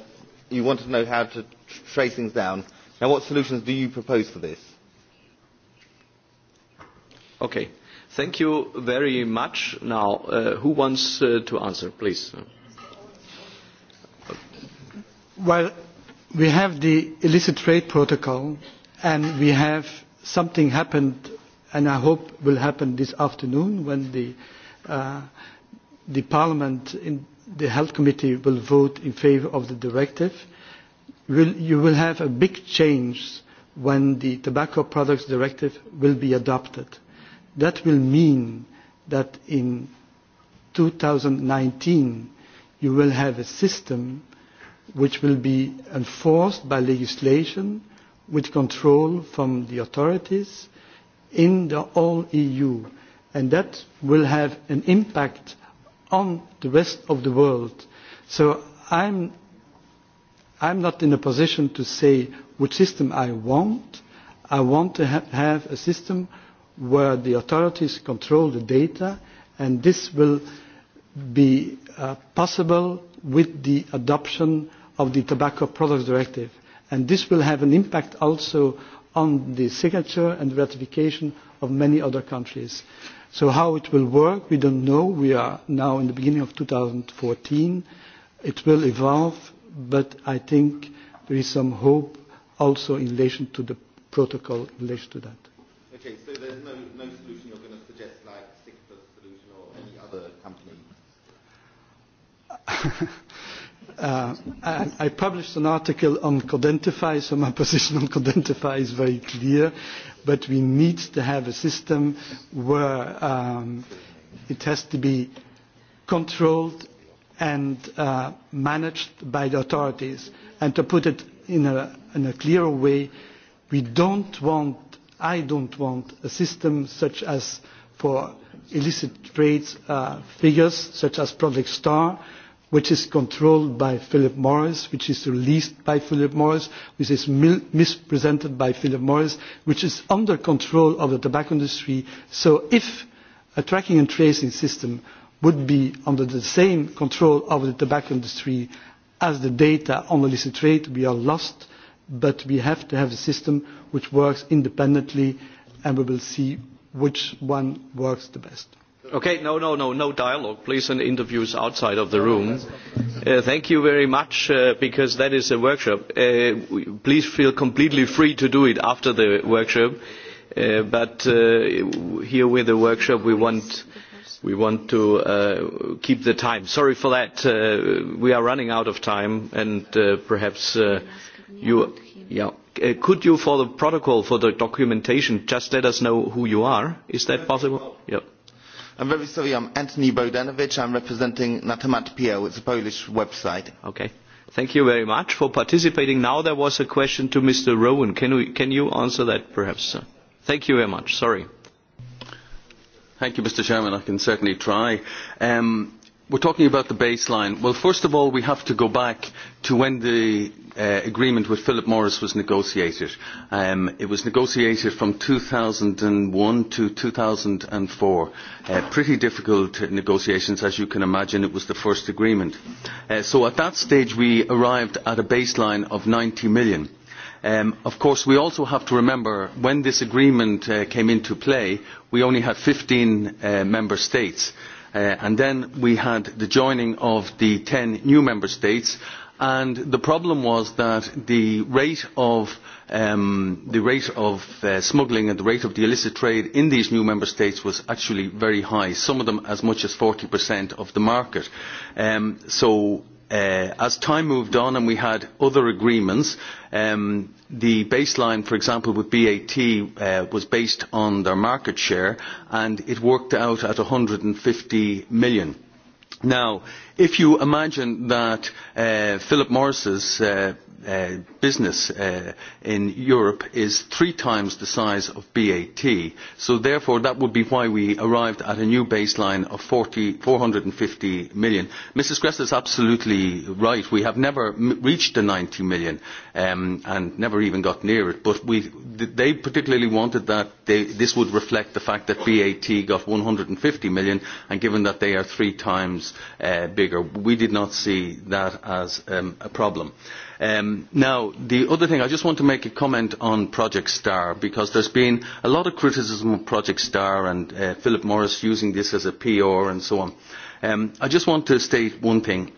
you want to know how to trace things down. Now, what solutions do you propose for this? Okay. Thank you very much. Now, uh, who wants uh, to answer, please? Well, we have the illicit trade protocol, and we have something happened, and I hope will happen this afternoon when the, uh, the Parliament in the Health Committee will vote in favor of the directive. Will, you will have a big change when the Tobacco Products Directive will be adopted That will mean that in 2019 you will have a system which will be enforced by legislation with control from the authorities in the all EU and that will have an impact on the rest of the world. So I'm, I'm not in a position to say which system I want. I want to ha have a system where the authorities control the data and this will be uh, possible with the adoption of the Tobacco Products Directive. And this will have an impact also on the signature and ratification of many other countries. So how it will work, we don't know. We are now in the beginning of 2014. It will evolve, but I think there is some hope also in relation to the protocol in relation to that. Okay, so there's no, no solution you're going to suggest like the solution or any other company? uh, I, I published an article on Codentify, so my position on Codentify is very clear, but we need to have a system where um, it has to be controlled and uh, managed by the authorities. And to put it in a, in a clearer way, we don't want I don't want a system such as for illicit trade uh, figures, such as Project Star, which is controlled by Philip Morris, which is released by Philip Morris, which is mispresented by Philip Morris, which is under control of the tobacco industry. So if a tracking and tracing system would be under the same control of the tobacco industry as the data on illicit trade, we are lost but we have to have a system which works independently and we will see which one works the best. Okay, no, no, no, no dialogue, please, and interviews outside of the room. Uh, thank you very much, uh, because that is a workshop. Uh, please feel completely free to do it after the workshop, uh, but uh, here with the workshop we want, we want to uh, keep the time. Sorry for that, uh, we are running out of time, and uh, perhaps... Uh, You, yeah. Uh, could you, for the protocol, for the documentation, just let us know who you are? Is that uh, possible? Yeah. I'm very sorry, I'm Anthony Bodanovich. I'm representing Natomat.pl. It's a Polish website. Okay. Thank you very much for participating. Now there was a question to Mr. Rowan. Can, we, can you answer that perhaps? Sir? Thank you very much. Sorry. Thank you, Mr. Chairman. I can certainly try. Um, We're talking about the baseline. Well, first of all, we have to go back to when the uh, agreement with Philip Morris was negotiated. Um, it was negotiated from 2001 to 2004. Uh, pretty difficult negotiations, as you can imagine. It was the first agreement. Uh, so at that stage, we arrived at a baseline of 90 million. Um, of course, we also have to remember when this agreement uh, came into play, we only had 15 uh, member states. Uh, and then we had the joining of the 10 new member states and the problem was that the rate of um, the rate of uh, smuggling and the rate of the illicit trade in these new member states was actually very high, some of them as much as 40% of the market. Um, so Uh, as time moved on and we had other agreements, um, the baseline, for example, with BAT uh, was based on their market share and it worked out at 150 million. Now, if you imagine that uh, Philip Morris's uh, uh, business uh, in Europe is three times the size of BAT. So therefore, that would be why we arrived at a new baseline of 40, 450 million. Mrs. Gress is absolutely right. We have never m reached the 90 million um, and never even got near it. But we, they particularly wanted that they, this would reflect the fact that BAT got 150 million and given that they are three times uh, bigger, we did not see that as um, a problem. Uh, Um, now, the other thing, I just want to make a comment on Project Star, because there's been a lot of criticism of Project Star and uh, Philip Morris using this as a PR and so on. Um, I just want to state one thing.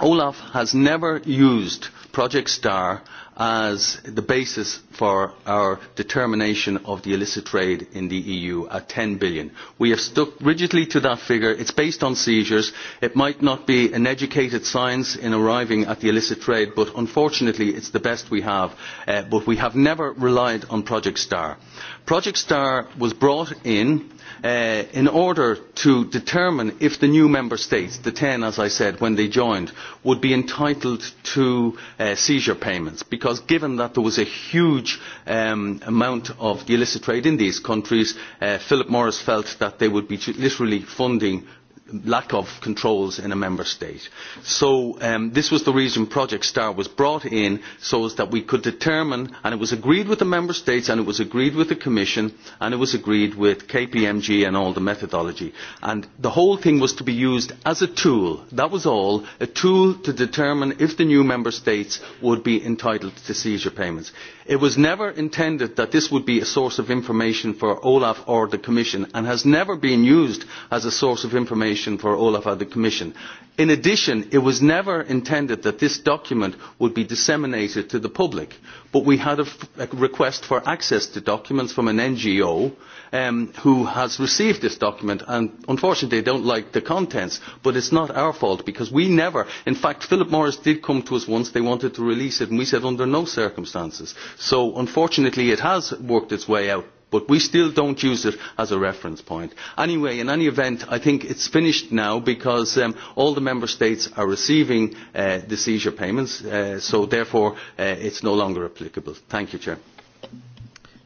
Olaf has never used Project Star as the basis for our determination of the illicit trade in the EU at 10 billion. We have stuck rigidly to that figure. It's based on seizures. It might not be an educated science in arriving at the illicit trade, but unfortunately it's the best we have. Uh, but we have never relied on Project Star. Project Star was brought in uh, in order to determine if the new member states, the 10 as I said when they joined, would be entitled to uh, seizure payments because given that there was a huge um, amount of the illicit trade in these countries, uh, Philip Morris felt that they would be literally funding lack of controls in a member state. So um, this was the reason Project Star was brought in so as that we could determine, and it was agreed with the member states and it was agreed with the Commission and it was agreed with KPMG and all the methodology. And the whole thing was to be used as a tool, that was all, a tool to determine if the new member states would be entitled to seizure payments. It was never intended that this would be a source of information for Olaf or the Commission and has never been used as a source of information for Olaf or the Commission. In addition, it was never intended that this document would be disseminated to the public, but we had a, a request for access to documents from an NGO um, who has received this document and unfortunately they don't like the contents, but it's not our fault because we never, in fact Philip Morris did come to us once, they wanted to release it and we said under no circumstances. So unfortunately it has worked its way out but we still don't use it as a reference point. Anyway, in any event, I think it's finished now because um, all the member states are receiving uh, the seizure payments, uh, so therefore uh, it's no longer applicable. Thank you, Chair.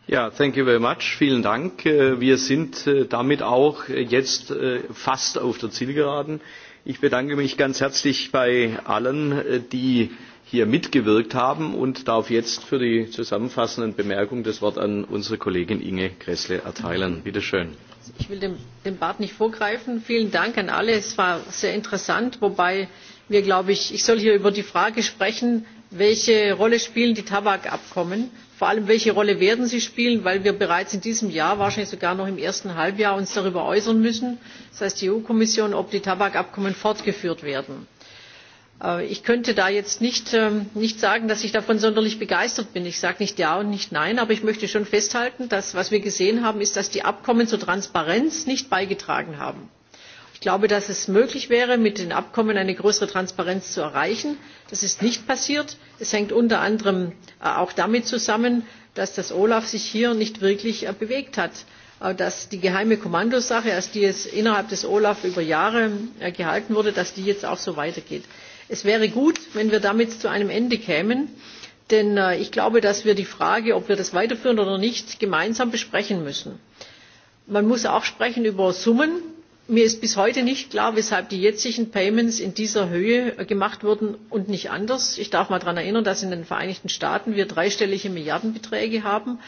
Ja, thank you very much. Vielen Dank. Äh, wir sind äh, damit auch jetzt äh, fast auf der Zielgeraden. Ich bedanke mich ganz herzlich bei allen, die hier mitgewirkt haben und darf jetzt für die zusammenfassenden Bemerkungen das Wort an unsere Kollegin Inge Kressle erteilen. Bitte schön. Ich will dem, dem Bart nicht vorgreifen. Vielen Dank an alle. Es war sehr interessant, wobei wir, glaube ich, ich soll hier über die Frage sprechen, welche Rolle spielen die Tabakabkommen? Vor allem, welche Rolle werden sie spielen, weil wir bereits in diesem Jahr, wahrscheinlich sogar noch im ersten Halbjahr, uns darüber äußern müssen. Das heißt, die EU-Kommission, ob die Tabakabkommen fortgeführt werden. Äh, ich könnte da jetzt nicht, ähm, nicht sagen, dass ich davon sonderlich begeistert bin. Ich sage nicht ja und nicht nein, aber ich möchte schon festhalten, dass was wir gesehen haben, ist, dass die Abkommen zur Transparenz nicht beigetragen haben. Ich glaube, dass es möglich wäre, mit den Abkommen eine größere Transparenz zu erreichen. Das ist nicht passiert. Es hängt unter anderem äh, auch damit zusammen, dass das Olaf sich hier nicht wirklich äh, bewegt hat dass die geheime Kommandosache, als die es innerhalb des Olaf über Jahre gehalten wurde, dass die jetzt auch so weitergeht. Es wäre gut, wenn wir damit zu einem Ende kämen, denn äh, ich glaube, dass wir die Frage, ob wir das weiterführen oder nicht, gemeinsam besprechen müssen. Man muss auch sprechen über Summen. Mir ist bis heute nicht klar, weshalb die jetzigen Payments in dieser Höhe äh, gemacht wurden und nicht anders. Ich darf mal daran erinnern, dass in den Vereinigten Staaten wir dreistellige Milliardenbeträge haben.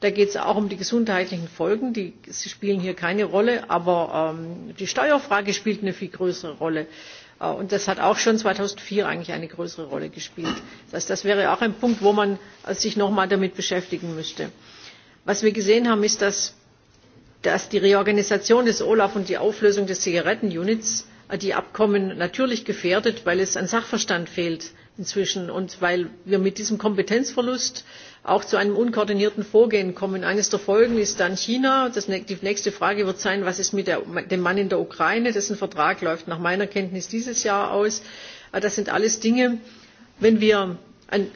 Da geht es auch um die gesundheitlichen Folgen, die spielen hier keine Rolle, aber ähm, die Steuerfrage spielt eine viel größere Rolle. Äh, und das hat auch schon 2004 eigentlich eine größere Rolle gespielt. Das heißt, das wäre auch ein Punkt, wo man äh, sich nochmal damit beschäftigen müsste. Was wir gesehen haben, ist, dass, dass die Reorganisation des Olaf und die Auflösung des Zigarettenunits äh, die Abkommen natürlich gefährdet, weil es an Sachverstand fehlt inzwischen und weil wir mit diesem Kompetenzverlust äh, auch zu einem unkoordinierten Vorgehen kommen. Eines der Folgen ist dann China. Das, die nächste Frage wird sein, was ist mit der, dem Mann in der Ukraine? Dessen Vertrag läuft nach meiner Kenntnis dieses Jahr aus. Äh, das sind alles Dinge, wenn wir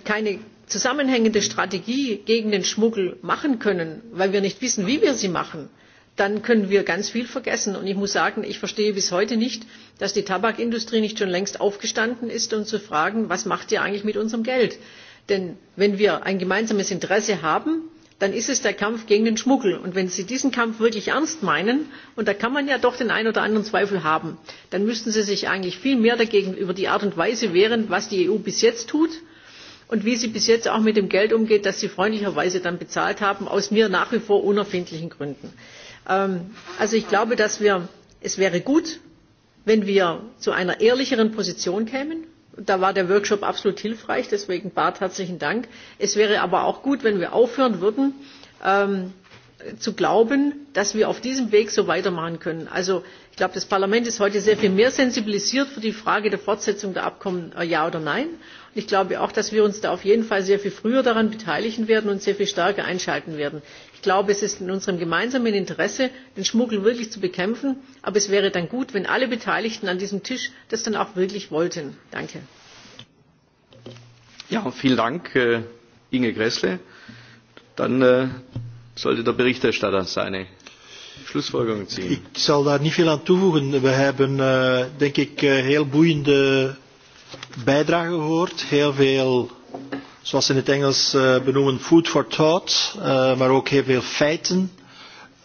keine zusammenhängende Strategie gegen den Schmuggel machen können, weil wir nicht wissen, wie wir sie machen, dann können wir ganz viel vergessen. Und ich muss sagen, ich verstehe bis heute nicht, dass die Tabakindustrie nicht schon längst aufgestanden ist, um zu fragen, was macht ihr eigentlich mit unserem Geld? Denn wenn wir ein gemeinsames Interesse haben, dann ist es der Kampf gegen den Schmuggel. Und wenn Sie diesen Kampf wirklich ernst meinen, und da kann man ja doch den einen oder anderen Zweifel haben, dann müssten Sie sich eigentlich viel mehr dagegen über die Art und Weise wehren, was die EU bis jetzt tut und wie sie bis jetzt auch mit dem Geld umgeht, das Sie freundlicherweise dann bezahlt haben, aus mir nach wie vor unerfindlichen Gründen. Ähm, also ich glaube, dass wir, es wäre gut, wenn wir zu einer ehrlicheren Position kämen Da war der Workshop absolut hilfreich, deswegen Bart, herzlichen Dank. Es wäre aber auch gut, wenn wir aufhören würden, ähm, zu glauben, dass wir auf diesem Weg so weitermachen können. Also ich glaube, das Parlament ist heute sehr viel mehr sensibilisiert für die Frage der Fortsetzung der Abkommen, äh, ja oder nein. Und ich glaube auch, dass wir uns da auf jeden Fall sehr viel früher daran beteiligen werden und sehr viel stärker einschalten werden glaube, es ist in unserem gemeinsamen Interesse, den Schmuggel wirklich zu bekämpfen. Aber es wäre dann gut, wenn alle Beteiligten an diesem Tisch das dann auch wirklich wollten. Danke. Ja, vielen Dank, äh, Inge Gressle. Dann äh, sollte der Berichterstatter seine Schlussfolgerung ziehen. Ich soll da nicht viel an toevoegen. We hebben, uh, eh, denke ich eh, heel boeiende bijdragen gehört. Heel veel zoals in het Engels uh, benoemen, food for thought, uh, maar ook heel veel feiten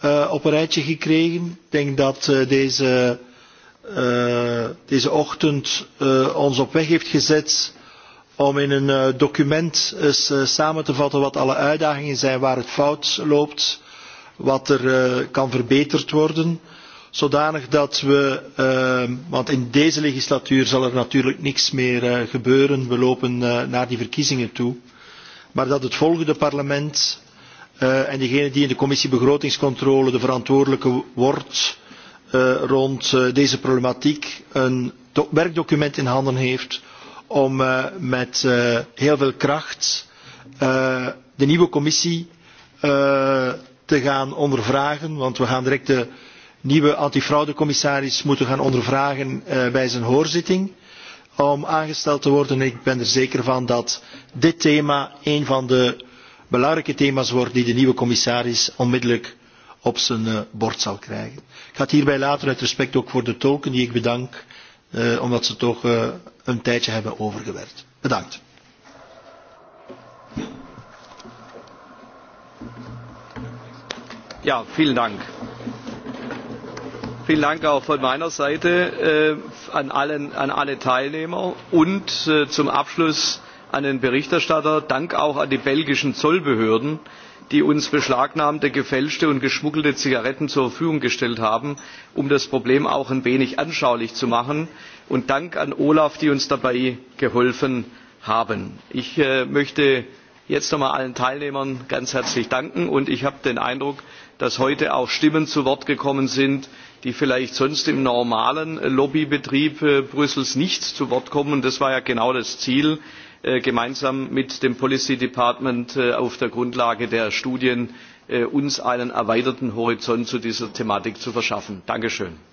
uh, op een rijtje gekregen. Ik denk dat uh, deze, uh, deze ochtend uh, ons op weg heeft gezet om in een uh, document eens uh, samen te vatten wat alle uitdagingen zijn, waar het fout loopt, wat er uh, kan verbeterd worden. Uh, zodanig dat we, uh, want in deze legislatuur zal er natuurlijk niks meer uh, gebeuren, we lopen uh, naar die verkiezingen toe, maar dat het volgende parlement uh, en degene die in de commissie begrotingscontrole de verantwoordelijke wordt uh, rond uh, deze problematiek een werkdocument in handen heeft om uh, met uh, heel veel kracht uh, de nieuwe commissie uh, te gaan ondervragen, want we gaan direct de nieuwe antifraudecommissaris moeten gaan ondervragen uh, bij zijn hoorzitting om aangesteld te worden. Ik ben er zeker van dat dit thema een van de belangrijke thema's wordt die de nieuwe commissaris onmiddellijk op zijn uh, bord zal krijgen. Ik ga het hierbij laten uit respect ook voor de tolken die ik bedank uh, omdat ze toch uh, een tijdje hebben overgewerkt. Bedankt. Ja, vielen Dank. Vielen Dank auch von meiner Seite äh, an, allen, an alle Teilnehmer und äh, zum Abschluss an den Berichterstatter. Dank auch an die belgischen Zollbehörden, die uns beschlagnahmte, gefälschte und geschmuggelte Zigaretten zur Verfügung gestellt haben, um das Problem auch ein wenig anschaulich zu machen. Und Dank an Olaf, die uns dabei geholfen haben. Ich äh, möchte jetzt noch einmal allen Teilnehmern ganz herzlich danken und ich habe den Eindruck, dass heute auch Stimmen zu Wort gekommen sind, die vielleicht sonst im normalen äh, Lobbybetrieb äh, Brüssels nicht zu Wort kommen. Und das war ja genau das Ziel, äh, gemeinsam mit dem Policy Department auf der Grundlage der Studien uns einen erweiterten Horizont zu dieser Thematik zu verschaffen. Dankeschön.